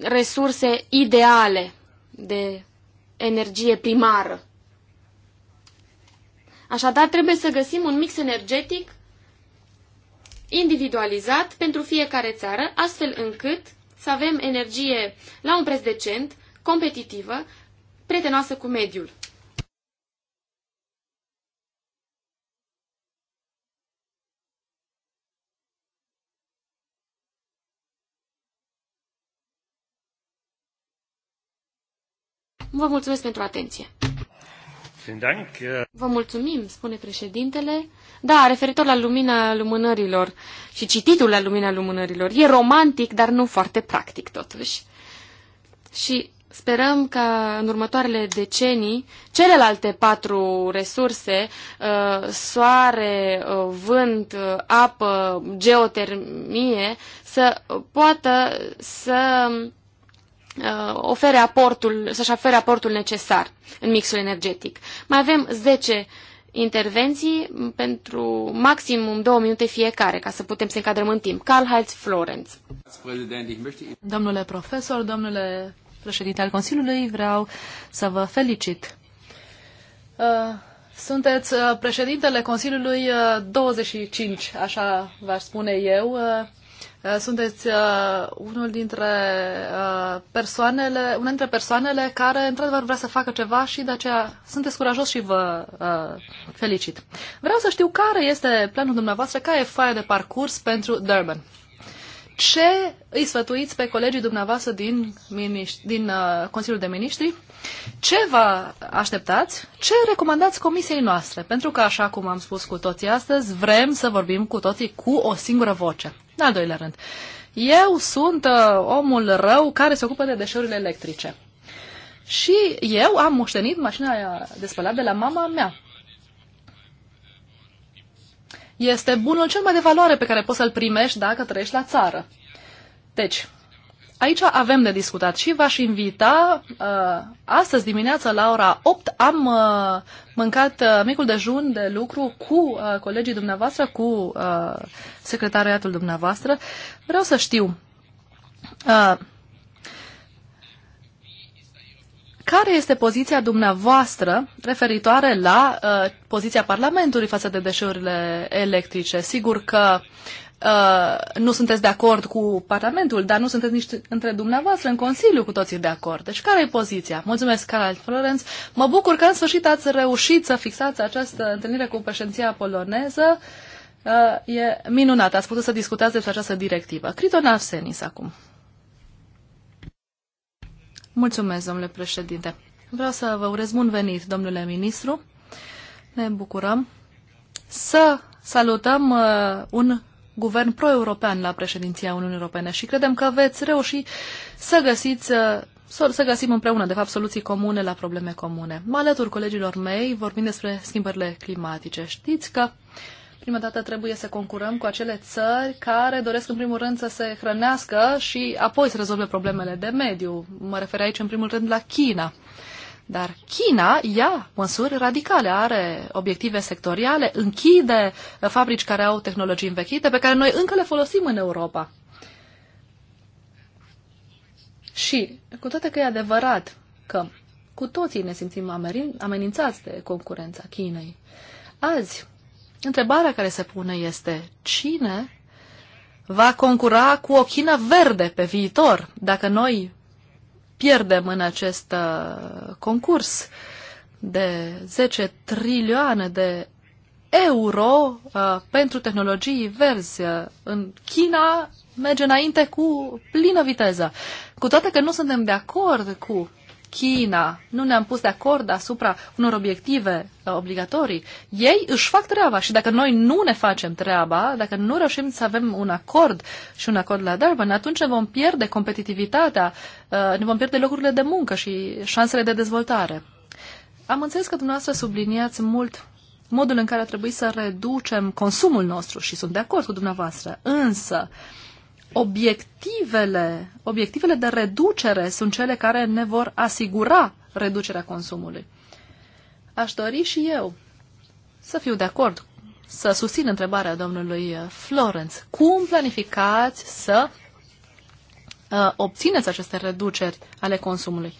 resurse ideale de energie primară. Așadar, trebuie să găsim un mix energetic individualizat pentru fiecare țară, astfel încât să avem energie la un preț decent, competitivă, prietenoasă cu mediul. Vă mulțumesc pentru atenție! Vă mulțumim, spune președintele. Da, referitor la lumina lumânărilor și cititul la lumina lumânărilor. E romantic, dar nu foarte practic, totuși. Și sperăm ca în următoarele decenii celelalte patru resurse, uh, soare, uh, vânt, uh, apă, geotermie, să poată să Uh, ofere aportul, să-și ofere aportul necesar în mixul energetic. Mai avem 10 intervenții pentru maximum două minute fiecare, ca să putem să încadrăm în timp. Karl Heinz Florenz. Domnule profesor, domnule președinte al Consiliului, vreau să vă felicit. Uh, sunteți uh, președintele Consiliului 25, așa v-aș spune eu, Uh, sunteți uh, unul dintre uh, persoanele, una dintre persoanele care într-adevăr vrea să facă ceva și de aceea sunteți curajos și vă uh, felicit. Vreau să știu care este planul dumneavoastră, care e foaia de parcurs pentru Durban ce îi sfătuiți pe colegii dumneavoastră din, miniștri, din uh, Consiliul de Ministri? Ce vă așteptați? Ce recomandați comisiei noastre? Pentru că, așa cum am spus cu toții astăzi, vrem să vorbim cu toții cu o singură voce. În al doilea rând, eu sunt uh, omul rău care se ocupă de deșeurile electrice. Și eu am moștenit mașina de spălat de la mama mea este bunul cel mai de valoare pe care poți să-l primești dacă trăiești la țară. Deci, aici avem de discutat și v-aș invita uh, astăzi dimineață la ora 8 am uh, mâncat uh, micul dejun de lucru cu uh, colegii dumneavoastră, cu uh, secretariatul dumneavoastră. Vreau să știu uh, Care este poziția dumneavoastră referitoare la uh, poziția Parlamentului față de deșeurile electrice? Sigur că uh, nu sunteți de acord cu Parlamentul, dar nu sunteți nici între dumneavoastră în Consiliu cu toții de acord. Deci care e poziția? Mulțumesc, Carol Florenț. Mă bucur că în sfârșit ați reușit să fixați această întâlnire cu președinția poloneză. Uh, e minunat, ați putut să discutați despre această directivă. Criton Arsenis acum. Mulțumesc, domnule președinte. Vreau să vă urez bun venit, domnule ministru. Ne bucurăm să salutăm uh, un guvern pro-european la președinția Uniunii Europene și credem că veți reuși să găsiți uh, să găsim împreună, de fapt, soluții comune la probleme comune. Mă alătur colegilor mei vorbind despre schimbările climatice. Știți că uh, prima dată trebuie să concurăm cu acele țări care doresc în primul rând să se hrănească și apoi să rezolve problemele de mediu. Mă refer aici în primul rând la China. Dar China ia măsuri radicale, are obiective sectoriale, închide fabrici care au tehnologii învechite pe care noi încă le folosim în Europa. Și, cu toate că e adevărat că cu toții ne simțim amenințați de concurența Chinei, azi Întrebarea care se pune este cine va concura cu o China verde pe viitor dacă noi pierdem în acest uh, concurs de 10 trilioane de euro uh, pentru tehnologii verzi uh, în China merge înainte cu plină viteză. Cu toate că nu suntem de acord cu China, nu ne-am pus de acord asupra unor obiective uh, obligatorii, ei își fac treaba și dacă noi nu ne facem treaba, dacă nu reușim să avem un acord și un acord la Durban, atunci vom pierde competitivitatea, uh, ne vom pierde locurile de muncă și șansele de dezvoltare. Am înțeles că dumneavoastră subliniați mult modul în care ar trebui să reducem consumul nostru și sunt de acord cu dumneavoastră, însă uh, obiectivele, obiectivele de reducere sunt cele care ne vor asigura reducerea consumului. Aș dori și eu să fiu de acord, să susțin întrebarea domnului uh, Florence. Cum planificați să uh, obțineți aceste reduceri ale consumului?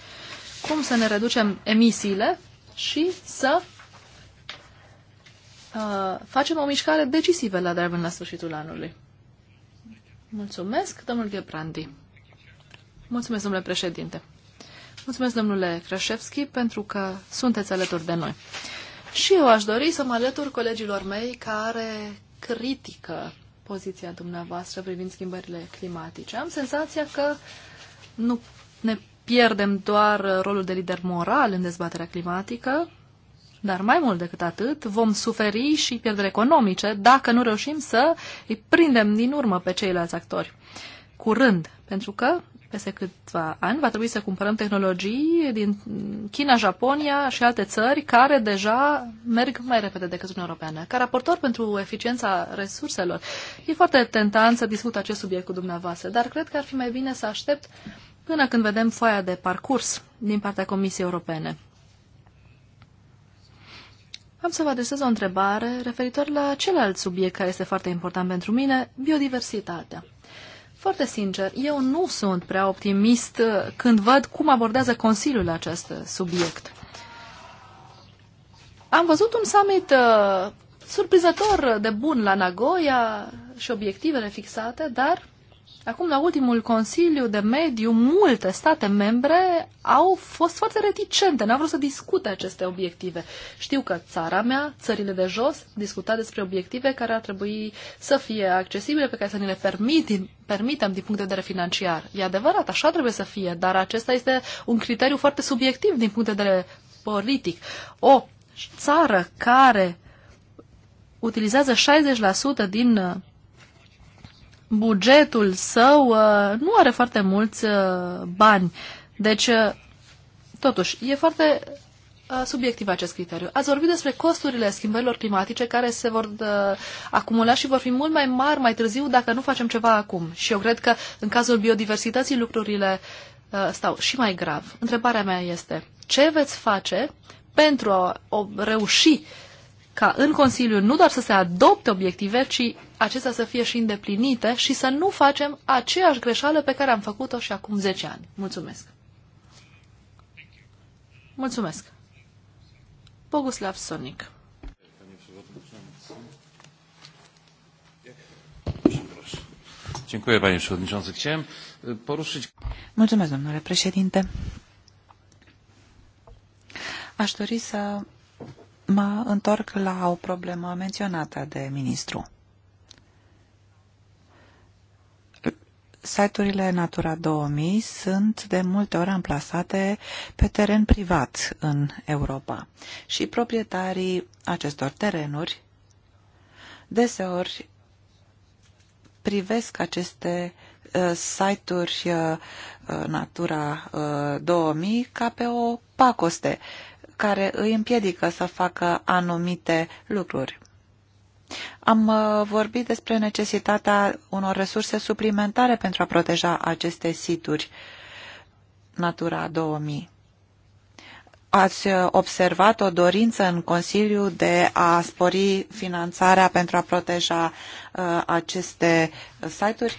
Cum să ne reducem emisiile și să uh, facem o mișcare decisivă la Durban la sfârșitul anului? Mulțumesc, domnul Brandi. Mulțumesc, domnule președinte. Mulțumesc, domnule Krășevski, pentru că sunteți alături de noi. Și eu aș dori să mă alătur colegilor mei care critică poziția dumneavoastră privind schimbările climatice. Am senzația că nu ne pierdem doar rolul de lider moral în dezbaterea climatică, dar mai mult decât atât, vom suferi și pierderi economice dacă nu reușim să îi prindem din urmă pe ceilalți actori. Curând, pentru că peste câțiva ani va trebui să cumpărăm tehnologii din China, Japonia și alte țări care deja merg mai repede decât Uniunea Europeană. Ca raportor pentru eficiența resurselor, e foarte tentant să discut acest subiect cu dumneavoastră, dar cred că ar fi mai bine să aștept până când vedem foaia de parcurs din partea Comisiei Europene. Am să vă adresez o întrebare referitor la celălalt subiect care este foarte important pentru mine, biodiversitatea. Foarte sincer, eu nu sunt prea optimist uh, când văd cum abordează Consiliul acest uh, subiect. Am văzut un summit uh, surprizător uh, de bun la Nagoya și obiectivele fixate, dar Acum, la ultimul Consiliu de Mediu, multe state membre au fost foarte reticente, n-au vrut să discute aceste obiective. Știu că țara mea, țările de jos, discuta despre obiective care ar trebui să fie accesibile, pe care să ni le permitim, permitem din punct de vedere financiar. E adevărat, așa trebuie să fie, dar acesta este un criteriu foarte subiectiv din punct de vedere politic. O țară care utilizează 60% din bugetul său uh, nu are foarte mulți uh, bani. Deci, uh, totuși, e foarte subiectiv acest criteriu. Ați vorbit despre costurile schimbărilor climatice care se vor acumula și vor fi mult mai mari mai târziu dacă nu facem ceva acum. Și eu cred că în cazul biodiversității lucrurile stau și mai grav. Întrebarea mea este, ce veți face pentru a reuși ca în Consiliu nu doar să se adopte obiective, ci acestea să fie și îndeplinite și să nu facem aceeași greșeală pe care am făcut-o și acum 10 ani. Mulțumesc! Mulțumesc! Boguslav Sonic Mulțumesc, domnule președinte. Aș dori să Mă întorc la o problemă menționată de ministru. Site-urile Natura 2000 sunt de multe ori amplasate pe teren privat în Europa și proprietarii acestor terenuri deseori privesc aceste uh, site-uri uh, uh Natura uh, 2000 ca pe o pacoste. Uh, care îi împiedică să facă anumite lucruri. Am uh, vorbit despre necesitatea unor resurse suplimentare pentru a proteja aceste situri Natura 2000. Ați uh, observat o dorință în Consiliu de a spori finanțarea pentru a proteja uh, aceste site-uri?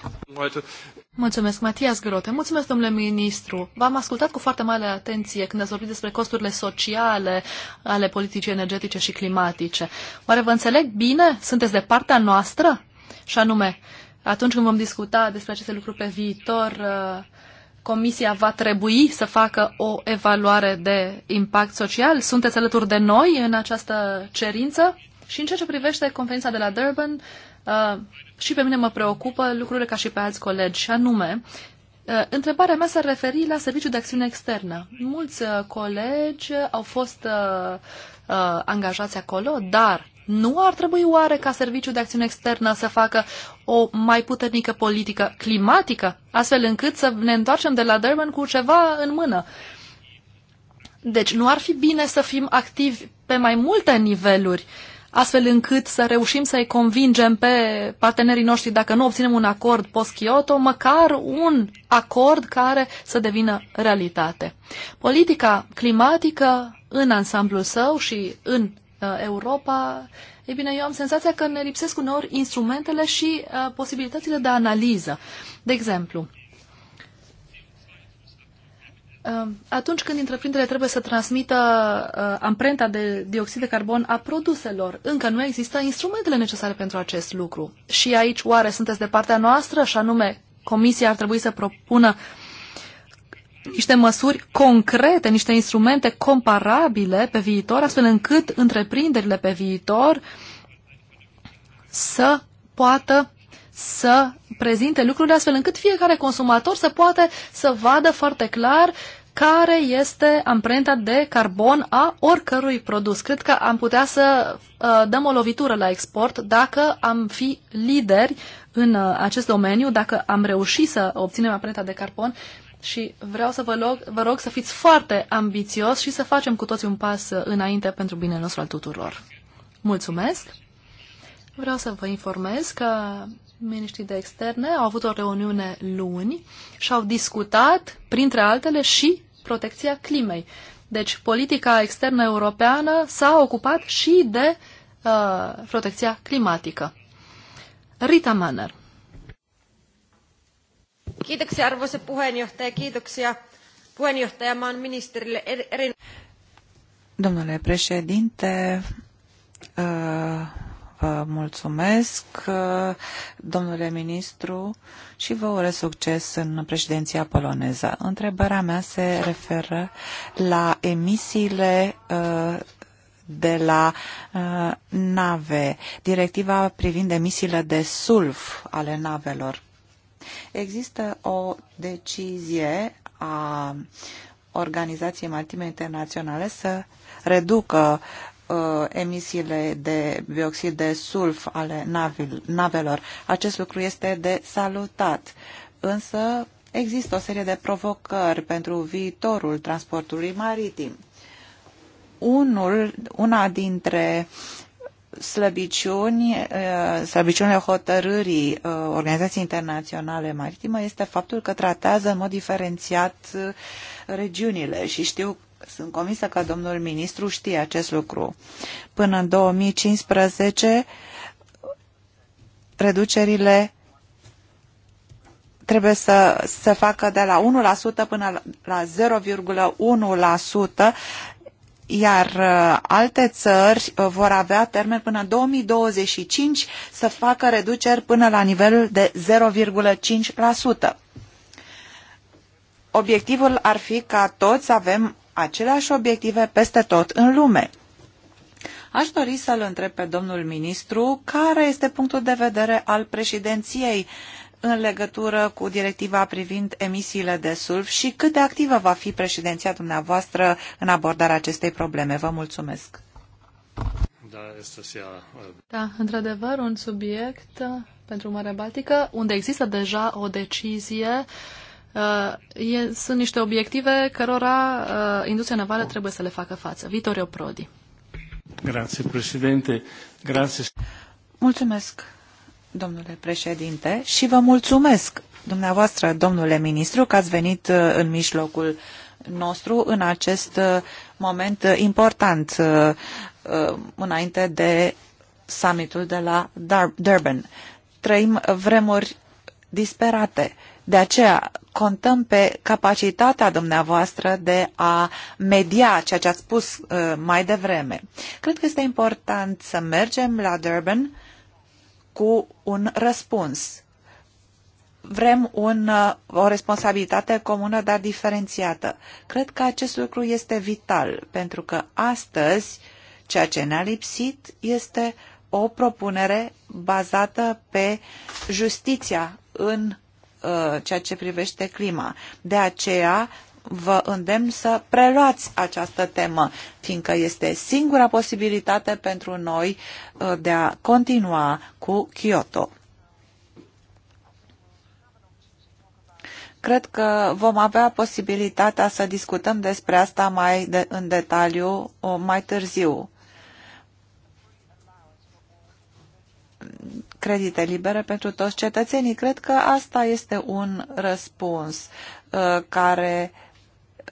Mulțumesc, Matias Grote. Mulțumesc, domnule ministru. V-am ascultat cu foarte mare atenție când ați vorbit despre costurile sociale ale politicii energetice și climatice. Oare vă înțeleg bine? Sunteți de partea noastră? Și anume, atunci când vom discuta despre aceste lucruri pe viitor, uh, Comisia va trebui să facă o evaluare de impact social. Sunteți alături de noi în această cerință? Și în ceea ce privește conferința de la Durban, uh, și pe mine mă preocupă lucrurile ca și pe alți colegi, și anume, uh, întrebarea mea s-ar referi la serviciul de acțiune externă. Mulți uh, colegi au fost uh, angajați acolo, dar nu ar trebui oare ca Serviciul de Acțiune Externă să facă o mai puternică politică climatică, astfel încât să ne întoarcem de la Durban cu ceva în mână? Deci nu ar fi bine să fim activi pe mai multe niveluri uh, astfel încât să reușim să-i convingem pe partenerii noștri, dacă nu obținem un acord post-Kyoto, măcar un acord care să devină realitate. Politica climatică în ansamblul său și în uh, Europa, ei bine, eu am senzația că ne lipsesc uneori instrumentele și uh, posibilitățile de analiză. De exemplu, atunci când întreprinderile trebuie să transmită uh, amprenta de dioxid de carbon a produselor, încă nu există instrumentele necesare pentru acest lucru. Și aici, oare sunteți de partea noastră, și anume, Comisia ar trebui să propună niște măsuri concrete, niște instrumente comparabile pe viitor, astfel încât întreprinderile pe viitor să poată să prezinte lucrurile astfel încât fiecare consumator să poate să vadă foarte clar care este amprenta de carbon a oricărui produs. Cred că am putea să uh, dăm o lovitură la export dacă am fi lideri în uh, acest domeniu, dacă am reușit să obținem amprenta de carbon și vreau să vă rog, vă rog să fiți foarte ambițios și să facem cu toții un pas uh, înainte pentru binele nostru al tuturor. Mulțumesc! Vreau să vă informez că miniștrii de externe au avut o reuniune luni și au discutat, printre altele, și protecția climei. Deci, politica externă europeană s-a ocupat și de uh, protecția climatică. Rita Manner. Kiitoksia arvoisa puheenjohtaja, kiitoksia puheenjohtajamaan ministerille. eri. Domnule președinte, uh mulțumesc, domnule ministru, și vă urez succes în președinția poloneză. Întrebarea mea se referă la emisiile uh, de la uh, nave, directiva privind emisiile de sulf ale navelor. Există o decizie a Organizației Maritime Internaționale să reducă uh, emisiile de bioxid de sulf ale navelor. Acest lucru este de salutat, însă există o serie de provocări pentru viitorul transportului maritim. Unul, una dintre slăbiciuni, uh, slăbiciunile hotărârii uh, Organizației Internaționale Maritime este faptul că tratează în mod diferențiat uh, regiunile și știu sunt convinsă că domnul ministru știe acest lucru. Până în 2015, reducerile trebuie să se facă de la 1% până la 0,1%, iar uh, alte țări uh, vor avea termen până în 2025 să facă reduceri până la nivelul de 0,5%. Obiectivul ar fi ca toți să avem aceleași obiective peste tot în lume. Aș dori să-l întreb pe domnul ministru care este punctul de vedere al președinției în legătură cu directiva privind emisiile de sulf și cât de activă va fi președinția dumneavoastră în abordarea acestei probleme. Vă mulțumesc! Da, uh, da într-adevăr, un subiect pentru Marea Baltică, unde există deja o decizie uh, Uh, e, sunt niște obiective cărora uh, industria navală trebuie să le facă față. Vitorio Prodi. Grazie, președinte. Grazie. Mulțumesc, domnule președinte, și vă mulțumesc, dumneavoastră, domnule ministru, că ați venit uh, în mijlocul nostru în acest uh, moment important înainte de summitul de la Durban. Trăim vremuri disperate de aceea contăm pe capacitatea dumneavoastră de a media ceea ce ați spus uh, mai devreme. Cred că este important să mergem la Durban cu un răspuns. Vrem un, uh, o responsabilitate comună, dar diferențiată. Cred că acest lucru este vital, pentru că astăzi ceea ce ne-a lipsit este o propunere bazată pe justiția în Uh, ceea ce privește clima. De aceea vă îndemn să preluați această temă, fiindcă este singura posibilitate pentru noi uh, de a continua cu Kyoto. Cred că vom avea posibilitatea să discutăm despre asta mai de, în detaliu uh, mai târziu credite libere pentru toți cetățenii. Cred că asta este un răspuns uh, care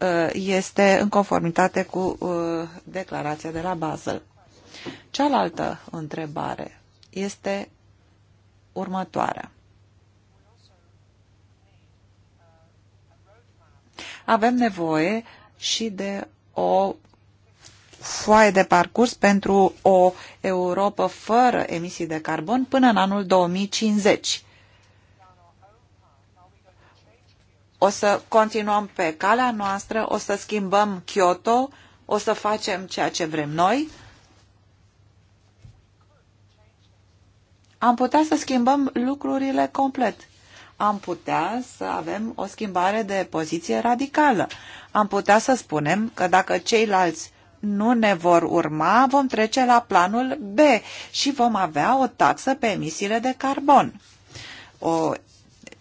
uh, este în conformitate cu uh, declarația de la Basel. Cealaltă întrebare este următoarea. Avem nevoie și de o foaie de parcurs pentru o Europa fără emisii de carbon până în anul 2050. O să continuăm pe calea noastră, o să schimbăm Kyoto, o să facem ceea ce vrem noi. Am putea să schimbăm lucrurile complet am putea să avem o schimbare de poziție radicală. Am putea să spunem că dacă ceilalți nu ne vor urma, vom trece la planul B și vom avea o taxă pe emisiile de carbon. O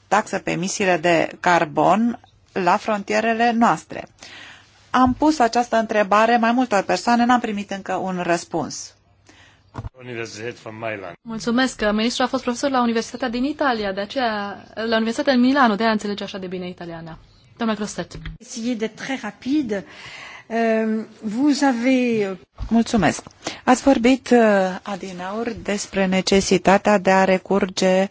taxă pe emisiile de carbon la frontierele noastre. Am pus această întrebare mai multor persoane, n-am primit încă un răspuns. Mulțumesc. Ministrul a fost profesor la Universitatea din Italia, de aceea, la Universitatea din Milano, de a înțelege așa de bine italiana. Doamna Crostet. Ehm, vous avez... Uh, Mulțumesc. Ați vorbit uh, adinaur despre necesitatea de a recurge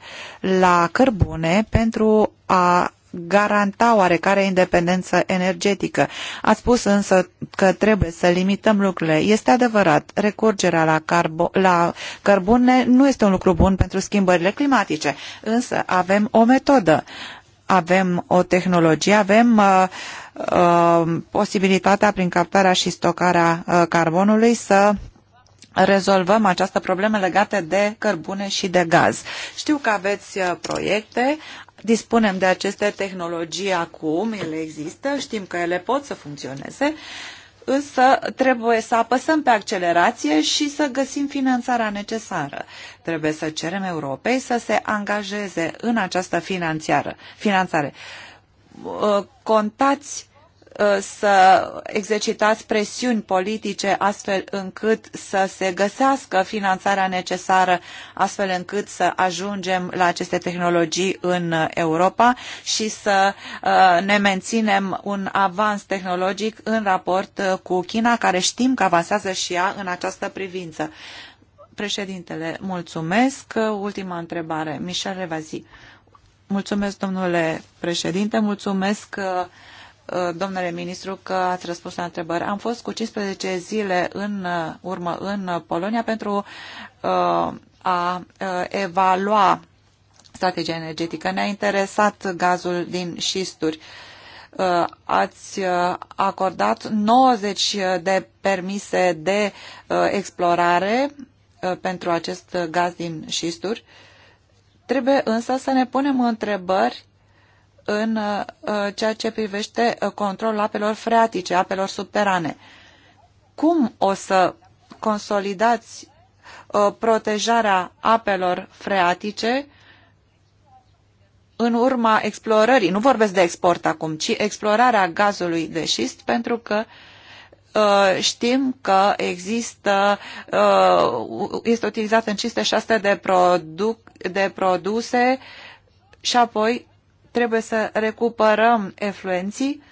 la cărbune pentru a garanta oarecare independență energetică. Ați spus însă că trebuie să limităm lucrurile. Este adevărat, recurgerea la, carbo- la cărbune nu este un lucru bun pentru schimbările climatice, însă avem o metodă, avem o tehnologie, avem uh, Uh, posibilitatea prin captarea și stocarea uh, carbonului să rezolvăm această problemă legată de cărbune și de gaz. Știu că aveți uh, proiecte, dispunem de aceste tehnologii acum, ele există, știm că ele pot să funcționeze, însă trebuie să apăsăm pe accelerație și să găsim finanțarea necesară. Trebuie să cerem Europei să se angajeze în această finanțare. Uh, contați uh, să exercitați presiuni politice astfel încât să se găsească finanțarea necesară astfel încât să ajungem la aceste tehnologii în Europa și să uh, ne menținem un avans tehnologic în raport cu China, care știm că avansează și ea în această privință. Președintele, mulțumesc. Ultima întrebare. Michel Revazi. Mulțumesc, domnule președinte, mulțumesc uh, uh, domnule ministru, că ați răspuns la întrebări. Am fost cu 15 zile în uh, urmă în Polonia pentru a evalua strategia energetică. Ne-a interesat gazul din șisturi. Ați acordat 90 de permise de explorare pentru acest gaz din șisturi. Uh, Trebuie însă să ne punem întrebări în uh, ceea ce privește uh, controlul apelor freatice, apelor subterane. Cum o să consolidați uh, protejarea apelor freatice în urma explorării, nu vorbesc de export acum, ci explorarea gazului de șist, pentru că uh, Uh, știm că există, uh, este utilizat în 506 de, produc, de produse și apoi trebuie să recuperăm efluenții,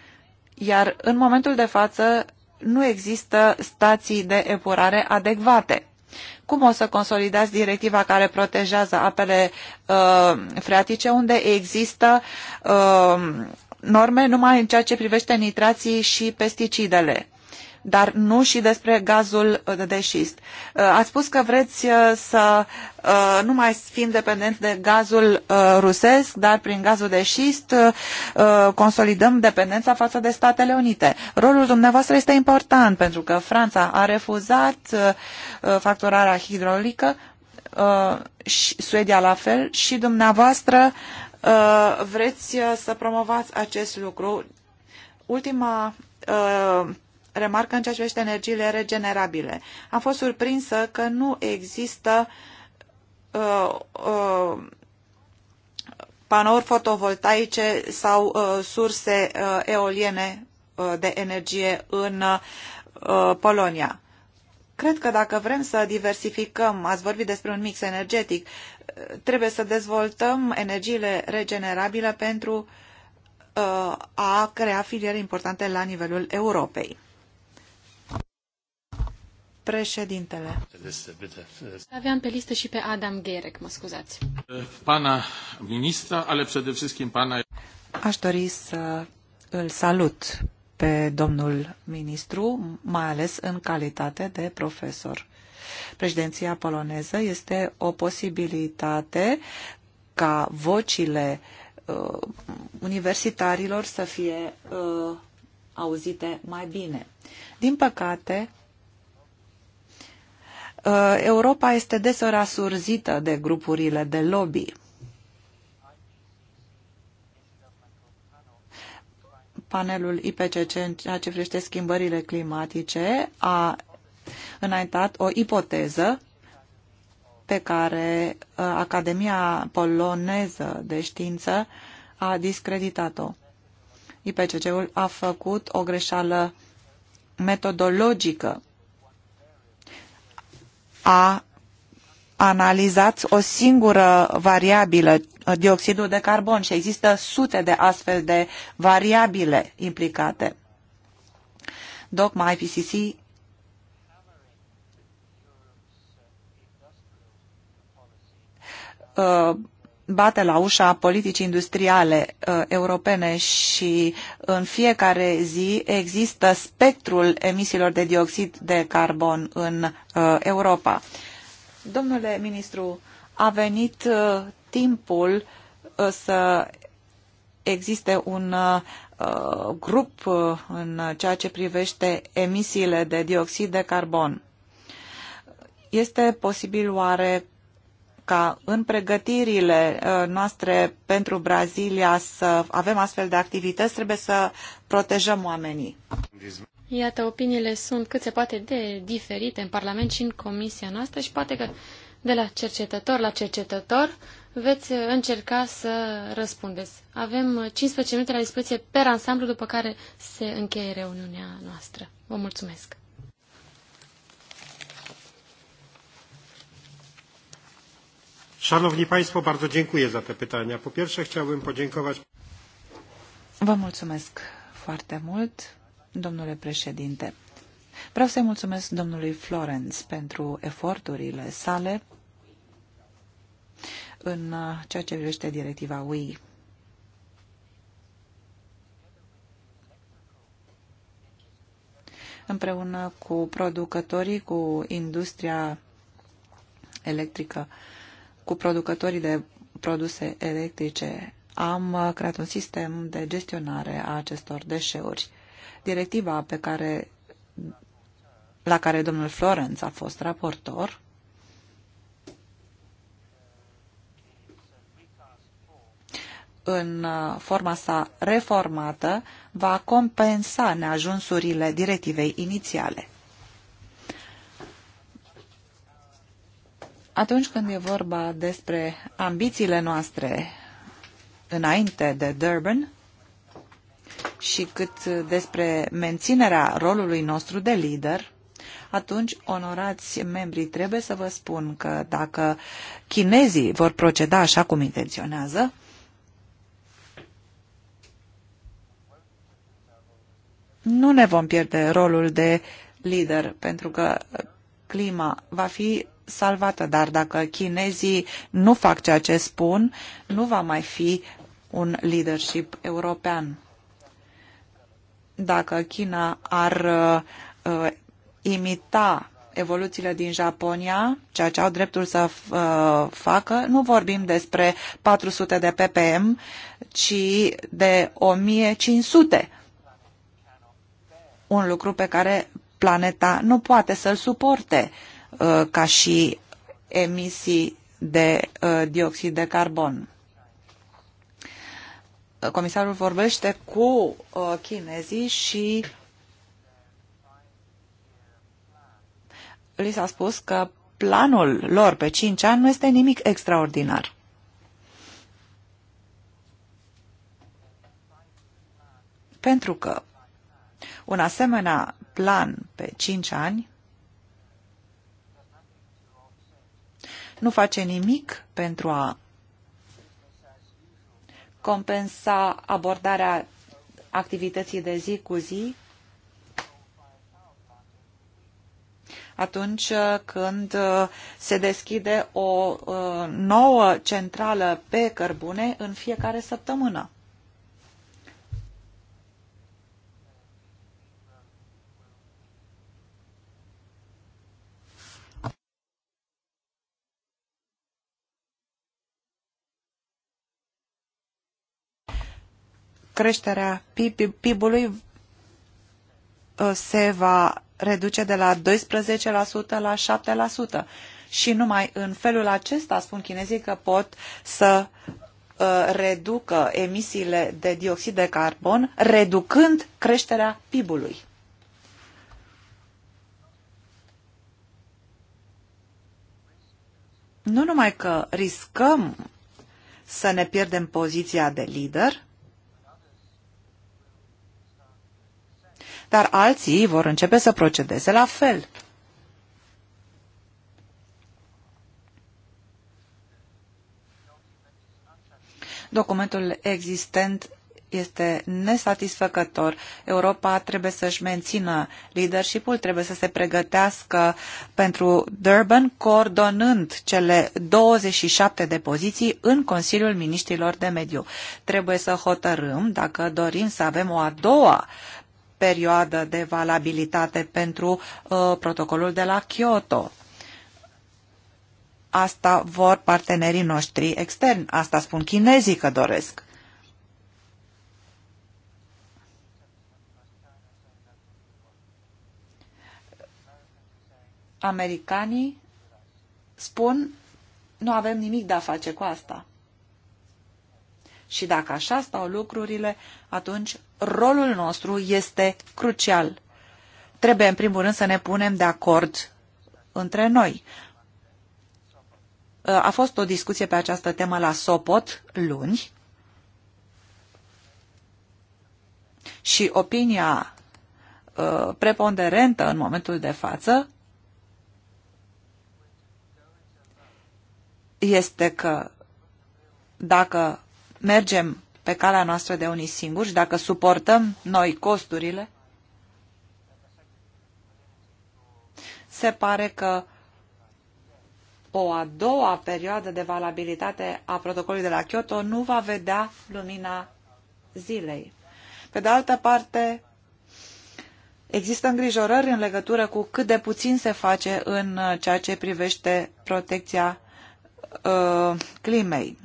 iar în momentul de față nu există stații de epurare adecvate. Cum o să consolidați directiva care protejează apele uh, freatice, unde există uh, norme numai în ceea ce privește nitrații și pesticidele? dar nu și despre gazul de șist. Uh, ați spus că vreți uh, să uh, nu mai fim dependenți de gazul rusesc, dar prin gazul de șist consolidăm dependența față de Statele Unite. Rolul dumneavoastră este important pentru că Franța a refuzat factorarea hidraulică și Suedia la fel și dumneavoastră vreți să promovați acest lucru. Ultima remarcă în ceea ce privește energiile regenerabile. Am fost surprinsă că nu există uh, uh, panouri fotovoltaice sau uh, surse uh, eoliene uh, de energie în uh, Polonia. Cred că dacă vrem să diversificăm, ați vorbit despre un mix energetic, uh, trebuie să dezvoltăm energiile regenerabile pentru uh, a crea filiere importante la nivelul Europei. Președintele. Aveam pe listă și pe Adam Gerek, mă scuzați. Pana ministra, ale przede wszystkim pana... Aș dori să îl salut pe domnul ministru, mai ales în calitate de profesor. Președinția poloneză este o posibilitate ca vocile uh, universitarilor să fie uh, auzite mai bine. Din păcate, Uh, Europa este deseori asurzită de grupurile de lobby. Panelul IPCC în ceea ce privește schimbările climatice a înaintat o ipoteză pe care uh, Academia Poloneză de Știință a discreditat-o. IPCC-ul a făcut o greșeală metodologică a analizați o singură variabilă, dioxidul de carbon, și există sute de astfel de variabile implicate. Dogma IPCC bate la ușa politicii industriale uh, europene și în fiecare zi există spectrul emisiilor de dioxid de carbon în uh, Europa. Domnule ministru, a venit uh, timpul uh, să existe un uh, grup uh, în ceea ce privește emisiile de dioxid de carbon. Este posibil oare ca în pregătirile uh, noastre pentru Brazilia să avem astfel de activități, trebuie să protejăm oamenii. Iată, opiniile sunt cât se poate de diferite în Parlament și în Comisia noastră și poate că de la cercetător la cercetător veți încerca să răspundeți. Avem 15 minute la dispoziție per ansamblu, după care se încheie reuniunea noastră. Vă mulțumesc! Szanowni Państwo, bardzo dziękuję za te pytania. Po pierwsze chciałbym podziękować. Vă mulțumesc foarte mult, domnule președinte. Vreau să-i mulțumesc domnului Florence pentru eforturile sale în ceea ce privește directiva UI. Împreună cu producătorii, cu industria electrică, cu producătorii de produse electrice. Am uh, creat un sistem de gestionare a acestor deșeuri. Directiva pe care, la care domnul Florenț a fost raportor în uh, forma sa reformată va compensa neajunsurile directivei inițiale. Atunci când e vorba despre ambițiile noastre înainte de Durban și cât despre menținerea rolului nostru de lider, atunci, onorați membrii, trebuie să vă spun că dacă chinezii vor proceda așa cum intenționează, nu ne vom pierde rolul de lider, pentru că clima va fi salvată, dar dacă chinezii nu fac ceea ce spun, nu va mai fi un leadership european. Dacă China ar uh, imita evoluțiile din Japonia, ceea ce au dreptul să uh, facă, nu vorbim despre 400 de ppm, ci de 1500. Un lucru pe care planeta nu poate să-l suporte. Uh, Uh, ca și emisii de uh, dioxid de carbon. Uh, comisarul vorbește cu chinezii și li s-a spus că planul lor pe 5 ani nu este nimic extraordinar. Pentru că un asemenea plan pe 5 ani nu face nimic pentru a compensa abordarea activității de zi cu zi atunci uh, când uh, se deschide o uh, nouă centrală pe cărbune în fiecare săptămână. creșterea PIB-ului uh, se va reduce de la 12% la 7%. Și numai în felul acesta, spun chinezii, că pot să uh, reducă emisiile de dioxid de carbon, reducând creșterea PIB-ului. Nu numai că riscăm să ne pierdem poziția de lider, dar alții vor începe să procedeze la fel. Documentul existent este nesatisfăcător. Europa trebuie să-și mențină leadership-ul, trebuie să se pregătească pentru Durban, coordonând cele 27 de poziții în Consiliul Ministrilor de Mediu. Trebuie să hotărâm dacă dorim să avem o a doua perioadă de valabilitate pentru uh, protocolul de la Kyoto. Asta vor partenerii noștri externi, asta spun chinezii că doresc. americanii spun nu avem nimic de a face cu asta. Și dacă așa stau lucrurile, atunci rolul nostru este crucial. Trebuie, în primul rând, să ne punem de acord între noi. A fost o discuție pe această temă la Sopot luni și opinia uh, preponderentă în momentul de față este că dacă mergem pe calea noastră de unii singuri și dacă suportăm noi costurile, se pare că o a doua perioadă de valabilitate a protocolului de la Kyoto nu va vedea lumina zilei. Pe de altă parte, există îngrijorări în legătură cu cât de puțin se face în uh, ceea ce privește protecția uh, climei.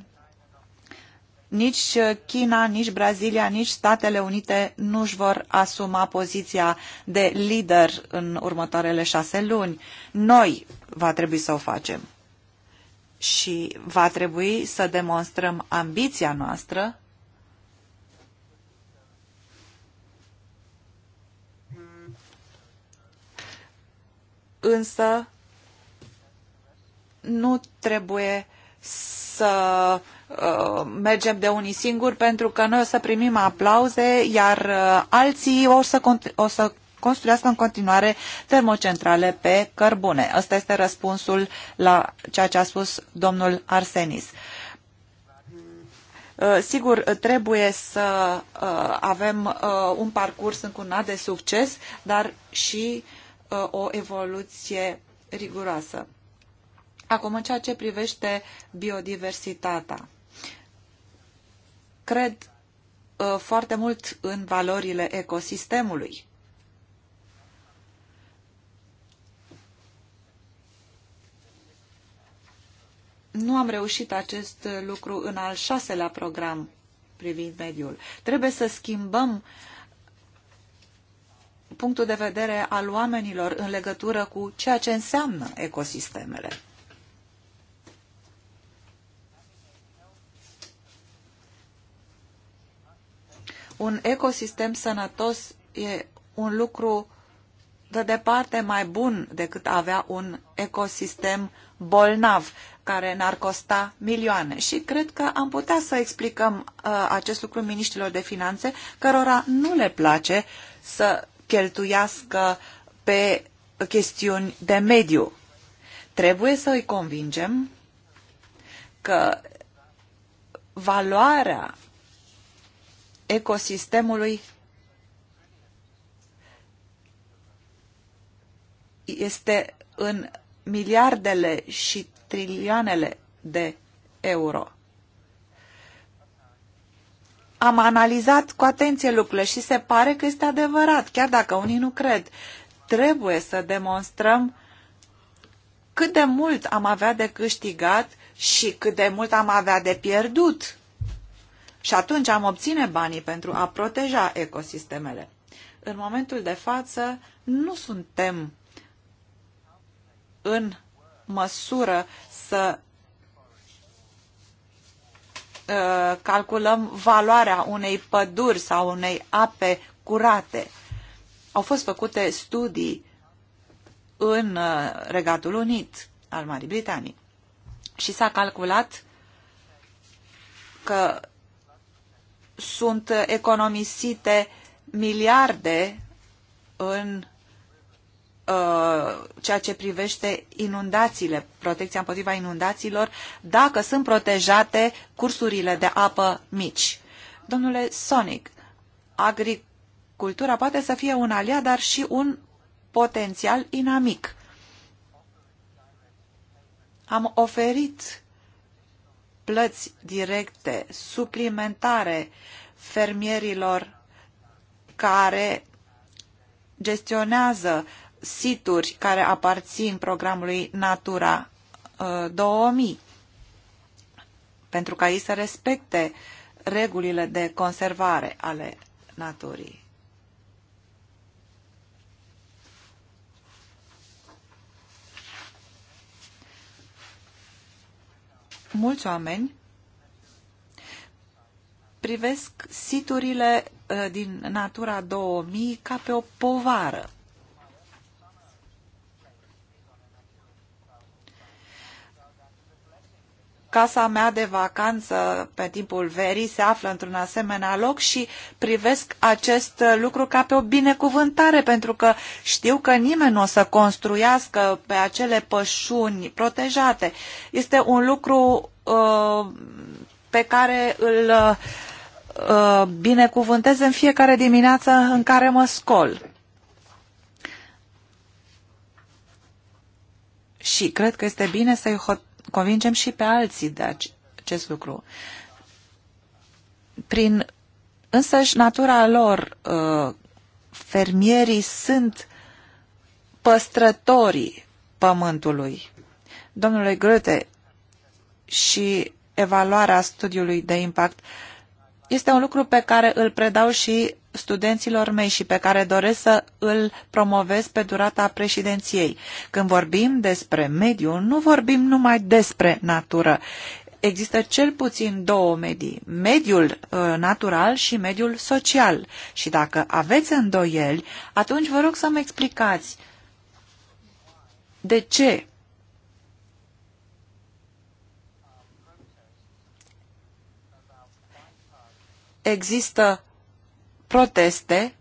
Nici uh, China, nici Brazilia, nici Statele Unite nu își vor asuma poziția de lider în următoarele șase luni. Noi va trebui să o facem. Și va trebui să demonstrăm ambiția noastră însă nu trebuie să Uh, mergem de unii singuri pentru că noi o să primim aplauze, iar uh, alții o să, o să construiască în continuare termocentrale pe cărbune. Ăsta este răspunsul la ceea ce a spus domnul Arsenis. Uh, sigur, trebuie să avem un parcurs încurnat de succes, dar și o evoluție riguroasă. Acum, în ceea ce privește biodiversitatea cred uh, foarte mult în valorile ecosistemului. Nu am reușit acest lucru în al șaselea program privind mediul. Trebuie să schimbăm punctul de vedere al oamenilor în legătură cu ceea ce înseamnă ecosistemele. un ecosistem sănătos e un lucru de departe mai bun decât avea un ecosistem bolnav care n-ar costa milioane. Și cred că am putea să explicăm uh, acest lucru miniștilor de finanțe, cărora nu le place să cheltuiască pe chestiuni de mediu. Trebuie să îi convingem că valoarea ecosistemului este în miliardele și trilioanele de euro. Am analizat cu atenție lucrurile și se pare că este adevărat, chiar dacă unii nu cred. Trebuie să demonstrăm cât de mult am avea de câștigat și cât de mult am avea de pierdut și atunci am obține banii pentru a proteja ecosistemele. În momentul de față nu suntem în măsură să ă, calculăm valoarea unei păduri sau unei ape curate. Au fost făcute studii în ă, Regatul Unit al Marii Britanii și s-a calculat că sunt economisite miliarde în uh, ceea ce privește inundațiile, protecția împotriva inundațiilor, dacă sunt protejate cursurile de apă mici. Domnule Sonic, agricultura poate să fie un aliat, dar și un potențial inamic. Am oferit plăți directe suplimentare fermierilor care gestionează situri care aparțin programului Natura 2000 uh, pentru ca ei să respecte regulile de conservare ale naturii. mulți oameni privesc siturile uh, din Natura 2000 ca pe o povară. Casa mea de vacanță pe timpul verii se află într-un asemenea loc și privesc acest lucru ca pe o binecuvântare, pentru că știu că nimeni nu o să construiască pe acele pășuni protejate. Este un lucru uh, pe care îl uh, binecuvântez în fiecare dimineață în care mă scol. Și cred că este bine să-i hot- convingem și pe alții de acest lucru. Prin însăși natura lor, uh, fermierii sunt păstrătorii pământului. Domnule Grăte și evaluarea studiului de impact uh, este un lucru pe care îl predau și studenților mei și pe care doresc să îl promovez pe durata președinției. Când vorbim despre mediu, nu vorbim numai despre natură. Există cel puțin două medii, mediul uh, natural și mediul social. Și dacă aveți îndoieli, atunci vă rog să-mi explicați de ce există proteste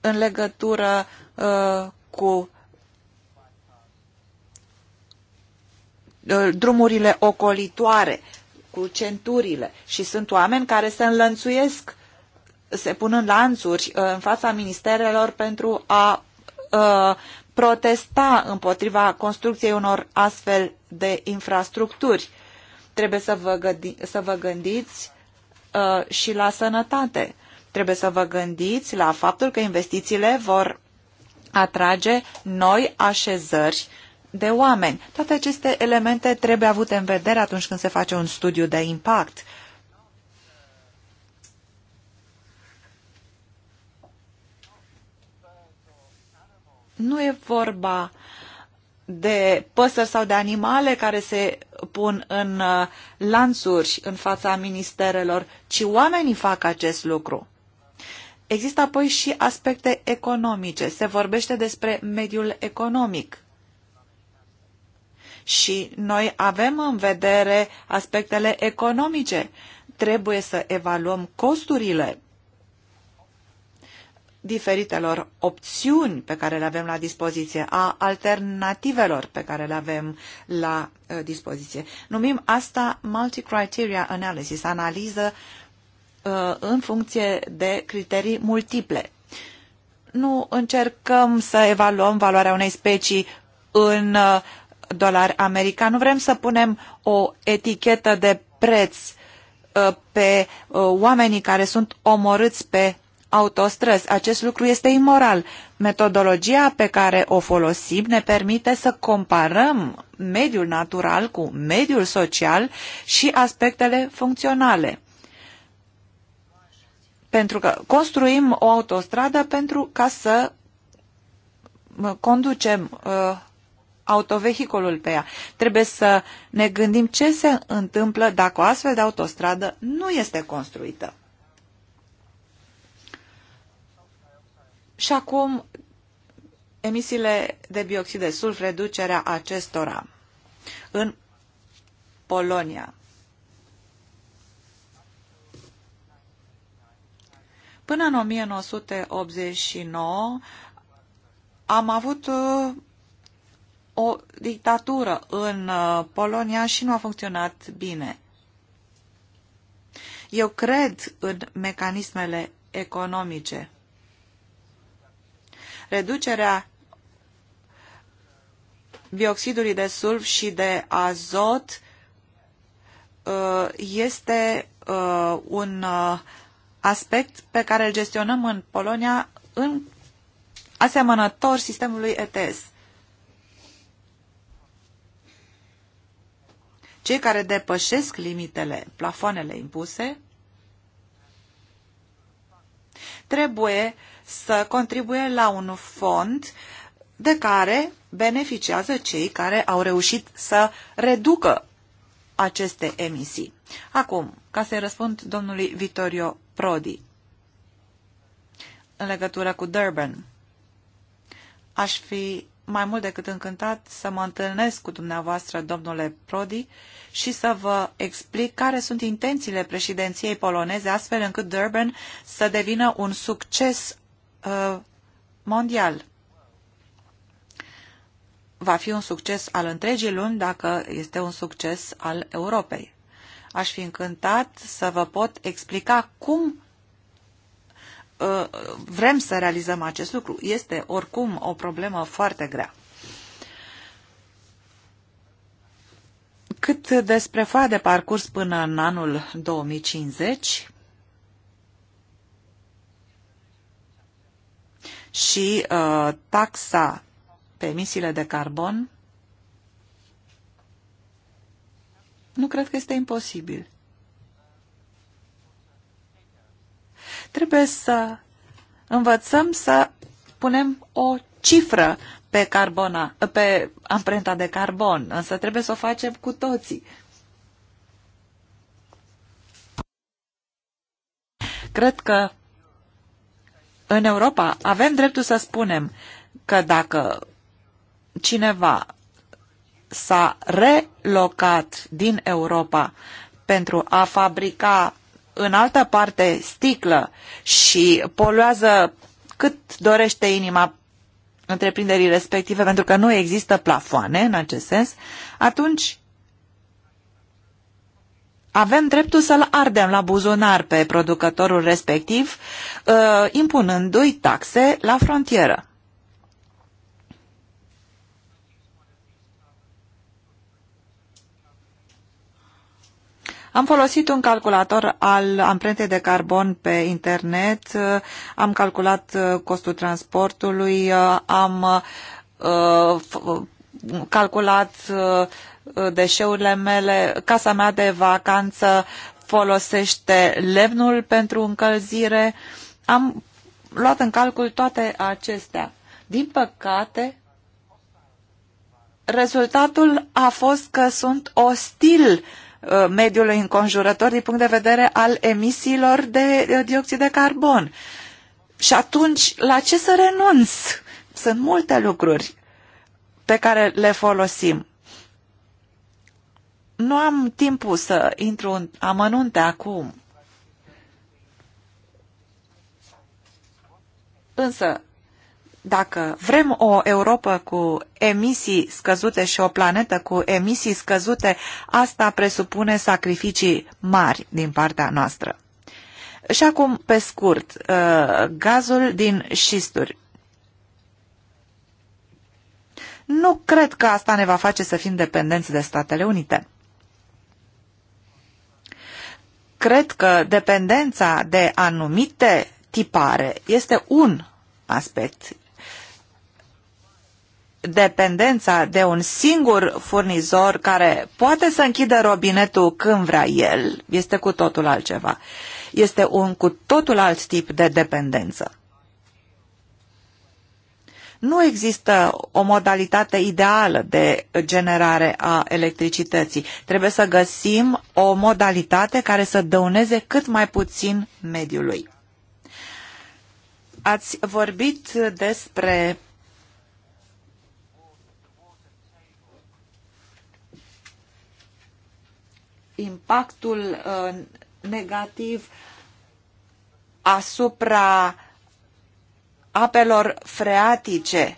în legătură uh, cu uh, drumurile ocolitoare, cu centurile și sunt oameni care se înlănțuiesc, se pun în lanțuri uh, în fața ministerelor pentru a uh, protesta împotriva construcției unor astfel de infrastructuri. Trebuie să vă, gândi, să vă gândiți uh, și la sănătate. Trebuie să vă gândiți la faptul că investițiile vor atrage noi așezări de oameni. Toate aceste elemente trebuie avute în vedere atunci când se face un studiu de impact. Nu e vorba de păsări sau de animale care se pun în uh, lanțuri în fața ministerelor, ci oamenii fac acest lucru. Există apoi și aspecte economice. Se vorbește despre mediul economic. Și noi avem în vedere aspectele economice. Trebuie să evaluăm costurile diferitelor opțiuni pe care le avem la dispoziție, a alternativelor pe care le avem la uh, dispoziție. Numim asta multi-criteria analysis, analiză uh, în funcție de criterii multiple. Nu încercăm să evaluăm valoarea unei specii în uh, dolari americani. Nu vrem să punem o etichetă de preț pe oamenii care sunt omorâți pe autostrăzi. Acest lucru este imoral. Metodologia pe care o folosim ne permite să comparăm mediul natural cu mediul social și aspectele funcționale. Pentru că construim o autostradă pentru ca să conducem uh, autovehiculul pe ea. Trebuie să ne gândim ce se întâmplă dacă o astfel de autostradă nu este construită. Și acum emisiile de bioxid de sulf, reducerea acestora în Polonia. Până în 1989 am avut uh, o dictatură în uh, Polonia și nu a funcționat bine. Eu cred în mecanismele economice. Reducerea bioxidului de sulf și de azot uh, este uh, un uh, aspect pe care îl gestionăm în Polonia în asemănător sistemului ETS. Cei care depășesc limitele, plafoanele impuse, trebuie uh, să contribuie la un fond de care beneficiază cei care au reușit să reducă aceste emisii. Acum, ca să-i răspund domnului Vittorio Prodi, în legătură cu Durban, aș fi mai mult decât încântat să mă întâlnesc cu dumneavoastră, domnule Prodi, și să vă explic care sunt intențiile președinției poloneze, astfel încât Durban să devină un succes Uh, mondial. Va fi un succes al întregii lumi dacă este un succes al Europei. Aș fi încântat să vă pot explica cum uh, vrem să realizăm acest lucru. Este oricum o problemă foarte grea. Cât despre foaia de parcurs până în anul 2050, și uh, taxa pe emisiile de carbon, nu cred că este imposibil. Trebuie să învățăm să punem o cifră pe, carbona, pe amprenta de carbon, însă trebuie să o facem cu toții. Cred că în Europa avem dreptul să spunem că dacă cineva s-a relocat din Europa pentru a fabrica în altă parte sticlă și poluează cât dorește inima întreprinderii respective, pentru că nu există plafoane în acest sens, atunci avem dreptul să-l ardem la buzunar pe producătorul respectiv, uh, impunându-i taxe la frontieră. Am folosit un calculator al amprentei de carbon pe internet, am calculat costul transportului, am calculat uh, Uh, deșeurile mele, casa mea de vacanță folosește lemnul pentru încălzire. Am luat în calcul toate acestea. Din păcate, rezultatul a fost că sunt ostil uh, mediului înconjurător din punct de vedere al emisiilor de dioxid de carbon. Și atunci, la ce să renunț? Sunt multe lucruri pe care le folosim. Nu am timpul să intru în amănunte acum. Însă, dacă vrem o Europa cu emisii scăzute și o planetă cu emisii scăzute, asta presupune sacrificii mari din partea noastră. Și acum, pe scurt, uh, gazul din șisturi. Nu cred că asta ne va face să fim dependenți de Statele Unite. Cred că dependența de anumite tipare este un aspect. Dependența de un singur furnizor care poate să închidă robinetul când vrea el este cu totul altceva. Este un cu totul alt tip de dependență. Nu există o modalitate ideală de generare a electricității. Trebuie să găsim o modalitate care să dăuneze cât mai puțin mediului. Ați vorbit despre impactul uh, negativ asupra apelor freatice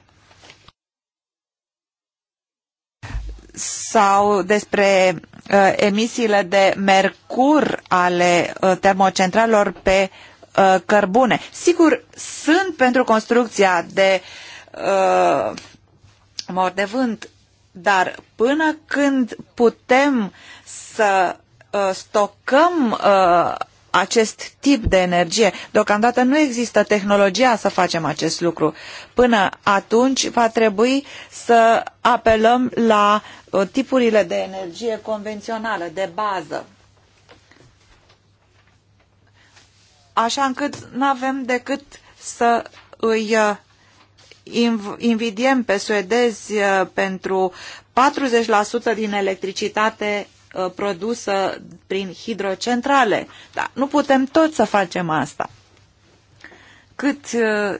sau despre uh, emisiile de mercur ale uh, termocentralelor pe uh, cărbune. Sigur, sunt pentru construcția de uh, mor de vânt, dar până când putem să uh, stocăm uh, acest tip de energie. Deocamdată nu există tehnologia să facem acest lucru. Până atunci va trebui să apelăm la uh, tipurile de energie convențională, de bază. Așa încât nu avem decât să îi uh, invidiem pe suedezi uh, pentru 40% din electricitate Uh, produsă prin hidrocentrale. Dar nu putem tot să facem asta. Cât uh,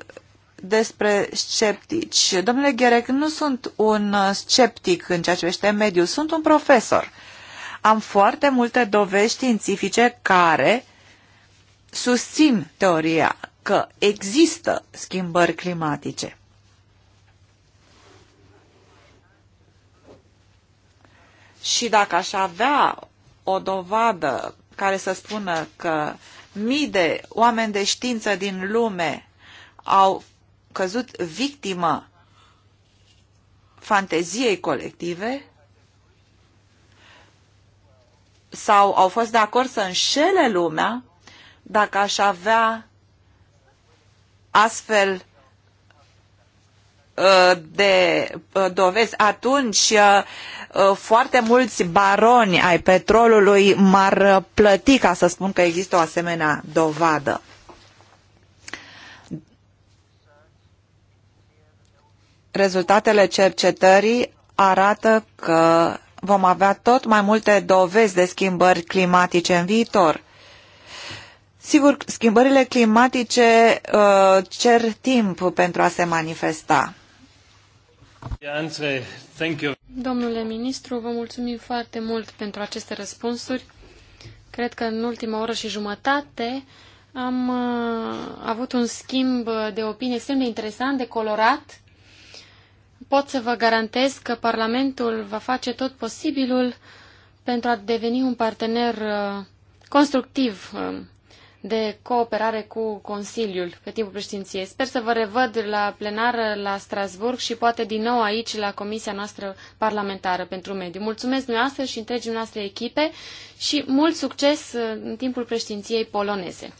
despre sceptici. Domnule Gherec, nu sunt un uh, sceptic în ceea ce vește mediu, sunt un profesor. Am foarte multe dovești științifice care susțin teoria că există schimbări climatice. Și dacă aș avea o dovadă care să spună că mii de oameni de știință din lume au căzut victimă fanteziei colective sau au fost de acord să înșele lumea, dacă aș avea astfel Uh, de uh, dovezi, atunci uh, foarte mulți baroni ai petrolului m-ar plăti ca să spun că există o asemenea dovadă. Rezultatele cercetării arată că vom avea tot mai multe dovezi de schimbări climatice în viitor. Sigur, schimbările climatice uh, cer timp pentru a se manifesta. Domnule ministru, vă mulțumim foarte mult pentru aceste răspunsuri. Cred că în ultima oră și jumătate am uh, avut un schimb de opinie extrem de interesant, de colorat. Pot să vă garantez că Parlamentul va face tot posibilul pentru a deveni un partener uh, constructiv uh, de cooperare cu Consiliul pe timpul președinției. Sper să vă revăd la plenară la Strasburg și poate din nou aici la Comisia noastră parlamentară pentru mediu. Mulțumesc dumneavoastră și întregii noastre echipe și mult succes în timpul președinției poloneze.